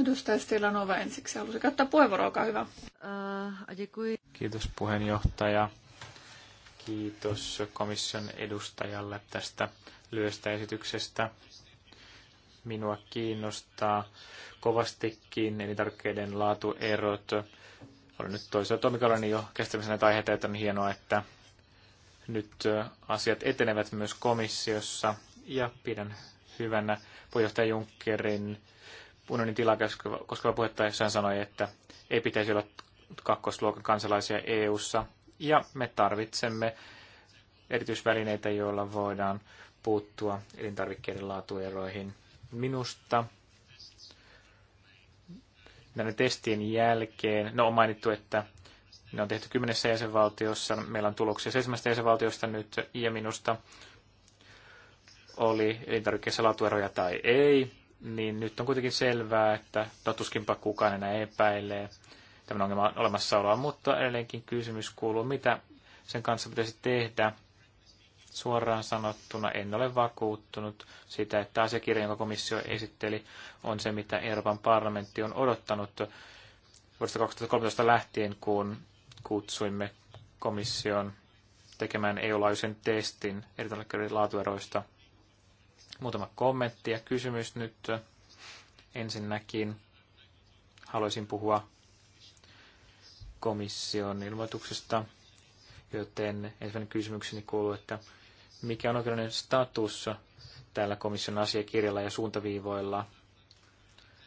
Edustaja Stilanova ensiksi halusi käyttää puheenvuoroa, olkaa hyvä. Uh, Kiitos puheenjohtaja. Kiitos komission edustajalle tästä lyöstä esityksestä. Minua kiinnostaa kovastikin elintarvikkeiden laatuerot olen nyt toisella niin jo kestämisen näitä aiheita, että on hienoa, että nyt asiat etenevät myös komissiossa ja pidän hyvänä puheenjohtaja Junckerin unionin tilaa koskeva puhetta, jossa hän sanoi, että ei pitäisi olla kakkosluokan kansalaisia EU:ssa ja me tarvitsemme erityisvälineitä, joilla voidaan puuttua elintarvikkeiden laatueroihin. Minusta näiden testien jälkeen, no on mainittu, että ne on tehty kymmenessä jäsenvaltiossa, meillä on tuloksia seitsemästä jäsenvaltiosta nyt, ja minusta oli elintarvikkeessa laatueroja tai ei, niin nyt on kuitenkin selvää, että totuskinpa no kukaan enää epäilee tämän ongelman olemassaoloa, mutta edelleenkin kysymys kuuluu, mitä sen kanssa pitäisi tehdä, Suoraan sanottuna en ole vakuuttunut sitä, että asiakirja, jonka komissio esitteli, on se, mitä Euroopan parlamentti on odottanut vuodesta 2013 lähtien, kun kutsuimme komission tekemään EU-laajuisen testin erityisellä laatueroista. Muutama kommentti ja kysymys nyt. Ensinnäkin haluaisin puhua komission ilmoituksesta, joten ensimmäinen kysymykseni kuuluu, että mikä on oikeudellinen status täällä komission asiakirjalla ja suuntaviivoilla.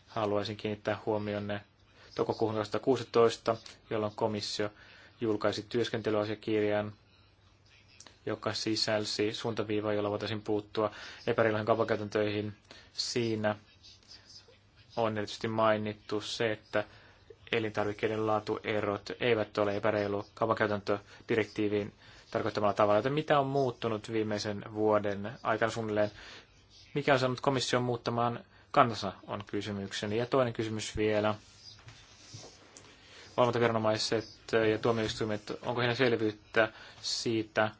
Haluaisin kiinnittää huomionne toukokuuhun 2016, jolloin komissio julkaisi työskentelyasiakirjan, joka sisälsi suuntaviivaa, jolla voitaisiin puuttua epäreiluihin kauppakäytäntöihin. Siinä on erityisesti mainittu se, että elintarvikkeiden laatuerot eivät ole epäreilu kaupankäytäntödirektiiviin tarkoittamalla tavalla. Joten mitä on muuttunut viimeisen vuoden aikana suunnilleen? Mikä on saanut komission muuttamaan kansa on kysymykseni. Ja toinen kysymys vielä. Valvontaviranomaiset ja tuomioistuimet, onko heidän selvyyttä siitä,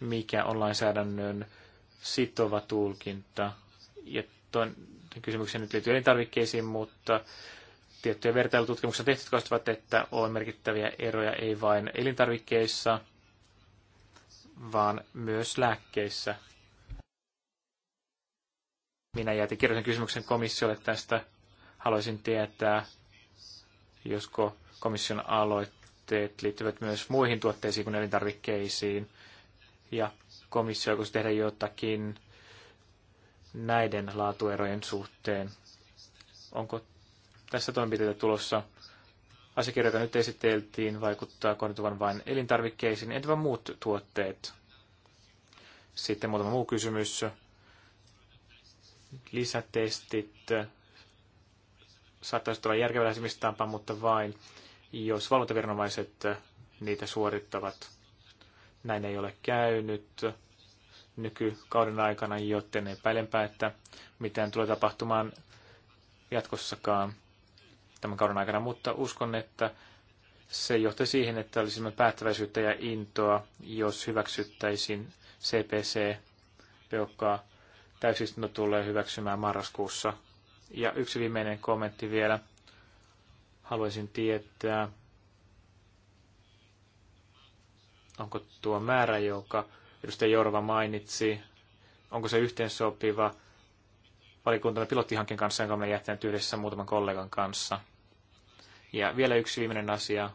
mikä on lainsäädännön sitova tulkinta? Ja toinen kysymykseni nyt liittyy elintarvikkeisiin, mutta tiettyjä vertailututkimuksia tehty, jotka osoittavat, että on merkittäviä eroja ei vain elintarvikkeissa, vaan myös lääkkeissä. Minä jätin kirjoisen kysymyksen komissiolle tästä. Haluaisin tietää, josko komission aloitteet liittyvät myös muihin tuotteisiin kuin elintarvikkeisiin. Ja komissio voisi tehdä jotakin näiden laatuerojen suhteen. Onko tässä toimenpiteitä tulossa. Asiakirjoita nyt esiteltiin, vaikuttaa kohdentuvan vain elintarvikkeisiin, entä muut tuotteet? Sitten muutama muu kysymys. Lisätestit saattaisi olla järkevä lähestymistapa, mutta vain jos valvontaviranomaiset niitä suorittavat. Näin ei ole käynyt nykykauden aikana, joten epäilenpä, että mitään tulee tapahtumaan jatkossakaan tämän kauden aikana, mutta uskon, että se johtaa siihen, että olisimme päättäväisyyttä ja intoa, jos hyväksyttäisiin CPC, joka täysistunto tulee hyväksymään marraskuussa. Ja yksi viimeinen kommentti vielä. Haluaisin tietää, onko tuo määrä, joka edustaja Jorva mainitsi, onko se yhteensopiva valikuntamme pilottihankkeen kanssa, jonka me jättäneet yhdessä muutaman kollegan kanssa. Ja vielä yksi viimeinen asia.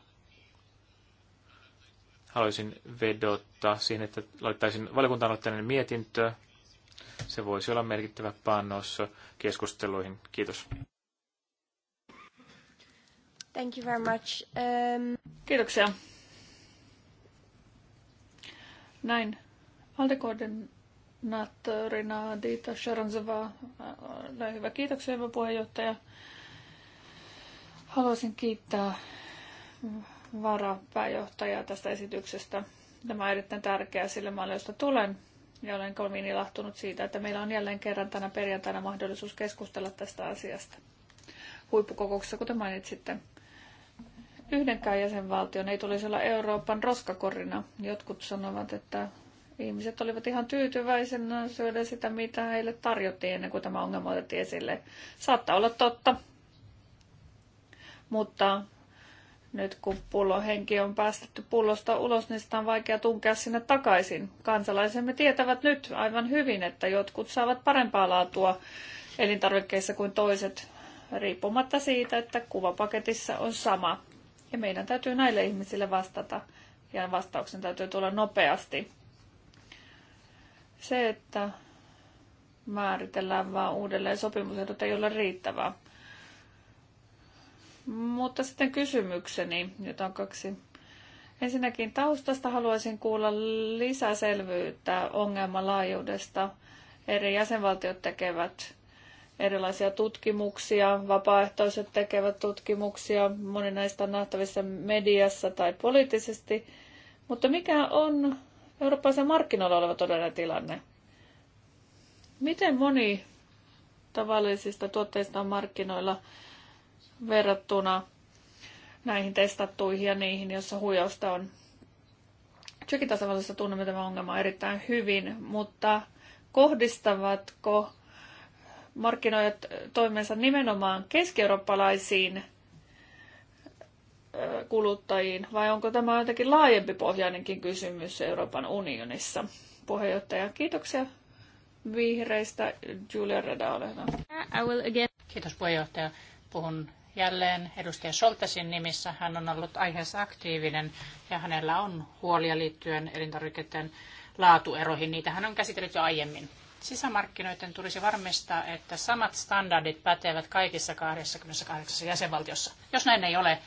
Haluaisin vedota siihen, että laittaisin valiokuntaan mietintö. Se voisi olla merkittävä panos keskusteluihin. Kiitos. Thank you very much. Um... Kiitoksia. Näin. Valtakoordinaattorina Diita Sharanzova, äh, hyvä. Kiitoksia, hyvä puheenjohtaja. Haluaisin kiittää varapääjohtajaa tästä esityksestä. Tämä on erittäin tärkeää sille maalle, josta tulen. Ja olen kovin ilahtunut siitä, että meillä on jälleen kerran tänä perjantaina mahdollisuus keskustella tästä asiasta. Huippukokouksessa, kuten mainitsitte, yhdenkään jäsenvaltion ei tulisi olla Euroopan roskakorina. Jotkut sanovat, että ihmiset olivat ihan tyytyväisenä syödä sitä, mitä heille tarjottiin ennen kuin tämä ongelma otettiin esille. Saattaa olla totta, mutta nyt kun pullohenki on päästetty pullosta ulos, niin sitä on vaikea tunkea sinne takaisin. Kansalaisemme tietävät nyt aivan hyvin, että jotkut saavat parempaa laatua elintarvikkeissa kuin toiset, riippumatta siitä, että kuvapaketissa on sama. Ja meidän täytyy näille ihmisille vastata, ja vastauksen täytyy tulla nopeasti. Se, että määritellään vaan uudelleen sopimusehdot ei ole riittävää. Mutta sitten kysymykseni, jota on kaksi. Ensinnäkin taustasta haluaisin kuulla lisäselvyyttä ongelmalaajuudesta. Eri jäsenvaltiot tekevät erilaisia tutkimuksia, vapaaehtoiset tekevät tutkimuksia, moni näistä on nähtävissä mediassa tai poliittisesti. Mutta mikä on eurooppalaisen markkinoilla oleva todellinen tilanne? Miten moni tavallisista tuotteista on markkinoilla? verrattuna näihin testattuihin ja niihin, joissa huijausta on. Tsekin tasavallassa tunnemme tämän ongelman erittäin hyvin, mutta kohdistavatko markkinoijat toimensa nimenomaan keskieurooppalaisiin kuluttajiin, vai onko tämä jotenkin laajempi pohjainenkin kysymys Euroopan unionissa? Puheenjohtaja, kiitoksia vihreistä. Julia Reda, ole hyvä. Kiitos puheenjohtaja. Puhun jälleen edustaja Soltesin nimissä. Hän on ollut aiheessa aktiivinen ja hänellä on huolia liittyen elintarvikkeiden laatueroihin. Niitä hän on käsitellyt jo aiemmin. Sisämarkkinoiden tulisi varmistaa, että samat standardit pätevät kaikissa 28 jäsenvaltiossa. Jos näin ei ole,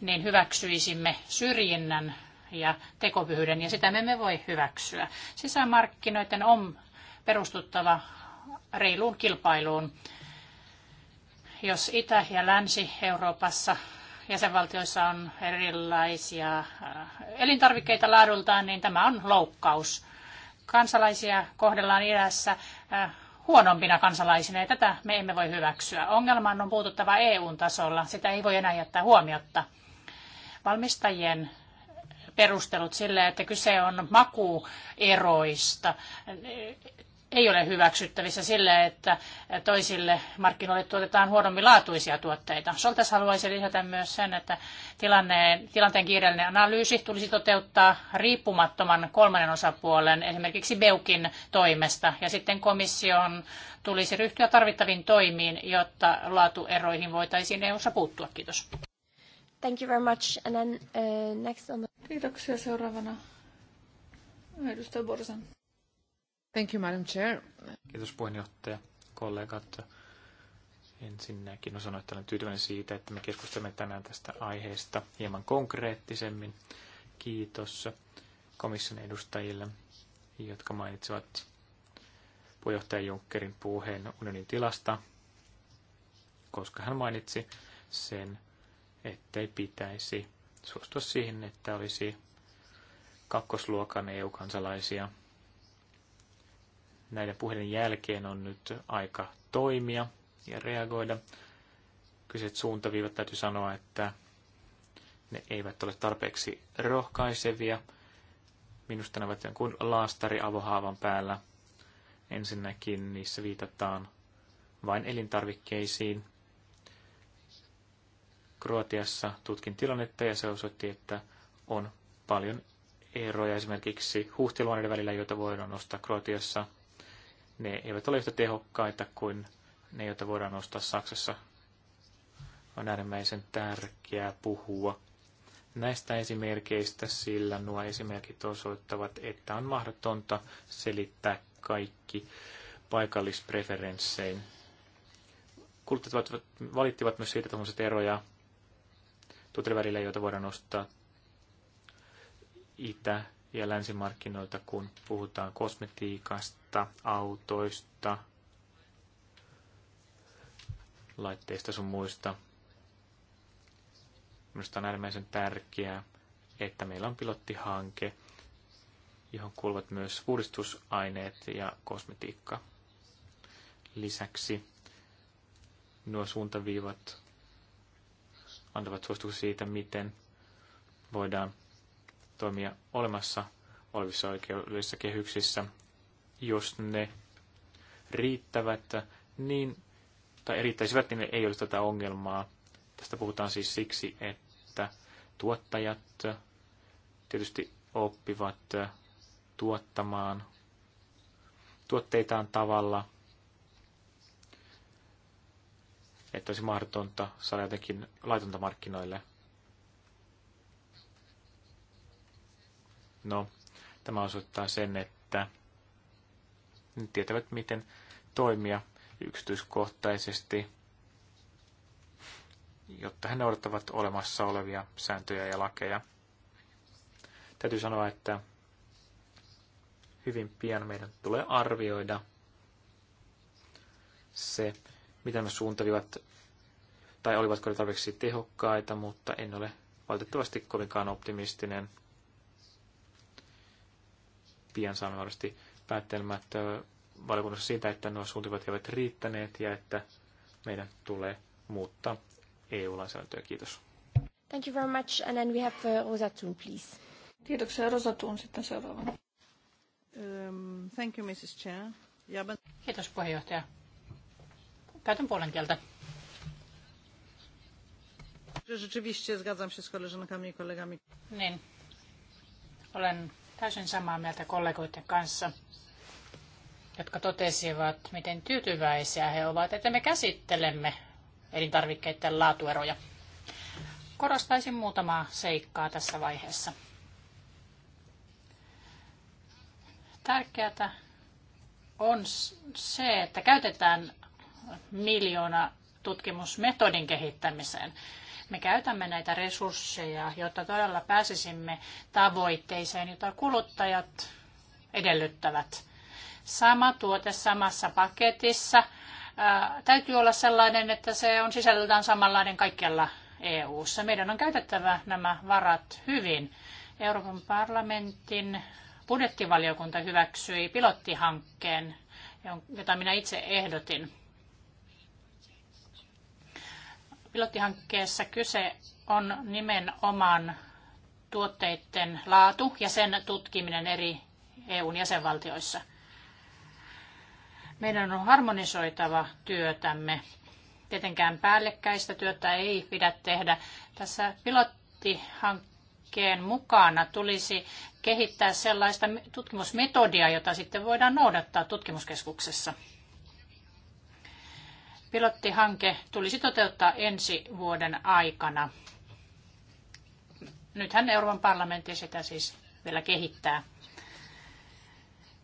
niin hyväksyisimme syrjinnän ja tekopyhyyden, ja sitä me emme voi hyväksyä. Sisämarkkinoiden on perustuttava reiluun kilpailuun jos Itä- ja Länsi-Euroopassa jäsenvaltioissa on erilaisia äh, elintarvikkeita laadultaan, niin tämä on loukkaus. Kansalaisia kohdellaan idässä äh, huonompina kansalaisina ja tätä me emme voi hyväksyä. Ongelmaan on puututtava EU-tasolla, sitä ei voi enää jättää huomiotta. Valmistajien perustelut sille, että kyse on makueroista, ei ole hyväksyttävissä sille, että toisille markkinoille tuotetaan huonommin laatuisia tuotteita. Soltas haluaisi lisätä myös sen, että tilanteen, tilanteen kiireellinen analyysi tulisi toteuttaa riippumattoman kolmannen osapuolen, esimerkiksi Beukin toimesta, ja sitten komission tulisi ryhtyä tarvittaviin toimiin, jotta laatueroihin voitaisiin EU-ssa puuttua. Kiitos. Thank you very much. And then, uh, next on the... Kiitoksia seuraavana. Edustaja Borsan. Thank you, Madam Chair. Kiitos puheenjohtaja, kollegat. Ensinnäkin on sanoa, että olen tyytyväinen siitä, että me keskustelemme tänään tästä aiheesta hieman konkreettisemmin. Kiitos komission edustajille, jotka mainitsivat puheenjohtaja Junckerin puheen unionin tilasta, koska hän mainitsi sen, ettei pitäisi suostua siihen, että olisi kakkosluokan EU-kansalaisia – näiden puheiden jälkeen on nyt aika toimia ja reagoida. Kyseiset suuntaviivat täytyy sanoa, että ne eivät ole tarpeeksi rohkaisevia. Minusta ne ovat jonkun laastari avohaavan päällä. Ensinnäkin niissä viitataan vain elintarvikkeisiin. Kroatiassa tutkin tilannetta ja se osoitti, että on paljon eroja esimerkiksi huhtiluoneiden välillä, joita voidaan ostaa Kroatiassa – ne eivät ole yhtä tehokkaita kuin ne, joita voidaan nostaa Saksassa. On äärimmäisen tärkeää puhua näistä esimerkeistä, sillä nuo esimerkit osoittavat, että on mahdotonta selittää kaikki paikallispreferenssein. Kuluttajat valittivat myös siitä tuommoiset eroja tuotteiden välillä, joita voidaan nostaa Itä- ja länsimarkkinoita, kun puhutaan kosmetiikasta, autoista, laitteista sun muista. Minusta on äärimmäisen tärkeää, että meillä on pilottihanke, johon kuuluvat myös uudistusaineet ja kosmetiikka. Lisäksi nuo suuntaviivat antavat suosituksia siitä, miten voidaan toimia olemassa olevissa oikeudellisissa kehyksissä, jos ne riittävät, niin, tai riittäisivät, niin ei olisi tätä ongelmaa. Tästä puhutaan siis siksi, että tuottajat tietysti oppivat tuottamaan tuotteitaan tavalla, että olisi mahdotonta saada jotenkin laitonta markkinoille – No, tämä osoittaa sen, että ne tietävät, miten toimia yksityiskohtaisesti, jotta he noudattavat olemassa olevia sääntöjä ja lakeja. Täytyy sanoa, että hyvin pian meidän tulee arvioida se, miten me suuntavivat, tai olivatko ne tarpeeksi tehokkaita, mutta en ole valitettavasti kovinkaan optimistinen – pian saamme varmasti päättelmät valiokunnassa siitä, että nuo suuntivat eivät riittäneet ja että meidän tulee muuttaa EU-lainsäädäntöä. Kiitos. Thank you very much. And then we have uh, Rosa Thun, please. Kiitoksia. Rosa Thun sitten seuraavana. Um, thank you, Mrs. Chair. Yeah, but... Kiitos puheenjohtaja. Käytän puolen kieltä. Rzeczywiście zgadzam się z koleżankami i kolegami. Niin. Olen täysin samaa mieltä kollegoiden kanssa, jotka totesivat, miten tyytyväisiä he ovat, että me käsittelemme elintarvikkeiden laatueroja. Korostaisin muutamaa seikkaa tässä vaiheessa. Tärkeää on se, että käytetään miljoona tutkimusmetodin kehittämiseen me käytämme näitä resursseja, jotta todella pääsisimme tavoitteeseen, jota kuluttajat edellyttävät. Sama tuote samassa paketissa. Ää, täytyy olla sellainen, että se on sisällöltään samanlainen kaikkialla EU-ssa. Meidän on käytettävä nämä varat hyvin. Euroopan parlamentin budjettivaliokunta hyväksyi pilottihankkeen, jota minä itse ehdotin Pilottihankkeessa kyse on nimenomaan tuotteiden laatu ja sen tutkiminen eri EUn jäsenvaltioissa. Meidän on harmonisoitava työtämme. Tietenkään päällekkäistä työtä ei pidä tehdä. Tässä pilottihankkeen mukana tulisi kehittää sellaista tutkimusmetodia, jota sitten voidaan noudattaa tutkimuskeskuksessa. Pilottihanke tulisi toteuttaa ensi vuoden aikana. Nythän Euroopan parlamentti sitä siis vielä kehittää.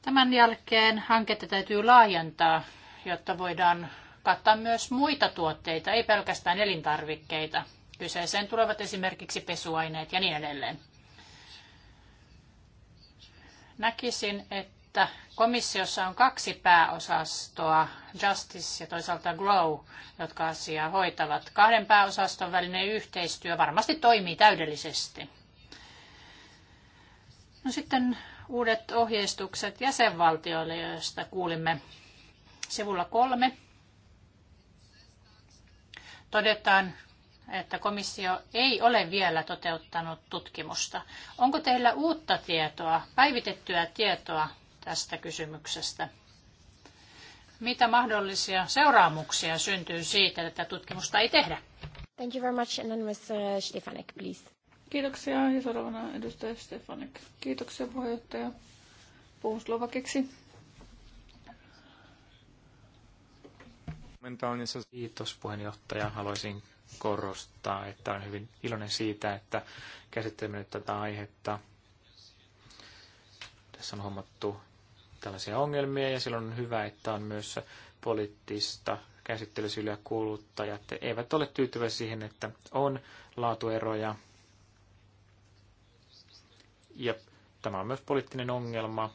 Tämän jälkeen hanketta täytyy laajentaa, jotta voidaan kattaa myös muita tuotteita, ei pelkästään elintarvikkeita. Kyseeseen tulevat esimerkiksi pesuaineet ja niin edelleen. Näkisin, että että komissiossa on kaksi pääosastoa, Justice ja toisaalta Grow, jotka asiaa hoitavat. Kahden pääosaston välinen yhteistyö varmasti toimii täydellisesti. No sitten uudet ohjeistukset jäsenvaltioille, joista kuulimme sivulla kolme. Todetaan, että komissio ei ole vielä toteuttanut tutkimusta. Onko teillä uutta tietoa, päivitettyä tietoa tästä kysymyksestä. Mitä mahdollisia seuraamuksia syntyy siitä, että tutkimusta ei tehdä? Thank you very much. And then Mr. Uh, Stefanik, please. Kiitoksia. Ja seuraavana edustaja Stefanik. Kiitoksia puheenjohtaja. Puhun slovakiksi. Kiitos puheenjohtaja. Haluaisin korostaa, että olen hyvin iloinen siitä, että käsittelemme nyt tätä aihetta. Tässä on huomattu tällaisia ongelmia ja silloin on hyvä, että on myös poliittista käsittelysyliä kuluttajat eivät ole tyytyväisiä siihen, että on laatueroja. Ja tämä on myös poliittinen ongelma.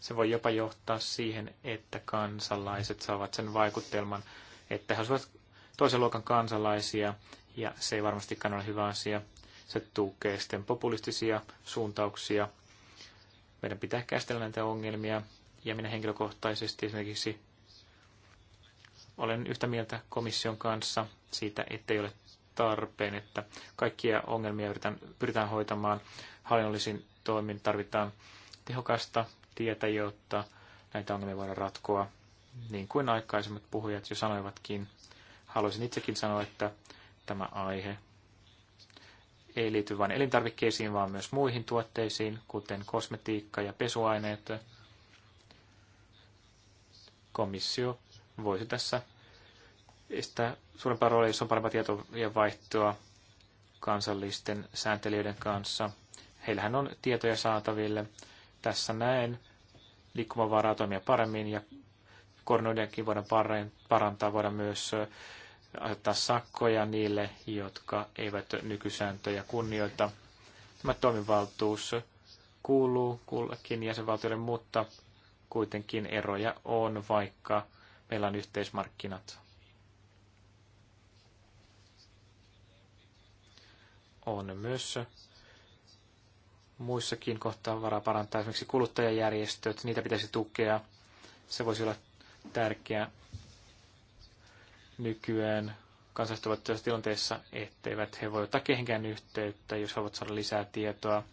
Se voi jopa johtaa siihen, että kansalaiset saavat sen vaikutelman, että he olisivat toisen luokan kansalaisia, ja se ei varmastikaan ole hyvä asia. Se tukee sitten populistisia suuntauksia, meidän pitää käsitellä näitä ongelmia, ja minä henkilökohtaisesti esimerkiksi olen yhtä mieltä komission kanssa siitä, ettei ole tarpeen, että kaikkia ongelmia yritän, pyritään hoitamaan hallinnollisin toimin. Tarvitaan tehokasta tietä, jotta näitä ongelmia voidaan ratkoa. Niin kuin aikaisemmat puhujat jo sanoivatkin, haluaisin itsekin sanoa, että tämä aihe ei liity vain elintarvikkeisiin, vaan myös muihin tuotteisiin, kuten kosmetiikka ja pesuaineet. Komissio voisi tässä estää suurempaa roolia, jos on parempaa tietojen vaihtoa kansallisten sääntelijöiden kanssa. Heillähän on tietoja saataville. Tässä näen liikkumavaraa toimia paremmin ja koordinoidenkin voidaan parantaa, voidaan myös asettaa sakkoja niille, jotka eivät nykysääntöjä kunnioita. Tämä toimivaltuus kuuluu kullekin jäsenvaltiolle, mutta kuitenkin eroja on, vaikka meillä on yhteismarkkinat. On myös muissakin kohtaa varaa parantaa esimerkiksi kuluttajajärjestöt, niitä pitäisi tukea. Se voisi olla tärkeä Nykyään kansalaiset ovat tässä tilanteessa, etteivät he voi ottaa kehenkään yhteyttä, jos haluavat saada lisää tietoa.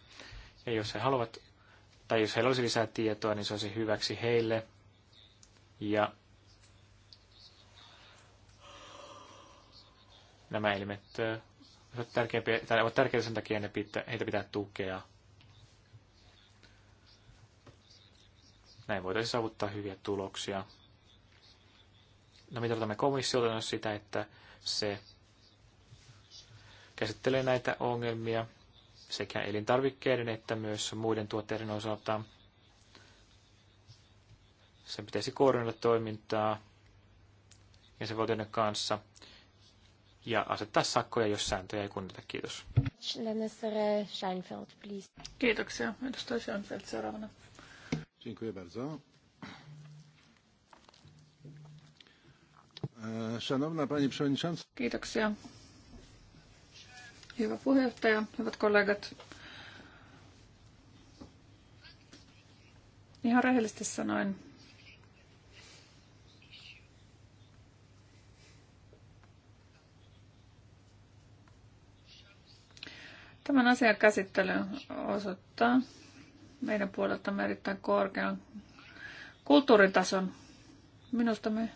Ja jos he haluavat, tai jos heillä olisi lisää tietoa, niin se olisi hyväksi heille. Ja nämä elimet ovat tärkeimpiä, tai ovat tärkeitä sen takia, että heitä pitää tukea. Näin voitaisiin saavuttaa hyviä tuloksia. No mitä tämä komissio? on sitä, että se käsittelee näitä ongelmia sekä elintarvikkeiden että myös muiden tuotteiden osalta. Sen pitäisi koordinoida toimintaa ja se voi kanssa ja asettaa sakkoja, jos sääntöjä ei kunnita. Kiitos. Kiitoksia. Edustaja Scheinfeld seuraavana. Dziękuję bardzo. Szanowna Pani Kiitoksia. Hyvä puheenjohtaja, hyvät kollegat. Ihan rehellisesti sanoen, Tämän asian käsittely osoittaa meidän puoleltamme erittäin korkean kulttuuritason. Minusta me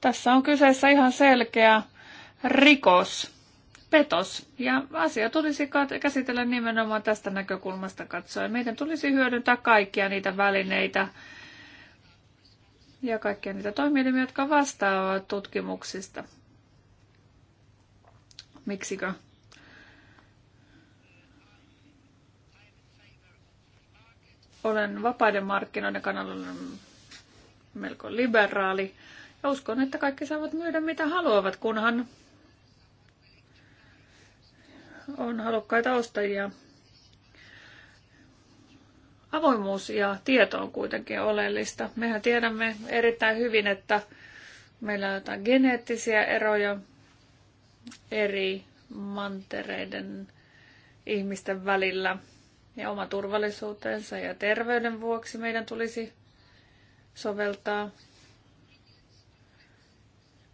Tässä on kyseessä ihan selkeä rikos, petos. Ja asia tulisi käsitellä nimenomaan tästä näkökulmasta katsoen. Meidän tulisi hyödyntää kaikkia niitä välineitä ja kaikkia niitä toimielimiä, jotka vastaavat tutkimuksista. Miksikö? Olen vapaiden markkinoiden kannalla melko liberaali ja uskon, että kaikki saavat myydä mitä haluavat, kunhan on halukkaita ostajia. Avoimuus ja tieto on kuitenkin oleellista. Mehän tiedämme erittäin hyvin, että meillä on jotain geneettisiä eroja eri mantereiden ihmisten välillä. Ja oma turvallisuutensa ja terveyden vuoksi meidän tulisi soveltaa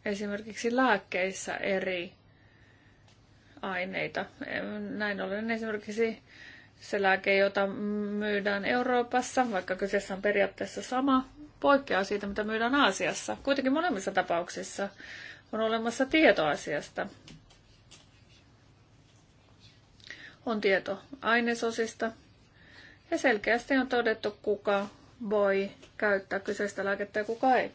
esimerkiksi lääkkeissä eri aineita. Näin ollen esimerkiksi se lääke, jota myydään Euroopassa, vaikka kyseessä on periaatteessa sama, poikkeaa siitä, mitä myydään Aasiassa. Kuitenkin molemmissa tapauksissa on olemassa asiasta. On tieto ainesosista ja selkeästi on todettu, kuka voi käyttää kyseistä lääkettä ja kuka ei.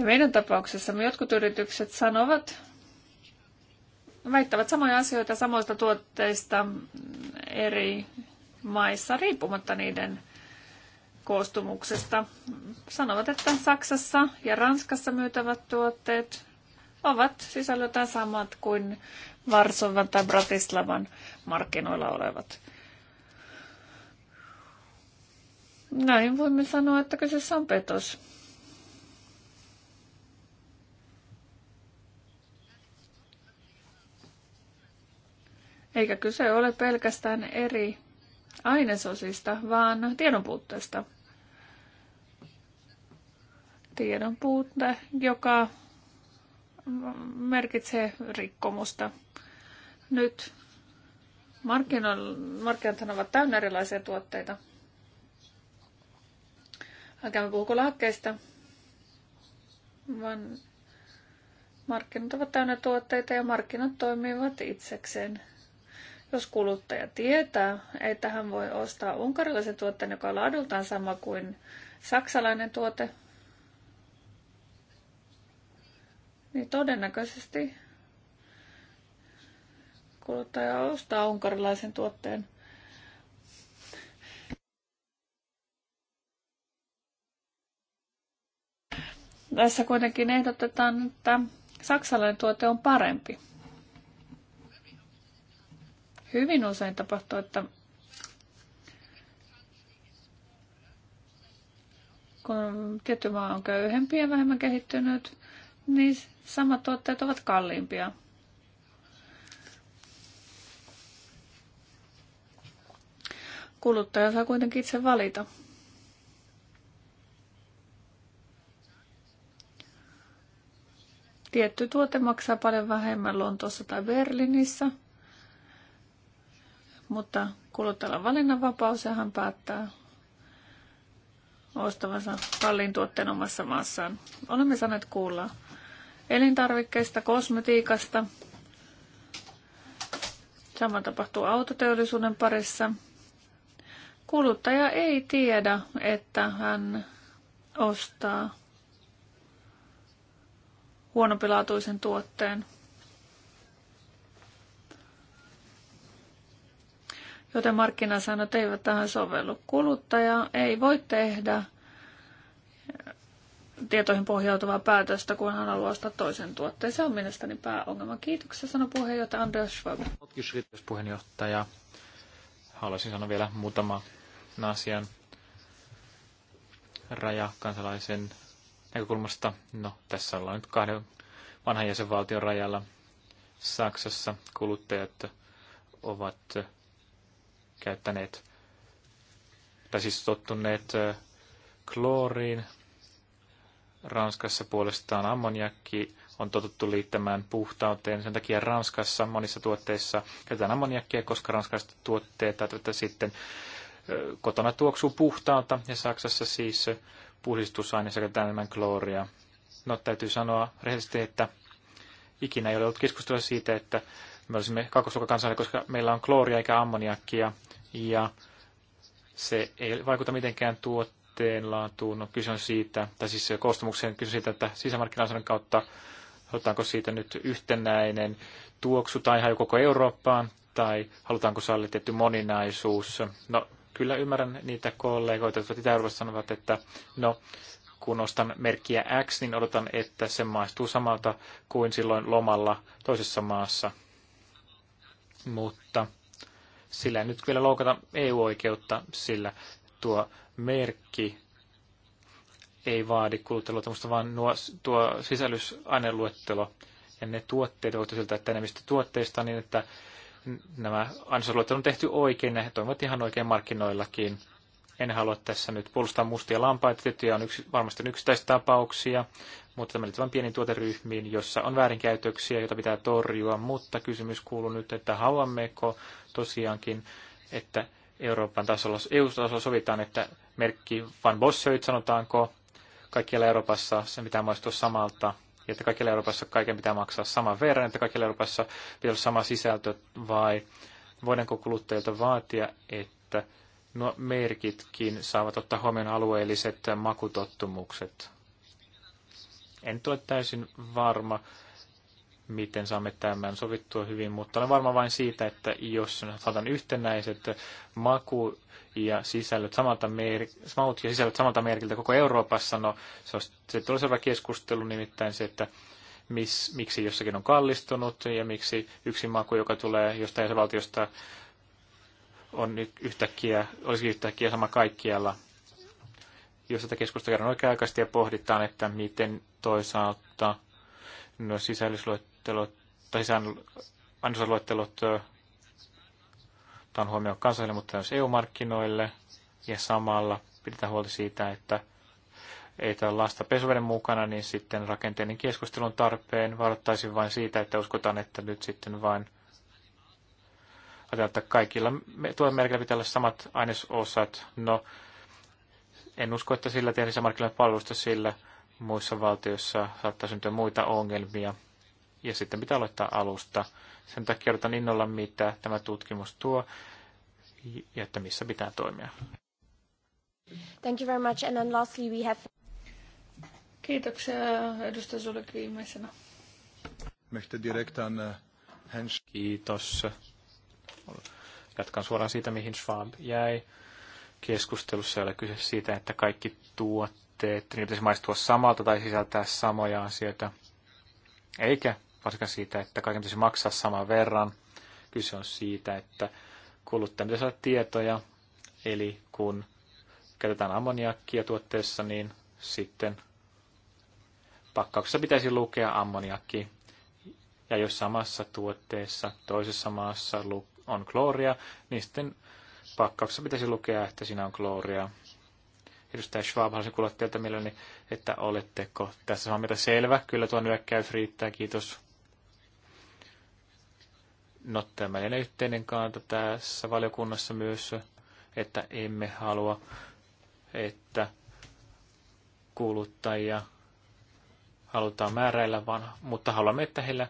Ja meidän tapauksessamme jotkut yritykset sanovat, väittävät samoja asioita samoista tuotteista eri maissa riippumatta niiden koostumuksesta. Sanovat, että Saksassa ja Ranskassa myytävät tuotteet ovat sisällöltään samat kuin Varsovan tai Bratislavan markkinoilla olevat. Näin voimme sanoa, että kyseessä on petos. Eikä kyse ole pelkästään eri ainesosista, vaan tiedonpuutteesta. Tiedonpuutte, joka merkitsee rikkomusta. Nyt markkinat ovat täynnä erilaisia tuotteita. Älkäämme puhuko lääkkeistä, vaan markkinat ovat täynnä tuotteita ja markkinat toimivat itsekseen – jos kuluttaja tietää, että hän voi ostaa unkarilaisen tuotteen, joka on laadultaan sama kuin saksalainen tuote, niin todennäköisesti kuluttaja ostaa unkarilaisen tuotteen. Tässä kuitenkin ehdotetaan, että saksalainen tuote on parempi. Hyvin usein tapahtuu, että kun tietty maa on köyhempi ja vähemmän kehittynyt, niin samat tuotteet ovat kalliimpia. Kuluttaja saa kuitenkin itse valita. Tietty tuote maksaa paljon vähemmän Lontoossa tai Berliinissä – mutta kuluttajalla on valinnanvapaus ja hän päättää ostavansa kalliin tuotteen omassa maassaan. Olemme saaneet kuulla elintarvikkeista, kosmetiikasta. Sama tapahtuu autoteollisuuden parissa. Kuluttaja ei tiedä, että hän ostaa huonopilaatuisen tuotteen. joten markkinasäännöt eivät tähän sovellu. Kuluttaja ei voi tehdä eh, tietoihin pohjautuvaa päätöstä, kun hän haluaa ostaa toisen tuotteen. Se on mielestäni pääongelma. Kiitoksia, sanoi puheenjohtaja Andreas Schwab. Kiitos puheenjohtaja. Haluaisin sanoa vielä muutama asian raja kansalaisen näkökulmasta. No, tässä ollaan nyt kahden vanhan jäsenvaltion rajalla. Saksassa kuluttajat ovat käyttäneet, tai siis tottuneet klooriin. Ranskassa puolestaan ammoniakki on totuttu liittämään puhtauteen. Sen takia Ranskassa monissa tuotteissa käytetään ammoniakkia, koska ranskalaiset tuotteet että sitten kotona tuoksuu puhtaalta ja Saksassa siis puhdistusaineessa käytetään enemmän klooria. No täytyy sanoa rehellisesti, että ikinä ei ole ollut keskustelua siitä, että me olisimme kakkosluokan koska meillä on klooria eikä ammoniakkia, ja se ei vaikuta mitenkään tuotteen laatuun. No, kyse on siitä, tai siis koostumukseen kyse siitä, että sisämarkkinaisen kautta halutaanko siitä nyt yhtenäinen tuoksu tai haju koko Eurooppaan, tai halutaanko sallia tietty moninaisuus. No, kyllä ymmärrän niitä kollegoita, jotka itä sanovat, että no, kun ostan merkkiä X, niin odotan, että se maistuu samalta kuin silloin lomalla toisessa maassa mutta sillä ei nyt vielä loukata EU-oikeutta, sillä tuo merkki ei vaadi kuluttajaluottamusta, vaan nuo, tuo sisällysaineluettelo ja ne tuotteet ovat siltä, että enemmistö tuotteista, niin että nämä ansioluettelot on tehty oikein, ne toimivat ihan oikein markkinoillakin. En halua tässä nyt puolustaa mustia lampaita, tiettyjä on yksi, varmasti yksittäistapauksia, mutta tämä liittyy vain pieniin tuoteryhmiin, jossa on väärinkäytöksiä, joita pitää torjua, mutta kysymys kuuluu nyt, että haluammeko tosiaankin, että Euroopan tasolla, EU-tasolla sovitaan, että merkki Van Bossöit sanotaanko kaikkialla Euroopassa, sen pitää maistua samalta, ja että kaikkialla Euroopassa kaiken pitää maksaa saman verran, että kaikkialla Euroopassa pitää olla sama sisältö, vai voidaanko kuluttajilta vaatia, että nuo merkitkin saavat ottaa huomioon alueelliset makutottumukset? En ole täysin varma, miten saamme tämän sovittua hyvin, mutta olen varma vain siitä, että jos saatan yhtenäiset maku ja sisällöt samalta mer- maut ja sisällöt samalta merkiltä koko Euroopassa, no se, olisi, se tulee seuraava keskustelu nimittäin se, että mis, miksi jossakin on kallistunut ja miksi yksi maku, joka tulee jostain valtiosta, on nyt yhtäkkiä, olisi yhtäkkiä sama kaikkialla jos tätä keskustelua käydään oikea-aikaisesti ja pohditaan, että miten toisaalta nuo sisällysluettelot tai sisällysluettelot annosluettelot otetaan huomioon kansalle, mutta myös EU-markkinoille ja samalla pidetään huolta siitä, että ei tämä lasta pesuveden mukana, niin sitten rakenteinen keskustelun tarpeen varoittaisin vain siitä, että uskotaan, että nyt sitten vain ajatellaan, että kaikilla merkillä pitää olla samat ainesosat. No, en usko, että sillä tehdään sisämarkkinoille palvelusta, sillä muissa valtioissa saattaa syntyä muita ongelmia. Ja sitten pitää aloittaa alusta. Sen takia kerrotaan innolla, mitä tämä tutkimus tuo ja että missä pitää toimia. Thank you very much. And then lastly we have... Kiitoksia edustaja Sulik viimeisenä. Äh, Kiitos. Jatkan suoraan siitä, mihin Schwab jäi keskustelussa ei ole kyse siitä, että kaikki tuotteet, niin pitäisi maistua samalta tai sisältää samoja asioita, eikä varsinkaan siitä, että kaiken pitäisi maksaa saman verran. Kyse on siitä, että kuluttajan pitäisi olla tietoja, eli kun käytetään ammoniakkia tuotteessa, niin sitten pakkauksessa pitäisi lukea ammoniakki. Ja jos samassa tuotteessa toisessa maassa on klooria, niin sitten pakkauksessa pitäisi lukea, että siinä on klooria. Edustaja Schwab, haluaisin kuulla teiltä mielelläni, että oletteko tässä samaa mieltä selvä. Kyllä tuo nyökkäys riittää, kiitos. No tämmöinen yhteinen kanta tässä valiokunnassa myös, että emme halua, että kuluttajia halutaan määräillä, vaan, mutta haluamme, että heillä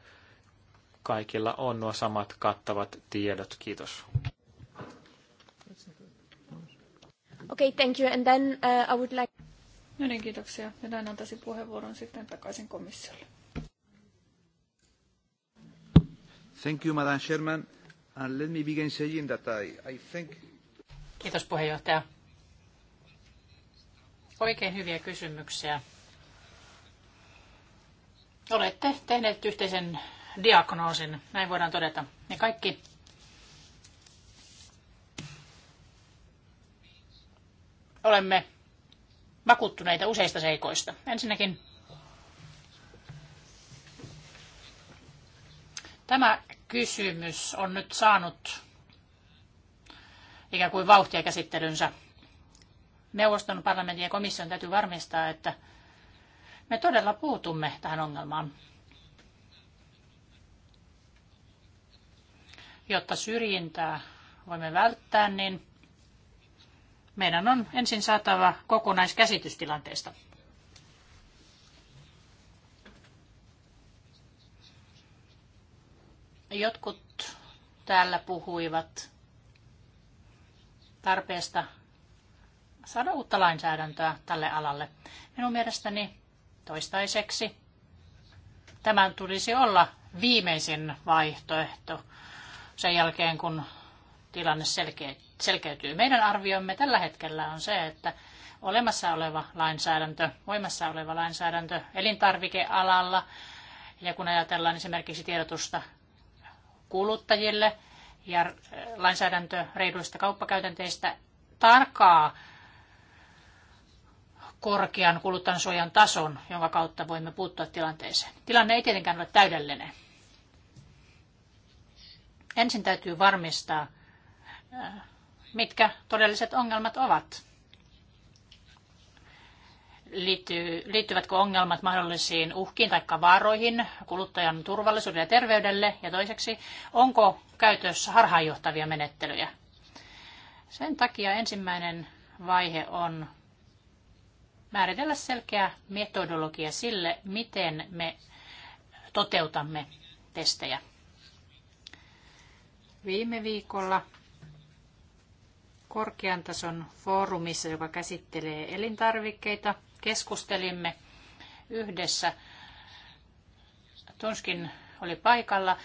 kaikilla on nuo samat kattavat tiedot. Kiitos. Okay, thank you. And then uh, I would like... No niin, kiitoksia. Minä näin antaisin puheenvuoron sitten takaisin komissiolle. Thank you, Madam Chairman. And let me begin saying that I, I think... Kiitos puheenjohtaja. Oikein hyviä kysymyksiä. Olette tehneet yhteisen diagnoosin, näin voidaan todeta. Ne kaikki olemme vakuuttuneita useista seikoista. Ensinnäkin tämä kysymys on nyt saanut ikään kuin vauhtia käsittelynsä. Neuvoston, parlamentin ja komission täytyy varmistaa, että me todella puutumme tähän ongelmaan, jotta syrjintää voimme välttää, niin meidän on ensin saatava kokonaiskäsitys tilanteesta. Jotkut täällä puhuivat tarpeesta saada uutta lainsäädäntöä tälle alalle. Minun mielestäni toistaiseksi tämän tulisi olla viimeisin vaihtoehto sen jälkeen, kun tilanne selkeytyy. Meidän arviomme tällä hetkellä on se, että olemassa oleva lainsäädäntö, voimassa oleva lainsäädäntö elintarvikealalla ja kun ajatellaan esimerkiksi tiedotusta kuluttajille ja äh, lainsäädäntö reiluista kauppakäytänteistä tarkaa korkean kuluttajansuojan tason, jonka kautta voimme puuttua tilanteeseen. Tilanne ei tietenkään ole täydellinen. Ensin täytyy varmistaa, Äh, mitkä todelliset ongelmat ovat. Liittyy, liittyvätkö ongelmat mahdollisiin uhkiin tai vaaroihin kuluttajan turvallisuudelle ja terveydelle? Ja toiseksi, onko käytössä harhaanjohtavia menettelyjä? Sen takia ensimmäinen vaihe on määritellä selkeä metodologia sille, miten me toteutamme testejä. Viime viikolla korkean tason foorumissa, joka käsittelee elintarvikkeita, keskustelimme yhdessä. Tunskin oli paikalla.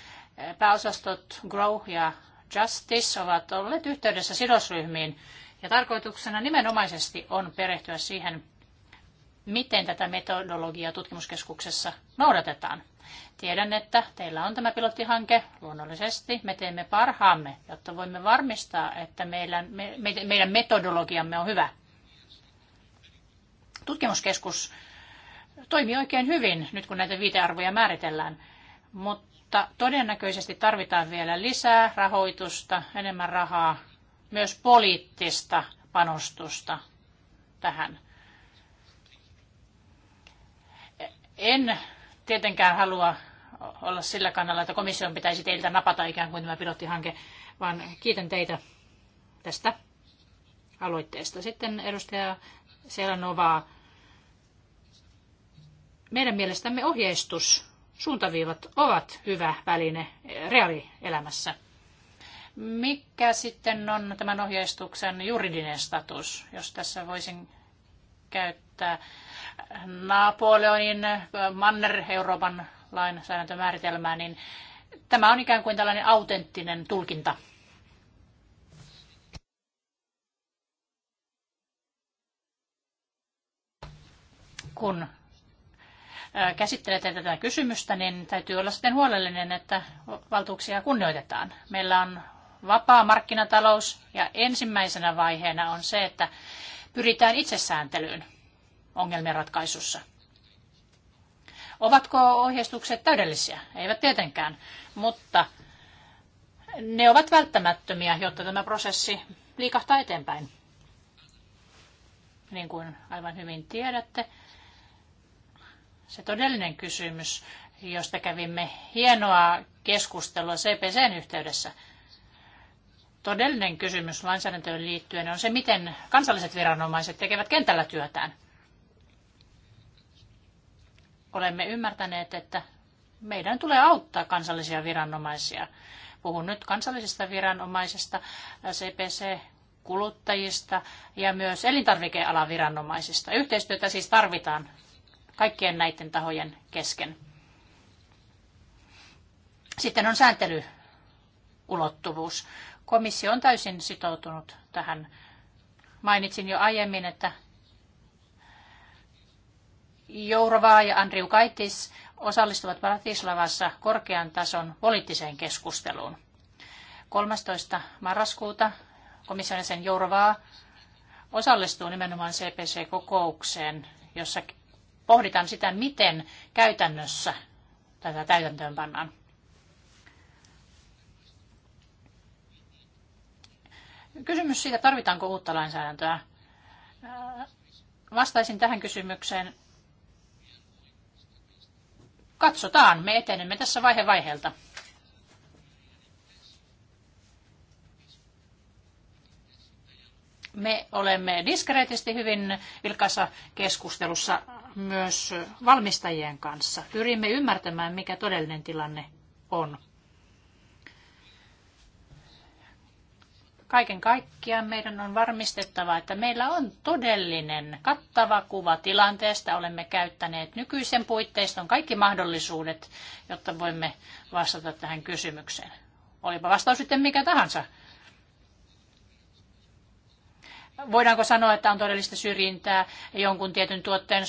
Pääosastot Grow ja Justice ovat olleet yhteydessä sidosryhmiin ja tarkoituksena nimenomaisesti on perehtyä siihen, miten tätä metodologiaa tutkimuskeskuksessa noudatetaan. Tiedän, että teillä on tämä pilottihanke luonnollisesti. Me teemme parhaamme, jotta voimme varmistaa, että meidän, me, me, meidän metodologiamme on hyvä. Tutkimuskeskus toimii oikein hyvin nyt, kun näitä viitearvoja määritellään, mutta todennäköisesti tarvitaan vielä lisää rahoitusta, enemmän rahaa, myös poliittista panostusta tähän en tietenkään halua olla sillä kannalla, että komission pitäisi teiltä napata ikään kuin tämä pilottihanke, vaan kiitän teitä tästä aloitteesta. Sitten edustaja Selanovaa. Meidän mielestämme ohjeistus, suuntaviivat ovat hyvä väline reaalielämässä. Mikä sitten on tämän ohjeistuksen juridinen status, jos tässä voisin käyttää Napoleonin Manner-Euroopan lainsäädäntömääritelmää, niin tämä on ikään kuin tällainen autenttinen tulkinta. Kun käsittelette tätä kysymystä, niin täytyy olla sitten huolellinen, että valtuuksia kunnioitetaan. Meillä on vapaa markkinatalous ja ensimmäisenä vaiheena on se, että pyritään itsesääntelyyn ongelmien ratkaisussa. Ovatko ohjeistukset täydellisiä? Eivät tietenkään, mutta ne ovat välttämättömiä, jotta tämä prosessi liikahtaa eteenpäin. Niin kuin aivan hyvin tiedätte, se todellinen kysymys, josta kävimme hienoa keskustelua CPCn yhteydessä, todellinen kysymys lainsäädäntöön liittyen on se, miten kansalliset viranomaiset tekevät kentällä työtään olemme ymmärtäneet, että meidän tulee auttaa kansallisia viranomaisia. Puhun nyt kansallisista viranomaisista, CPC kuluttajista ja myös elintarvikealan viranomaisista. Yhteistyötä siis tarvitaan kaikkien näiden tahojen kesken. Sitten on sääntelyulottuvuus. Komissio on täysin sitoutunut tähän. Mainitsin jo aiemmin, että Jourova ja Andriu Kaitis osallistuvat Bratislavassa korkean tason poliittiseen keskusteluun. 13. marraskuuta komission jäsen Jourovaa osallistuu nimenomaan CPC-kokoukseen, jossa pohditaan sitä, miten käytännössä tätä täytäntöön pannaan. Kysymys siitä, tarvitaanko uutta lainsäädäntöä. Vastaisin tähän kysymykseen Katsotaan, me etenemme tässä vaihe vaiheelta. Me olemme diskreetisti hyvin vilkassa keskustelussa myös valmistajien kanssa. Pyrimme ymmärtämään, mikä todellinen tilanne on. Kaiken kaikkiaan meidän on varmistettava, että meillä on todellinen kattava kuva tilanteesta. Olemme käyttäneet nykyisen puitteiston kaikki mahdollisuudet, jotta voimme vastata tähän kysymykseen. Olipa vastaus sitten mikä tahansa. Voidaanko sanoa, että on todellista syrjintää jonkun tietyn tuotteen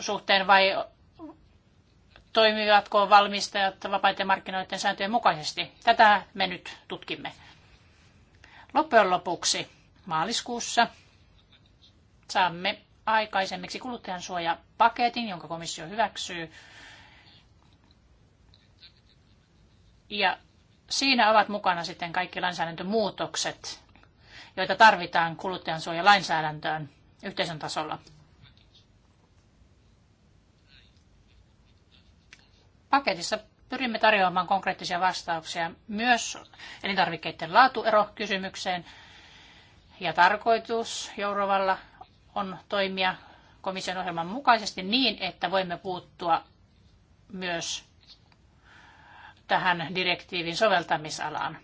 suhteen vai toimivatko valmistajat vapaiden markkinoiden sääntöjen mukaisesti? Tätä me nyt tutkimme. Loppujen lopuksi maaliskuussa saamme aikaisemmiksi kuluttajansuojapaketin, jonka komissio hyväksyy. Ja siinä ovat mukana sitten kaikki lainsäädäntömuutokset, joita tarvitaan kuluttajansuojalainsäädäntöön yhteisön tasolla. Paketissa pyrimme tarjoamaan konkreettisia vastauksia myös elintarvikkeiden laatuerokysymykseen. Ja tarkoitus Jourovalla on toimia komission ohjelman mukaisesti niin, että voimme puuttua myös tähän direktiivin soveltamisalaan.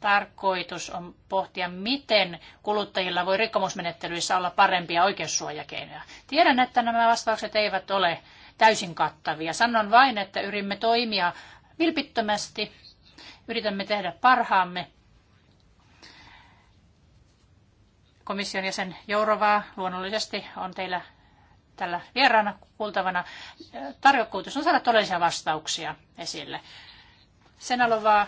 Tarkoitus on pohtia, miten kuluttajilla voi rikkomusmenettelyissä olla parempia oikeussuojakeinoja. Tiedän, että nämä vastaukset eivät ole täysin kattavia. Sanon vain, että yrimme toimia vilpittömästi, yritämme tehdä parhaamme. Komission jäsen Jourovaa luonnollisesti on teillä tällä vieraana kuultavana. Tarjokkuutus on saada todellisia vastauksia esille. Senalovaa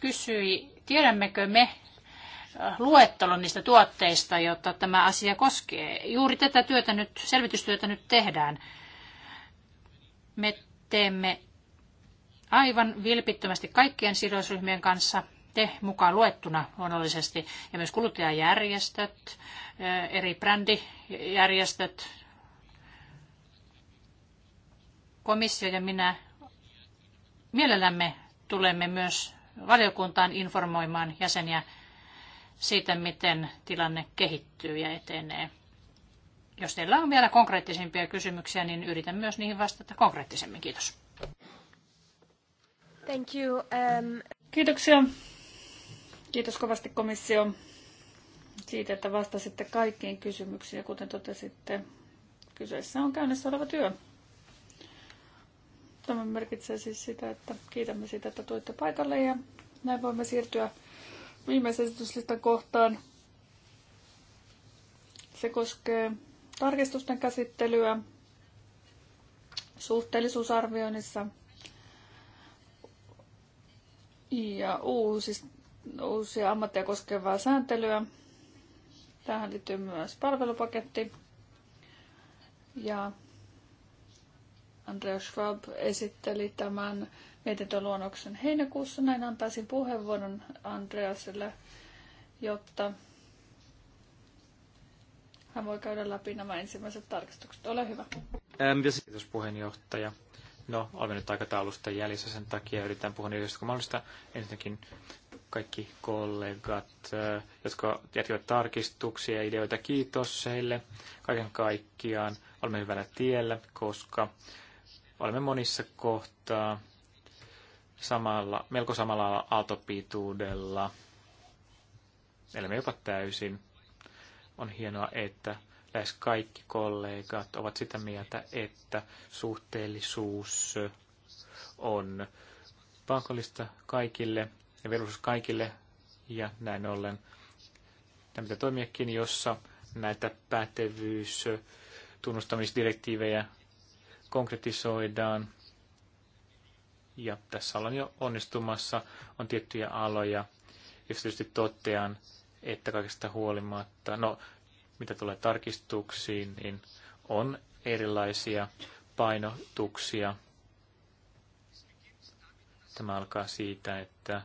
kysyi, tiedämmekö me äh, luettelon niistä tuotteista, joita tämä asia koskee. Juuri tätä työtä nyt, selvitystyötä nyt tehdään. Me teemme aivan vilpittömästi kaikkien sidosryhmien kanssa, te mukaan luettuna luonnollisesti, ja myös kuluttajajärjestöt, eh, eri brändijärjestöt, komissio ja minä mielellämme tulemme myös valiokuntaan informoimaan jäseniä siitä, miten tilanne kehittyy ja etenee. Jos teillä on vielä konkreettisempia kysymyksiä, niin yritän myös niihin vastata konkreettisemmin. Kiitos. Thank you. Um... Kiitoksia. Kiitos kovasti komissio siitä, että vastasitte kaikkiin kysymyksiin. Kuten totesitte, kyseessä on käynnissä oleva työ. Tämä merkitsee siis sitä, että kiitämme siitä, että tuitte paikalle ja näin voimme siirtyä viimeisen esityslistan kohtaan. Se koskee tarkistusten käsittelyä suhteellisuusarvioinnissa ja uusi, uusia ammattia koskevaa sääntelyä. Tähän liittyy myös palvelupaketti. Ja Andreas Schwab esitteli tämän mietintöluonnoksen heinäkuussa. Näin antaisin puheenvuoron Andreasille, jotta hän voi käydä läpi nämä ensimmäiset tarkistukset. Ole hyvä. Ähm, kiitos puheenjohtaja. No, olen nyt aikataulusta jäljessä sen takia yritän puhua niin kuin mahdollista. Ensinnäkin kaikki kollegat, äh, jotka jättivät tarkistuksia ja ideoita, kiitos heille. Kaiken kaikkiaan olemme hyvällä tiellä, koska olemme monissa kohtaa samalla, melko samalla aaltopituudella. Elämme jopa täysin on hienoa, että lähes kaikki kollegat ovat sitä mieltä, että suhteellisuus on pakollista kaikille ja velvollisuus kaikille ja näin ollen tämä pitää toimiakin, jossa näitä pätevyys tunnustamisdirektiivejä konkretisoidaan. Ja tässä ollaan jo onnistumassa. On tiettyjä aloja, joista tietysti totean, että kaikesta huolimatta, no mitä tulee tarkistuksiin, niin on erilaisia painotuksia. Tämä alkaa siitä, että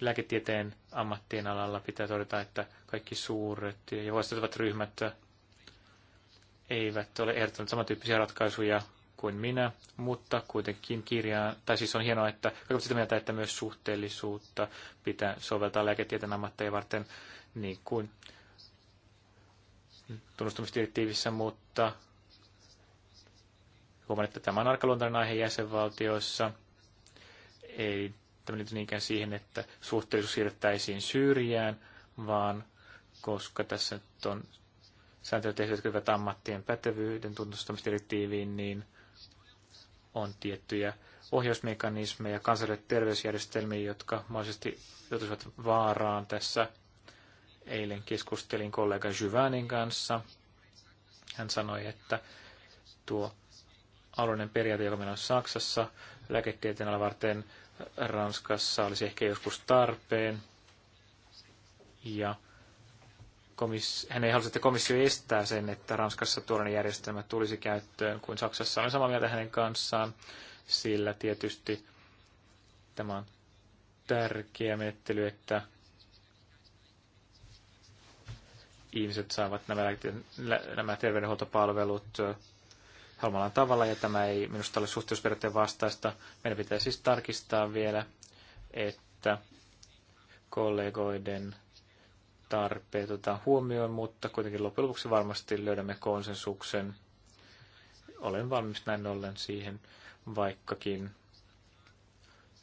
lääketieteen ammattien alalla pitää todeta, että kaikki suuret ja huolestuttavat ryhmät eivät ole ehdottaneet samantyyppisiä ratkaisuja kuin minä, mutta kuitenkin kirjaa, tai siis on hienoa, että kaikki sitä mieltä, että myös suhteellisuutta pitää soveltaa lääketieteen ammatteja varten niin kuin tunnustamisdirektiivissä, mutta huomaan, että tämä on arkaluontainen aihe jäsenvaltioissa. Ei tämä liity niinkään siihen, että suhteellisuus siirrettäisiin syrjään, vaan koska tässä nyt on sääntöjä tehty, jotka ammattien pätevyyden tunnustamisdirektiiviin, niin – on tiettyjä ohjausmekanismeja kansalliset terveysjärjestelmiä, jotka mahdollisesti joutuisivat vaaraan tässä. Eilen keskustelin kollega Jyvänin kanssa. Hän sanoi, että tuo alueellinen periaate, joka meillä on Saksassa, lääketieteen ala varten Ranskassa olisi ehkä joskus tarpeen. Ja hän ei halua, että komissio estää sen, että Ranskassa tuollainen järjestelmä tulisi käyttöön kuin Saksassa. on samaa mieltä hänen kanssaan, sillä tietysti tämä on tärkeä menettely, että ihmiset saavat nämä, nämä terveydenhuoltopalvelut halmalla tavalla, ja tämä ei minusta ole suhteellisuusperiaatteen vastaista. Meidän pitää siis tarkistaa vielä, että kollegoiden tarpeet otetaan huomioon, mutta kuitenkin loppujen lopuksi varmasti löydämme konsensuksen. Olen valmis näin ollen siihen, vaikkakin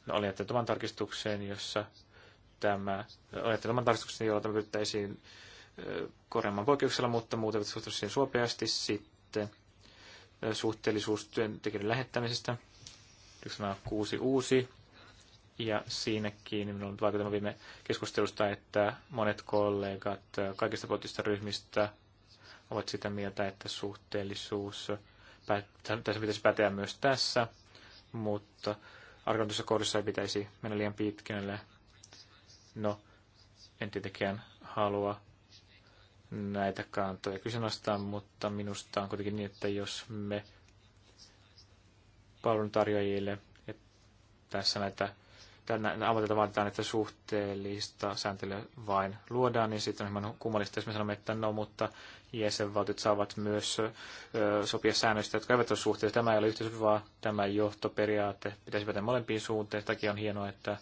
no, olen jättänyt oman tarkistukseen, jossa tämä, olen jättänyt oman tarkistuksen, jolla tämä pyyttäisiin korjaamaan poikkeuksella, mutta muuten eivät siihen suopeasti sitten suhteellisuus työntekijöiden lähettämisestä. 1.6 uusi ja siinäkin minulla on vaikuttanut viime keskustelusta, että monet kollegat kaikista poliittisista ryhmistä ovat sitä mieltä, että suhteellisuus tässä pitäisi päteä myös tässä, mutta arkaluontoisessa kohdassa ei pitäisi mennä liian pitkälle. No, en tietenkään halua näitä kantoja kyseenalaistaa, mutta minusta on kuitenkin niin, että jos me palveluntarjoajille ja tässä näitä tänä ammatilta vaaditaan, että suhteellista sääntelyä vain luodaan, niin sitten on hieman kummallista, jos me sanomme, että no, mutta jäsenvaltiot saavat myös ö, sopia säännöistä, jotka eivät ole suhteellisia. Tämä ei ole yhteisövaa, tämä johtoperiaate pitäisi päteä molempiin suuntiin. Takia on hienoa, että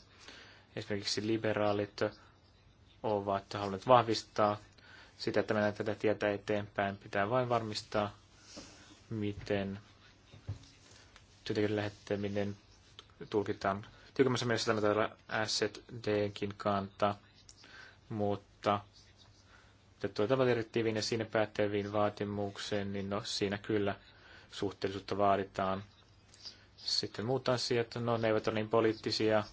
esimerkiksi liberaalit ovat halunneet vahvistaa sitä, että mennään tätä tietä eteenpäin. Pitää vain varmistaa, miten työntekijöiden lähettäminen tulkitaan Tiukemmassa mielessä tämä täällä SZDnkin kanta, mutta tuota direktiiviin ja siinä päätteviin vaatimukseen, niin no siinä kyllä suhteellisuutta vaaditaan. Sitten muut asiat, no ne eivät ole niin poliittisia.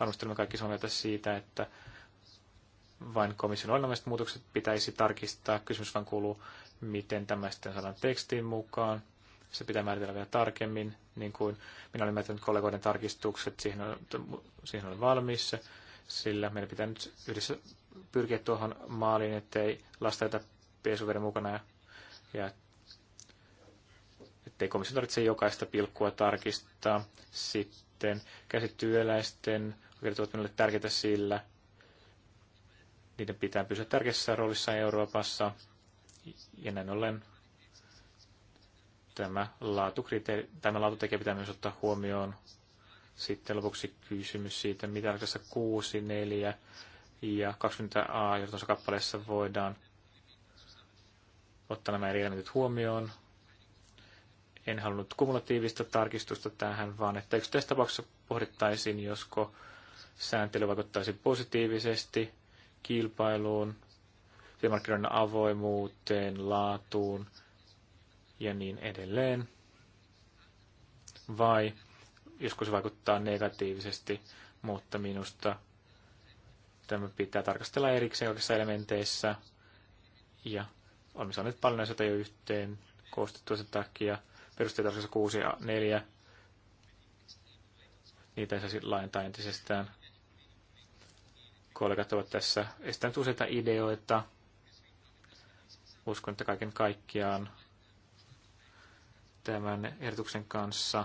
Varmasti olemme kaikki samaa siitä, että vain komission olennaiset muutokset pitäisi tarkistaa. Kysymys vaan kuuluu, miten tämä sitten saadaan tekstiin mukaan. Se pitää määritellä vielä tarkemmin, niin kuin minä olin määritellyt kollegoiden tarkistukset, siihen, on, siihen olen valmis, sillä meidän pitää nyt yhdessä pyrkiä tuohon maaliin, ettei lasta jätä pesuveden mukana ja, ja ettei komission tarvitse jokaista pilkkua tarkistaa. Sitten käsityöläisten oikeudet ovat minulle tärkeitä sillä, niiden pitää pysyä tärkeässä roolissa Euroopassa. Ja näin ollen tämä, laatukriteeri, tämä laatutekijä pitää myös ottaa huomioon. Sitten lopuksi kysymys siitä, mitä tässä 6, 4 ja 20a, tuossa kappaleessa voidaan ottaa nämä eri elementit huomioon. En halunnut kumulatiivista tarkistusta tähän, vaan että tässä tapauksessa pohdittaisiin, josko sääntely vaikuttaisi positiivisesti kilpailuun, työmarkkinoiden avoimuuteen, laatuun, ja niin edelleen. Vai joskus vaikuttaa negatiivisesti, mutta minusta tämä pitää tarkastella erikseen kaikissa elementeissä. Ja olemme saaneet paljon näitä jo yhteen koostettua sen takia. Perusteet 6 ja 4. Niitä ei saisi laajentaa entisestään. Kollegat ovat tässä estäneet useita ideoita. Uskon, että kaiken kaikkiaan tämän ehdotuksen kanssa,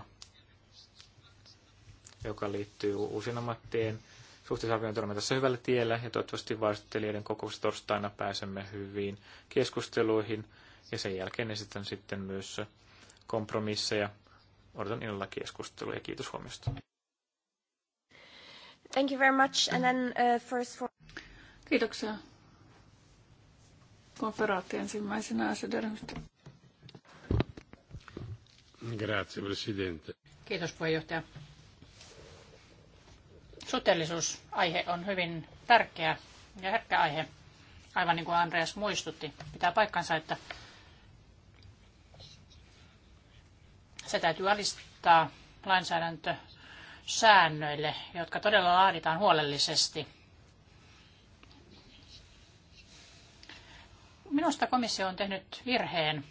joka liittyy uusien ammattien suhteessa arviointi tässä hyvällä tiellä ja toivottavasti vaihtelijoiden kokouksessa torstaina pääsemme hyviin keskusteluihin ja sen jälkeen esitän sitten myös kompromisseja. Odotan innolla keskustelua ja kiitos huomiosta. Thank you very much. And then, uh, first for... Kiitoksia. Konferaatti ensimmäisenä asiaryhmästä. Grazie, Presidente. Kiitos puheenjohtaja. Suhteellisuusaihe on hyvin tärkeä ja herkkä aihe. Aivan niin kuin Andreas muistutti, pitää paikkansa, että se täytyy alistaa lainsäädäntösäännöille, jotka todella laaditaan huolellisesti. Minusta komissio on tehnyt virheen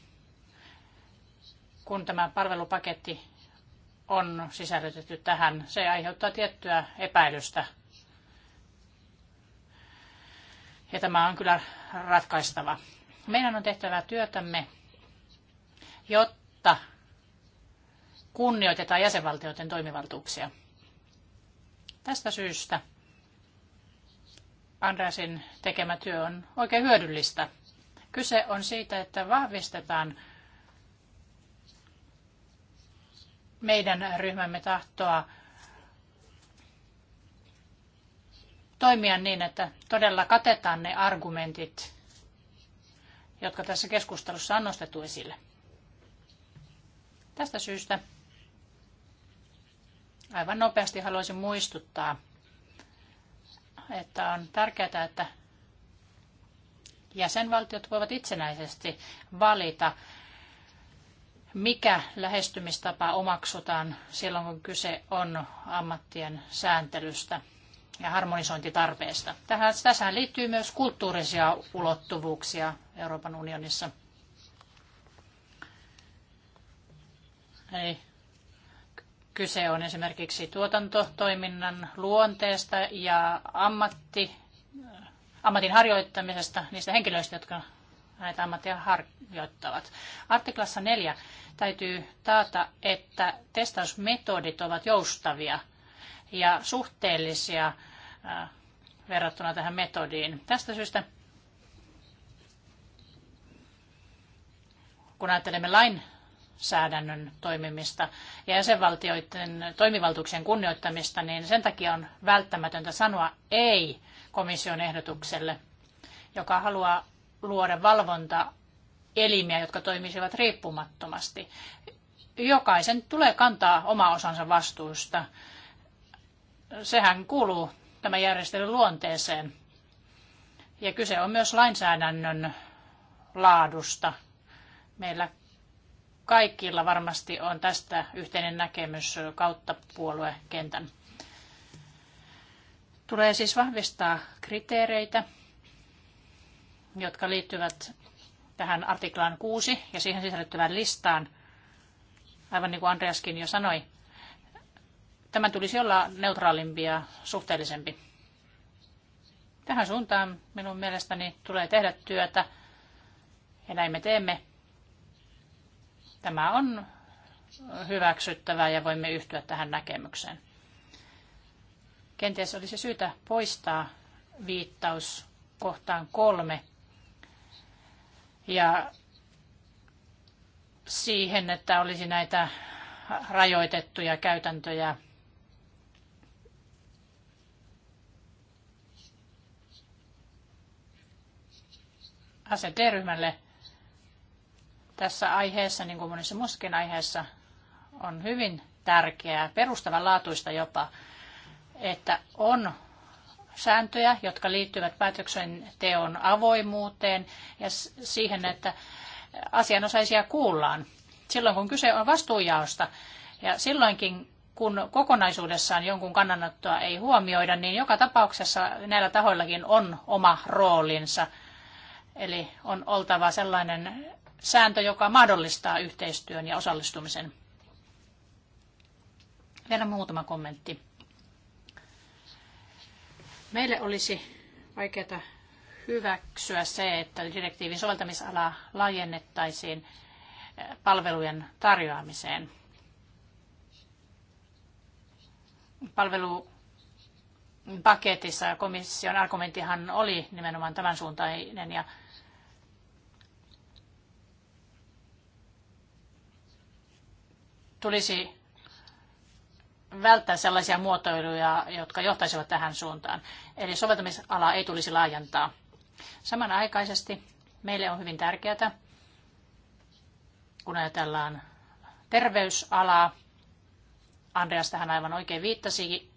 kun tämä palvelupaketti on sisällytetty tähän, se aiheuttaa tiettyä epäilystä. Ja tämä on kyllä ratkaistava. Meidän on tehtävä työtämme, jotta kunnioitetaan jäsenvaltioiden toimivaltuuksia. Tästä syystä Andreasin tekemä työ on oikein hyödyllistä. Kyse on siitä, että vahvistetaan meidän ryhmämme tahtoa toimia niin, että todella katetaan ne argumentit, jotka tässä keskustelussa on nostettu esille. Tästä syystä aivan nopeasti haluaisin muistuttaa, että on tärkeää, että jäsenvaltiot voivat itsenäisesti valita mikä lähestymistapa omaksutaan silloin, kun kyse on ammattien sääntelystä ja harmonisointitarpeesta. Tähän, tähän liittyy myös kulttuurisia ulottuvuuksia Euroopan unionissa. Eli kyse on esimerkiksi tuotantotoiminnan luonteesta ja ammatti, ammatin harjoittamisesta, niistä henkilöistä, jotka näitä ammattia harjoittavat. Artiklassa 4 täytyy taata, että testausmetodit ovat joustavia ja suhteellisia äh, verrattuna tähän metodiin. Tästä syystä, kun ajattelemme lain säädännön toimimista ja jäsenvaltioiden toimivaltuuksien kunnioittamista, niin sen takia on välttämätöntä sanoa ei komission ehdotukselle, joka haluaa luoda valvontaelimiä, jotka toimisivat riippumattomasti. Jokaisen tulee kantaa oma osansa vastuusta. Sehän kuuluu tämän järjestelyn luonteeseen. Ja kyse on myös lainsäädännön laadusta. Meillä kaikilla varmasti on tästä yhteinen näkemys kautta puoluekentän. Tulee siis vahvistaa kriteereitä, jotka liittyvät tähän artiklaan 6 ja siihen sisällyttävään listaan, aivan niin kuin Andreaskin jo sanoi, tämän tulisi olla neutraalimpi ja suhteellisempi. Tähän suuntaan minun mielestäni tulee tehdä työtä ja näin me teemme. Tämä on hyväksyttävää ja voimme yhtyä tähän näkemykseen. Kenties olisi syytä poistaa viittaus kohtaan kolme ja siihen, että olisi näitä rajoitettuja käytäntöjä. act ryhmälle tässä aiheessa, niin kuin monissa muskin aiheessa, on hyvin tärkeää, perustavanlaatuista jopa, että on sääntöjä, jotka liittyvät päätöksenteon avoimuuteen ja siihen, että asianosaisia kuullaan silloin, kun kyse on vastuujaosta. Ja silloinkin, kun kokonaisuudessaan jonkun kannanottoa ei huomioida, niin joka tapauksessa näillä tahoillakin on oma roolinsa. Eli on oltava sellainen sääntö, joka mahdollistaa yhteistyön ja osallistumisen. Vielä muutama kommentti Meille olisi vaikeaa hyväksyä se, että direktiivin soveltamisala laajennettaisiin eh, palvelujen tarjoamiseen. Palvelupaketissa komission argumenttihan oli nimenomaan tämän suuntainen ja tulisi välttää sellaisia muotoiluja, jotka johtaisivat tähän suuntaan. Eli soveltamisalaa ei tulisi laajentaa. Samanaikaisesti meille on hyvin tärkeää, kun ajatellaan terveysalaa, Andreas tähän aivan oikein viittasi,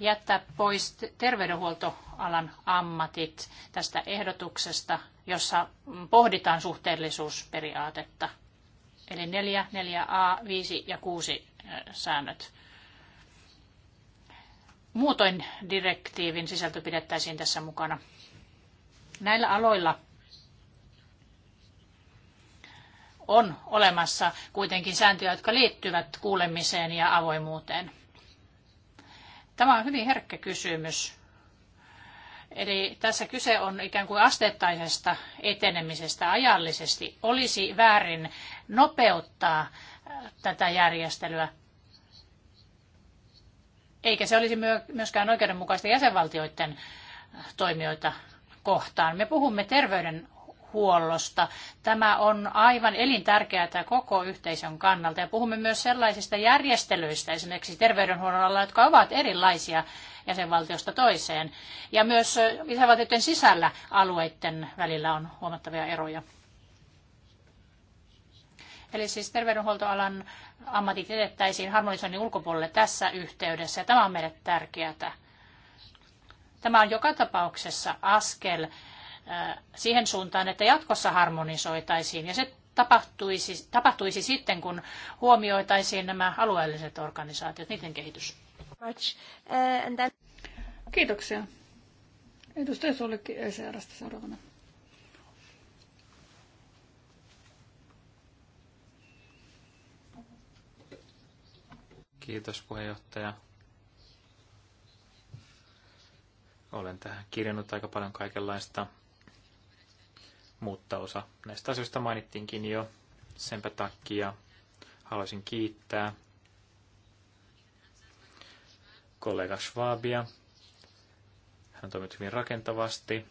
jättää pois terveydenhuoltoalan ammatit tästä ehdotuksesta, jossa pohditaan suhteellisuusperiaatetta. Eli 4, 4a, 5 ja 6 säännöt muutoin direktiivin sisältö pidettäisiin tässä mukana. Näillä aloilla on olemassa kuitenkin sääntöjä, jotka liittyvät kuulemiseen ja avoimuuteen. Tämä on hyvin herkkä kysymys. Eli tässä kyse on ikään kuin asteittaisesta etenemisestä ajallisesti. Olisi väärin nopeuttaa tätä järjestelyä eikä se olisi myöskään oikeudenmukaista jäsenvaltioiden toimijoita kohtaan. Me puhumme terveydenhuollosta. Tämä on aivan elintärkeää koko yhteisön kannalta. Ja puhumme myös sellaisista järjestelyistä esimerkiksi terveydenhuollon alalla, jotka ovat erilaisia jäsenvaltiosta toiseen. Ja myös jäsenvaltioiden sisällä alueiden välillä on huomattavia eroja. Eli siis terveydenhuoltoalan ammatit jätettäisiin harmonisoinnin ulkopuolelle tässä yhteydessä, ja tämä on meille tärkeää. Tämä on joka tapauksessa askel äh, siihen suuntaan, että jatkossa harmonisoitaisiin, ja se tapahtuisi, tapahtuisi sitten, kun huomioitaisiin nämä alueelliset organisaatiot, niiden kehitys. Kiitoksia. Edustaja Suolikki ECRstä seuraavana. Kiitos puheenjohtaja. Olen tähän kirjannut aika paljon kaikenlaista, mutta osa näistä asioista mainittiinkin jo. Senpä takia haluaisin kiittää kollega Schwabia. Hän on toiminut hyvin rakentavasti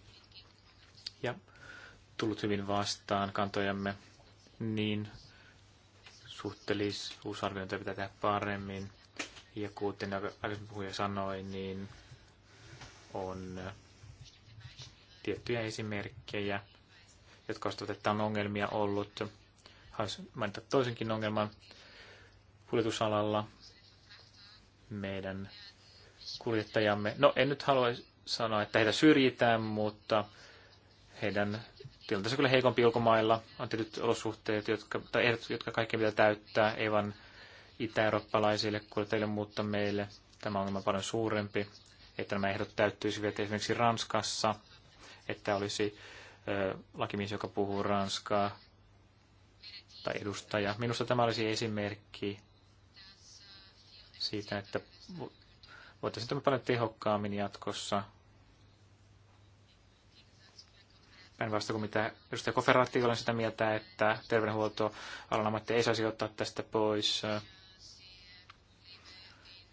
ja tullut hyvin vastaan kantojamme niin uusarviointia pitää tehdä paremmin. Ja kuten aikaisemmin puhuja sanoi, niin on tiettyjä esimerkkejä, jotka ostavat, että on ongelmia ollut. Haluaisin mainita toisenkin ongelman kuljetusalalla. Meidän kuljettajamme, no en nyt halua sanoa, että heitä syrjitään, mutta heidän tässä kyllä heikompi ulkomailla. On tietyt olosuhteet, jotka, tai ehdot, jotka kaikki pitää täyttää, ei vain itä-eurooppalaisille kuljettajille, mutta meille tämä ongelma on paljon suurempi, että nämä ehdot täyttyisivät esimerkiksi Ranskassa, että olisi ö, lakimies, joka puhuu ranskaa, tai edustaja. Minusta tämä olisi esimerkki siitä, että voitaisiin tämä paljon tehokkaammin jatkossa päinvastoin kuin mitä edustaja Koferaatti, olen sitä mieltä, että terveydenhuoltoalan ammatti ei saisi ottaa tästä pois.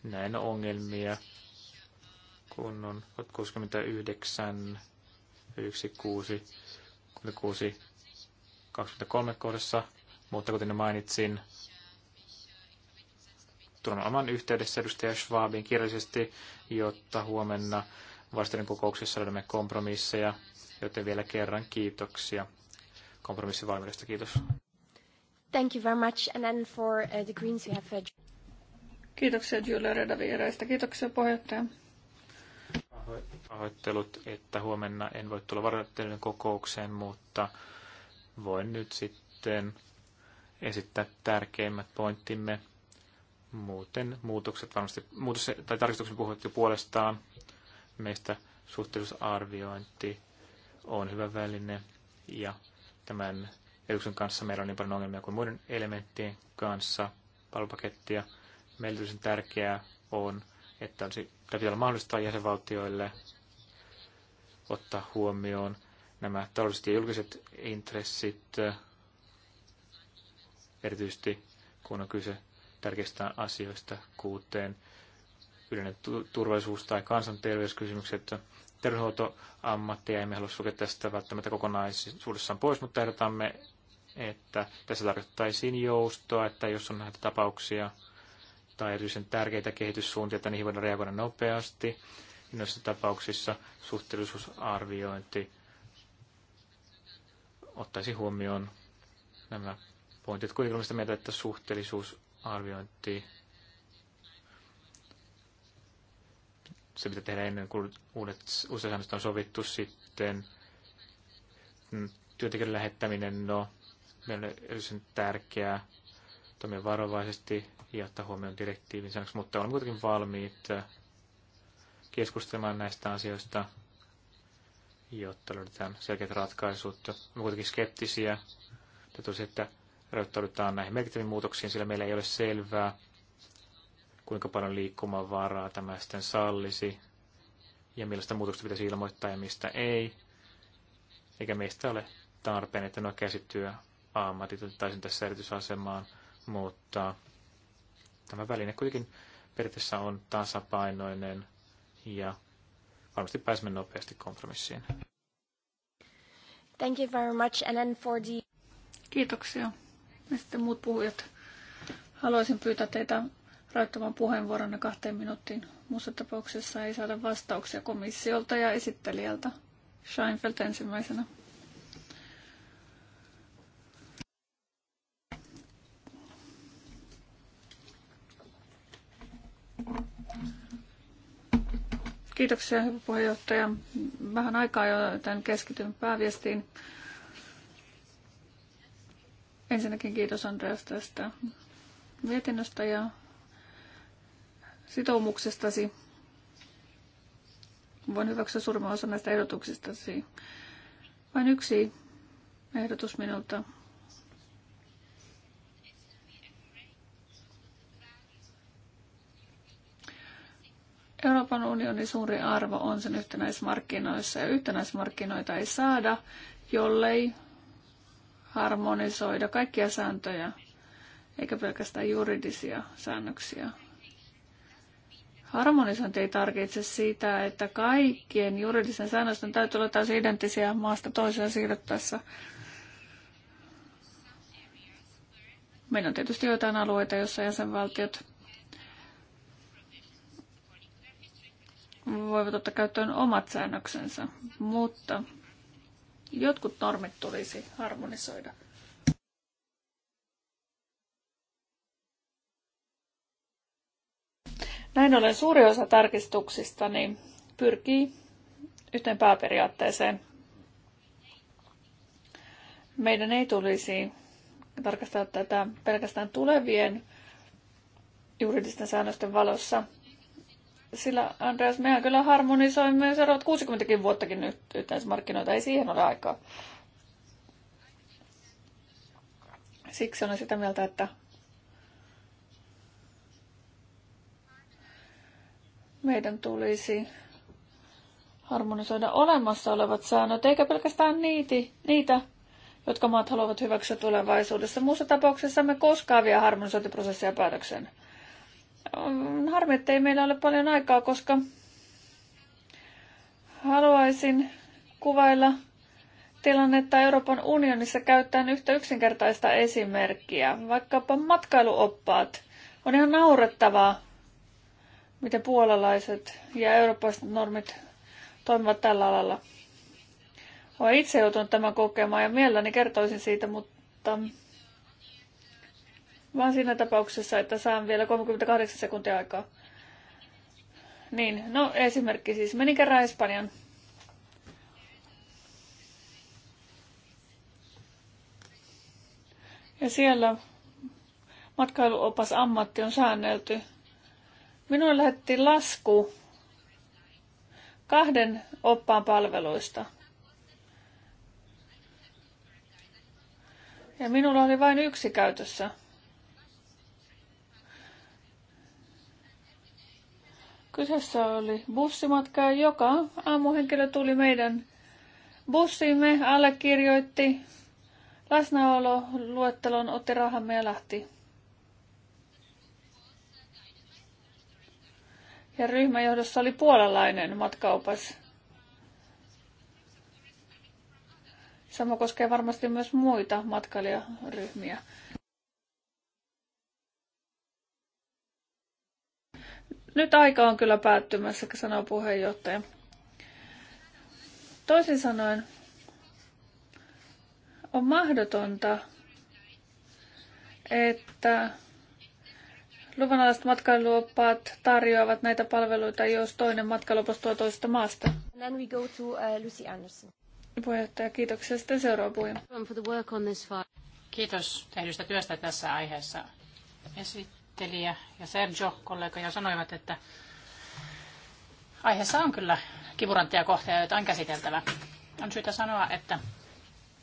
Näin on ongelmia, kun on 69, 16, 66, 23 kohdassa, mutta kuten mainitsin, tuon oman yhteydessä edustaja Schwabin kirjallisesti, jotta huomenna vastainen kokouksessa löydämme kompromisseja Joten vielä kerran kiitoksia kompromissivalmiudesta. Kiitos. Thank you very much. And then for uh, the Greens we have... Uh... Kiitoksia Julia Reda Kiitoksia puheenjohtaja. Pahoittelut, että huomenna en voi tulla varoitteiden kokoukseen, mutta voin nyt sitten esittää tärkeimmät pointtimme. Muuten muutokset varmasti, muutos, tai tarkistuksen puhuttiin puolestaan meistä suhteellisuusarviointi on hyvä väline ja tämän eduksen kanssa meillä on niin paljon ongelmia kuin muiden elementtien kanssa palvelupakettia. Meille tärkeää on, että olisi, pitää olla mahdollista jäsenvaltioille ottaa huomioon nämä taloudelliset ja julkiset intressit, erityisesti kun on kyse tärkeistä asioista, kuten yleinen turvallisuus- tai kansanterveyskysymykset terveydenhuoltoammattia. Emme halua sulkea tästä välttämättä kokonaisuudessaan pois, mutta ehdotamme, että tässä tarvittaisiin joustoa, että jos on näitä tapauksia tai erityisen tärkeitä kehityssuuntia, että niihin voidaan reagoida nopeasti. Noissa tapauksissa suhteellisuusarviointi ottaisi huomioon nämä pointit. Kuitenkin olen sitä mieltä, että suhteellisuusarviointi se pitää tehdä ennen kuin uudet uusasäännöstä on sovittu sitten. Mm, Työntekijän lähettäminen, no, meillä on erityisen tärkeää toimia varovaisesti ja ottaa huomioon direktiivin säännöksi, mutta olemme kuitenkin valmiit äh, keskustelemaan näistä asioista, jotta löydetään selkeät ratkaisut. Olemme kuitenkin skeptisiä. Tätä että rajoittaudutaan näihin merkittäviin muutoksiin, sillä meillä ei ole selvää, kuinka paljon liikkumavaraa tämä sitten sallisi ja millaista muutoksista pitäisi ilmoittaa ja mistä ei. Eikä meistä ole tarpeen, että nuo käsityö ammatit otettaisiin tässä erityisasemaan, mutta tämä väline kuitenkin periaatteessa on tasapainoinen ja varmasti pääsemme nopeasti kompromissiin. Thank you very much. And then for the... Kiitoksia. Ja sitten muut puhujat. Haluaisin pyytää teitä rajoittamaan puheenvuoronne kahteen minuuttiin. Muussa tapauksessa ei saada vastauksia komissiolta ja esittelijältä. Scheinfeld ensimmäisenä. Kiitoksia, hyvä puheenjohtaja. Vähän aikaa jo, tämän keskityn pääviestiin. Ensinnäkin kiitos Andreas tästä mietinnöstä ja sitoumuksestasi. Voin hyväksyä suurimman osan näistä ehdotuksistasi. Vain yksi ehdotus minulta. Euroopan unionin suuri arvo on sen yhtenäismarkkinoissa, ja yhtenäismarkkinoita ei saada, jollei harmonisoida kaikkia sääntöjä, eikä pelkästään juridisia säännöksiä. Harmonisointi ei tarkitse sitä, että kaikkien juridisten säännösten täytyy olla täysin identtisiä maasta toiseen siirryttäessä. Meillä on tietysti joitain alueita, joissa jäsenvaltiot voivat ottaa käyttöön omat säännöksensä, mutta jotkut normit tulisi harmonisoida. Näin ollen suuri osa tarkistuksista niin pyrkii yhteen pääperiaatteeseen. Meidän ei tulisi tarkastaa tätä pelkästään tulevien juridisten säännösten valossa, sillä Andreas, mehän kyllä harmonisoimme seuraavat 60 vuottakin yhteismarkkinoita, ei siihen ole aikaa. Siksi olen sitä mieltä, että meidän tulisi harmonisoida olemassa olevat säännöt, eikä pelkästään niiti, niitä, jotka maat haluavat hyväksyä tulevaisuudessa. Muussa tapauksessa me koskaan vie harmonisointiprosessia päätöksen. Mm, harmi, että ei meillä ole paljon aikaa, koska haluaisin kuvailla tilannetta Euroopan unionissa käyttäen yhtä yksinkertaista esimerkkiä, vaikkapa matkailuoppaat. On ihan naurettavaa, miten puolalaiset ja eurooppalaiset normit toimivat tällä alalla. Olen itse joutunut tämän kokemaan ja mielelläni kertoisin siitä, mutta vaan siinä tapauksessa, että saan vielä 38 sekuntia aikaa. Niin, no esimerkki siis. Menin kerran Espanjan. Ja siellä matkailuopas ammatti on säännelty Minulle lähetti lasku kahden oppaan palveluista. Ja minulla oli vain yksi käytössä. Kyseessä oli bussimatka, joka aamuhenkilö tuli meidän bussimme, allekirjoitti läsnäololuettelon, otti rahamme ja lähti. ja ryhmäjohdossa oli puolalainen matkaupas. Sama koskee varmasti myös muita matkailijaryhmiä. Nyt aika on kyllä päättymässä, sanoo puheenjohtaja. Toisin sanoen, on mahdotonta, että Luvanalaiset matkailuoppaat tarjoavat näitä palveluita, jos toinen matkailuopas tuo toisesta maasta. And then we go to uh, Lucy Anderson. Puheenjohtaja, kiitoksia. Sitten seuraava puheenjohtaja. Kiitos tehdystä työstä tässä aiheessa. Esittelijä ja Sergio, kollega, ja sanoivat, että aiheessa on kyllä kivuranttia kohtia, joita on käsiteltävä. On syytä sanoa, että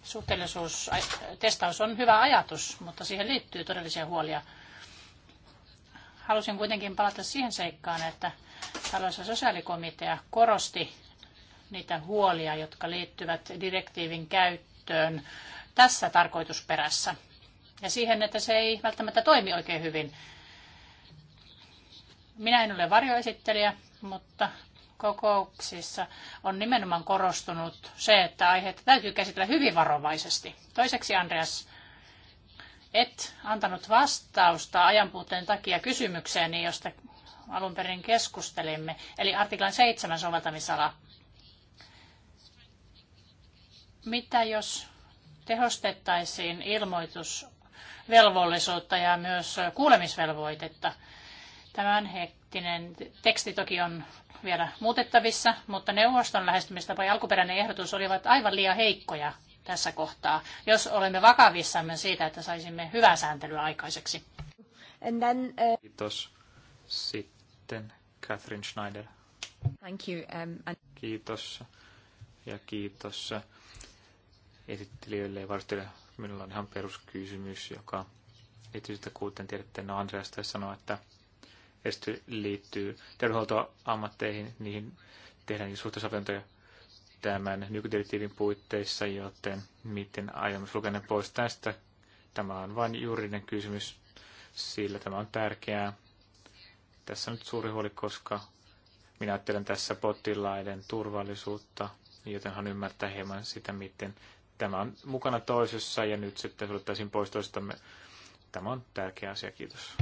suhteellisuustestaus on hyvä ajatus, mutta siihen liittyy todellisia huolia – halusin kuitenkin palata siihen seikkaan, että talous- ja sosiaalikomitea korosti niitä huolia, jotka liittyvät direktiivin käyttöön tässä tarkoitusperässä. Ja siihen, että se ei välttämättä toimi oikein hyvin. Minä en ole varjoesittelijä, mutta kokouksissa on nimenomaan korostunut se, että aiheita täytyy käsitellä hyvin varovaisesti. Toiseksi Andreas, et antanut vastausta ajanpuutteen takia kysymykseen, josta alun perin keskustelimme, eli artiklan 7 soveltamisala. Mitä jos tehostettaisiin ilmoitusvelvollisuutta ja myös kuulemisvelvoitetta? Tämän hektinen teksti toki on vielä muutettavissa, mutta neuvoston lähestymistapa ja alkuperäinen ehdotus olivat aivan liian heikkoja tässä kohtaa, jos olemme vakavissamme siitä, että saisimme hyvää sääntelyä aikaiseksi. And then, uh... Kiitos. Sitten Catherine Schneider. Thank you. Um, and... Kiitos. Ja kiitos esittelijöille ja varustelijoille. Minulla on ihan peruskysymys, joka etystä kuuten tiedätte, no Andreas tässä sanoi, että esitys liittyy terveydenhuoltoammatteihin, niihin tehdään suhteessa tämän nykydirektiivin puitteissa, joten miten aiomme lukea ne pois tästä? Tämä on vain juridinen kysymys, sillä tämä on tärkeää. Tässä on nyt suuri huoli, koska minä ajattelen tässä potilaiden turvallisuutta, joten hän ymmärtää hieman sitä, miten tämä on mukana toisessa ja nyt sitten suljettaisiin pois toistamme. Tämä on tärkeä asia, kiitos.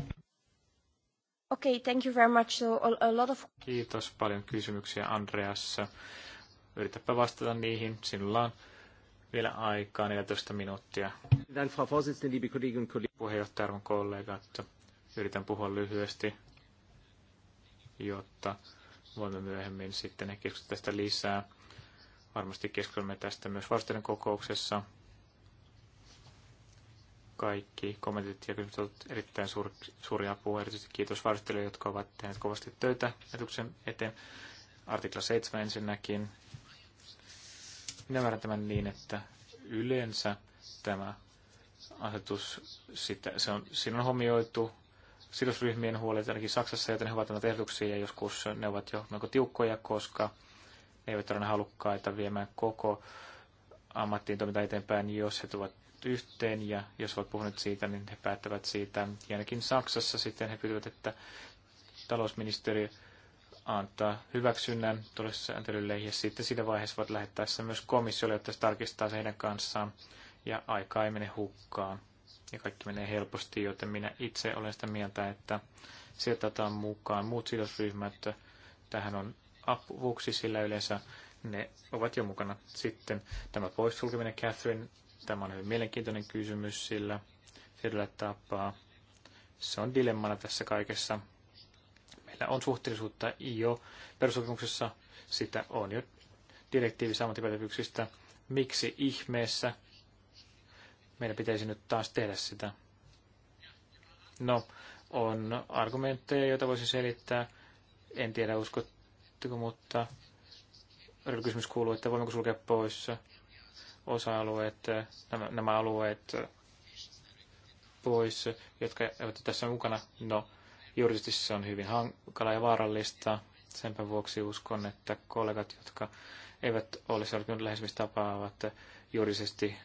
Okay, thank you very much. So a, a lot of... Kiitos paljon kysymyksiä Andreas. Yritäpä vastata niihin. Sinulla on vielä aikaa 14 minuuttia. Puheenjohtaja arvon kollegat, yritän puhua lyhyesti, jotta voimme myöhemmin sitten keskustella tästä lisää. Varmasti keskustelemme tästä myös vastainen kokouksessa. Kaikki kommentit ja kysymykset ovat erittäin suuri, suuri apu. Erityisesti kiitos varustelijoille, jotka ovat tehneet kovasti töitä ajatuksen eteen. Artikla 7 ensinnäkin minä määrän tämän niin, että yleensä tämä asetus, sitä, se on, siinä on huomioitu sidosryhmien huolet ainakin Saksassa, joten he ovat näitä ehdotuksia ja joskus ne ovat jo melko tiukkoja, koska ne eivät ole halukkaita viemään koko ammattiin toiminta eteenpäin, jos he tuvat yhteen ja jos ovat puhuneet siitä, niin he päättävät siitä. Ja ainakin Saksassa sitten he pyytävät, että talousministeriö antaa hyväksynnän todellisesti ja sitten siinä vaiheessa voit lähettää sen myös komissiolle, jotta se tarkistaa se heidän kanssaan ja aika ei mene hukkaan ja kaikki menee helposti, joten minä itse olen sitä mieltä, että sieltä otetaan mukaan muut sidosryhmät. Tähän on apuvuksi, sillä yleensä ne ovat jo mukana. Sitten tämä poissulkeminen, Catherine, tämä on hyvin mielenkiintoinen kysymys, sillä sillä tapaa se on dilemmana tässä kaikessa että on suhteellisuutta jo perusopimuksessa, sitä on jo direktiivissä ammattipätevyyksistä. Miksi ihmeessä meidän pitäisi nyt taas tehdä sitä? No, on argumentteja, joita voisi selittää. En tiedä, uskotteko, mutta kysymys kuuluu, että voimmeko sulkea pois osa-alueet, nämä, nämä alueet pois, jotka ovat tässä mukana. No, Juridisesti se on hyvin hankala ja vaarallista. Senpä vuoksi uskon, että kollegat, jotka eivät ole seurannut lähestymistapaa, ovat juridisesti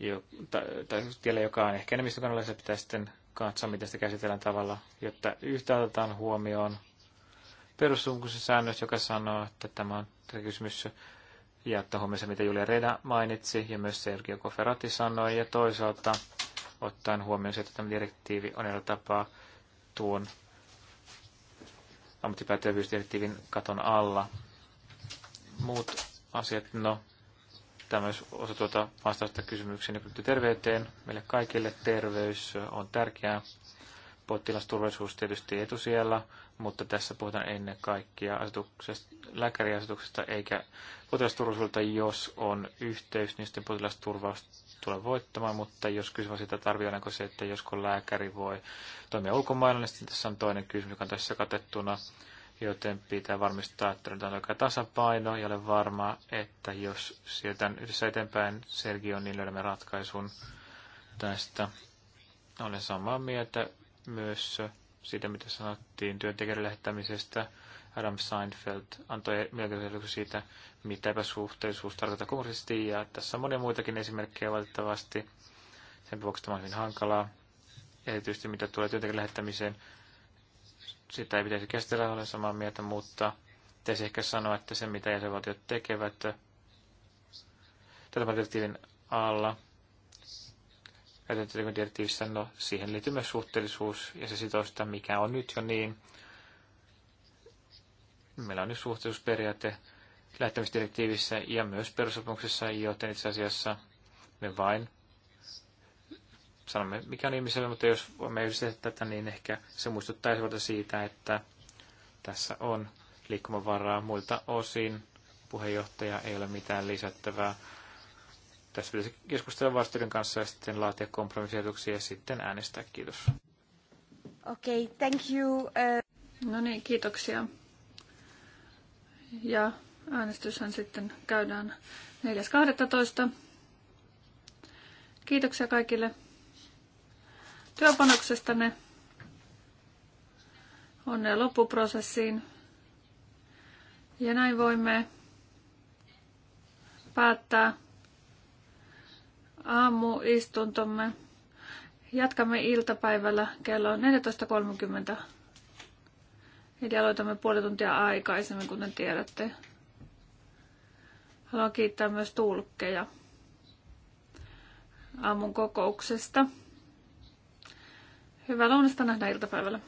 jo, tai, tai tiellä, joka on ehkä enemmistökanalaisella, pitää sitten katsoa, miten sitä käsitellään tavalla, jotta yhtäältä otetaan huomioon perussopimuksen säännös, joka sanoo, että tämä on tämä kysymys ja että huomioon se, mitä Julia Reda mainitsi ja myös Sergio Koferati sanoi, ja toisaalta ottaen huomioon se, että tämä direktiivi on eri tapaa tuon ammattipätevyysdirektiivin katon alla. Muut asiat, no, tämä myös osa tuota vastausta kysymykseen, joka terveyteen. Meille kaikille terveys on tärkeää. Potilasturvallisuus tietysti etusijalla, mutta tässä puhutaan ennen kaikkea asetuksesta, lääkäriasetuksesta eikä potilasturvallisuudelta, jos on yhteys, niin sitten potilasturvallisuus tule voittamaan, mutta jos kysymys sitä, että arvioidaanko se, että josko lääkäri voi toimia ulkomailla, niin sitten tässä on toinen kysymys, joka on tässä katettuna, joten pitää varmistaa, että on oikea tasapaino, ja olen varma, että jos sieltä yhdessä eteenpäin Sergio, niin löydämme ratkaisun tästä. Olen samaa mieltä myös siitä, mitä sanottiin työntekijän lähettämisestä. Adam Seinfeld antoi mielenkiintoisen siitä, mitä epäsuhteellisuus tarkoittaa kumulisesti, ja tässä on monia muitakin esimerkkejä valitettavasti. Sen vuoksi tämä on hyvin hankalaa, erityisesti mitä tulee työntekijän lähettämiseen. Sitä ei pitäisi käsitellä, olen samaa mieltä, mutta pitäisi ehkä sanoa, että se mitä jäsenvaltiot tekevät tätä direktiivin alla, käytetäänkö direktiivissä, no siihen liittyy myös suhteellisuus ja se sitoo sitä, mikä on nyt jo niin. Meillä on nyt suhteellisuusperiaate, lähettämisdirektiivissä ja myös perussopimuksessa, joten itse asiassa me vain sanomme, mikä on ihmiselle, mutta jos voimme yhdistää tätä, niin ehkä se muistuttaisi siitä, että tässä on liikkumavaraa muilta osin. Puheenjohtaja ei ole mitään lisättävää. Tässä pitäisi keskustella vastuuden kanssa ja sitten laatia kompromissiajatuksia ja sitten äänestää. Kiitos. Okei, okay, thank you. Uh... No niin, kiitoksia. Ja Äänestyshän sitten käydään 4.12. Kiitoksia kaikille työpanoksestanne. Onnea loppuprosessiin. Ja näin voimme päättää aamuistuntomme. Jatkamme iltapäivällä kello 14.30. Eli aloitamme puoli tuntia aikaisemmin, kuten tiedätte. Haluan kiittää myös tulkkeja aamun kokouksesta. Hyvää lounasta nähdään iltapäivällä.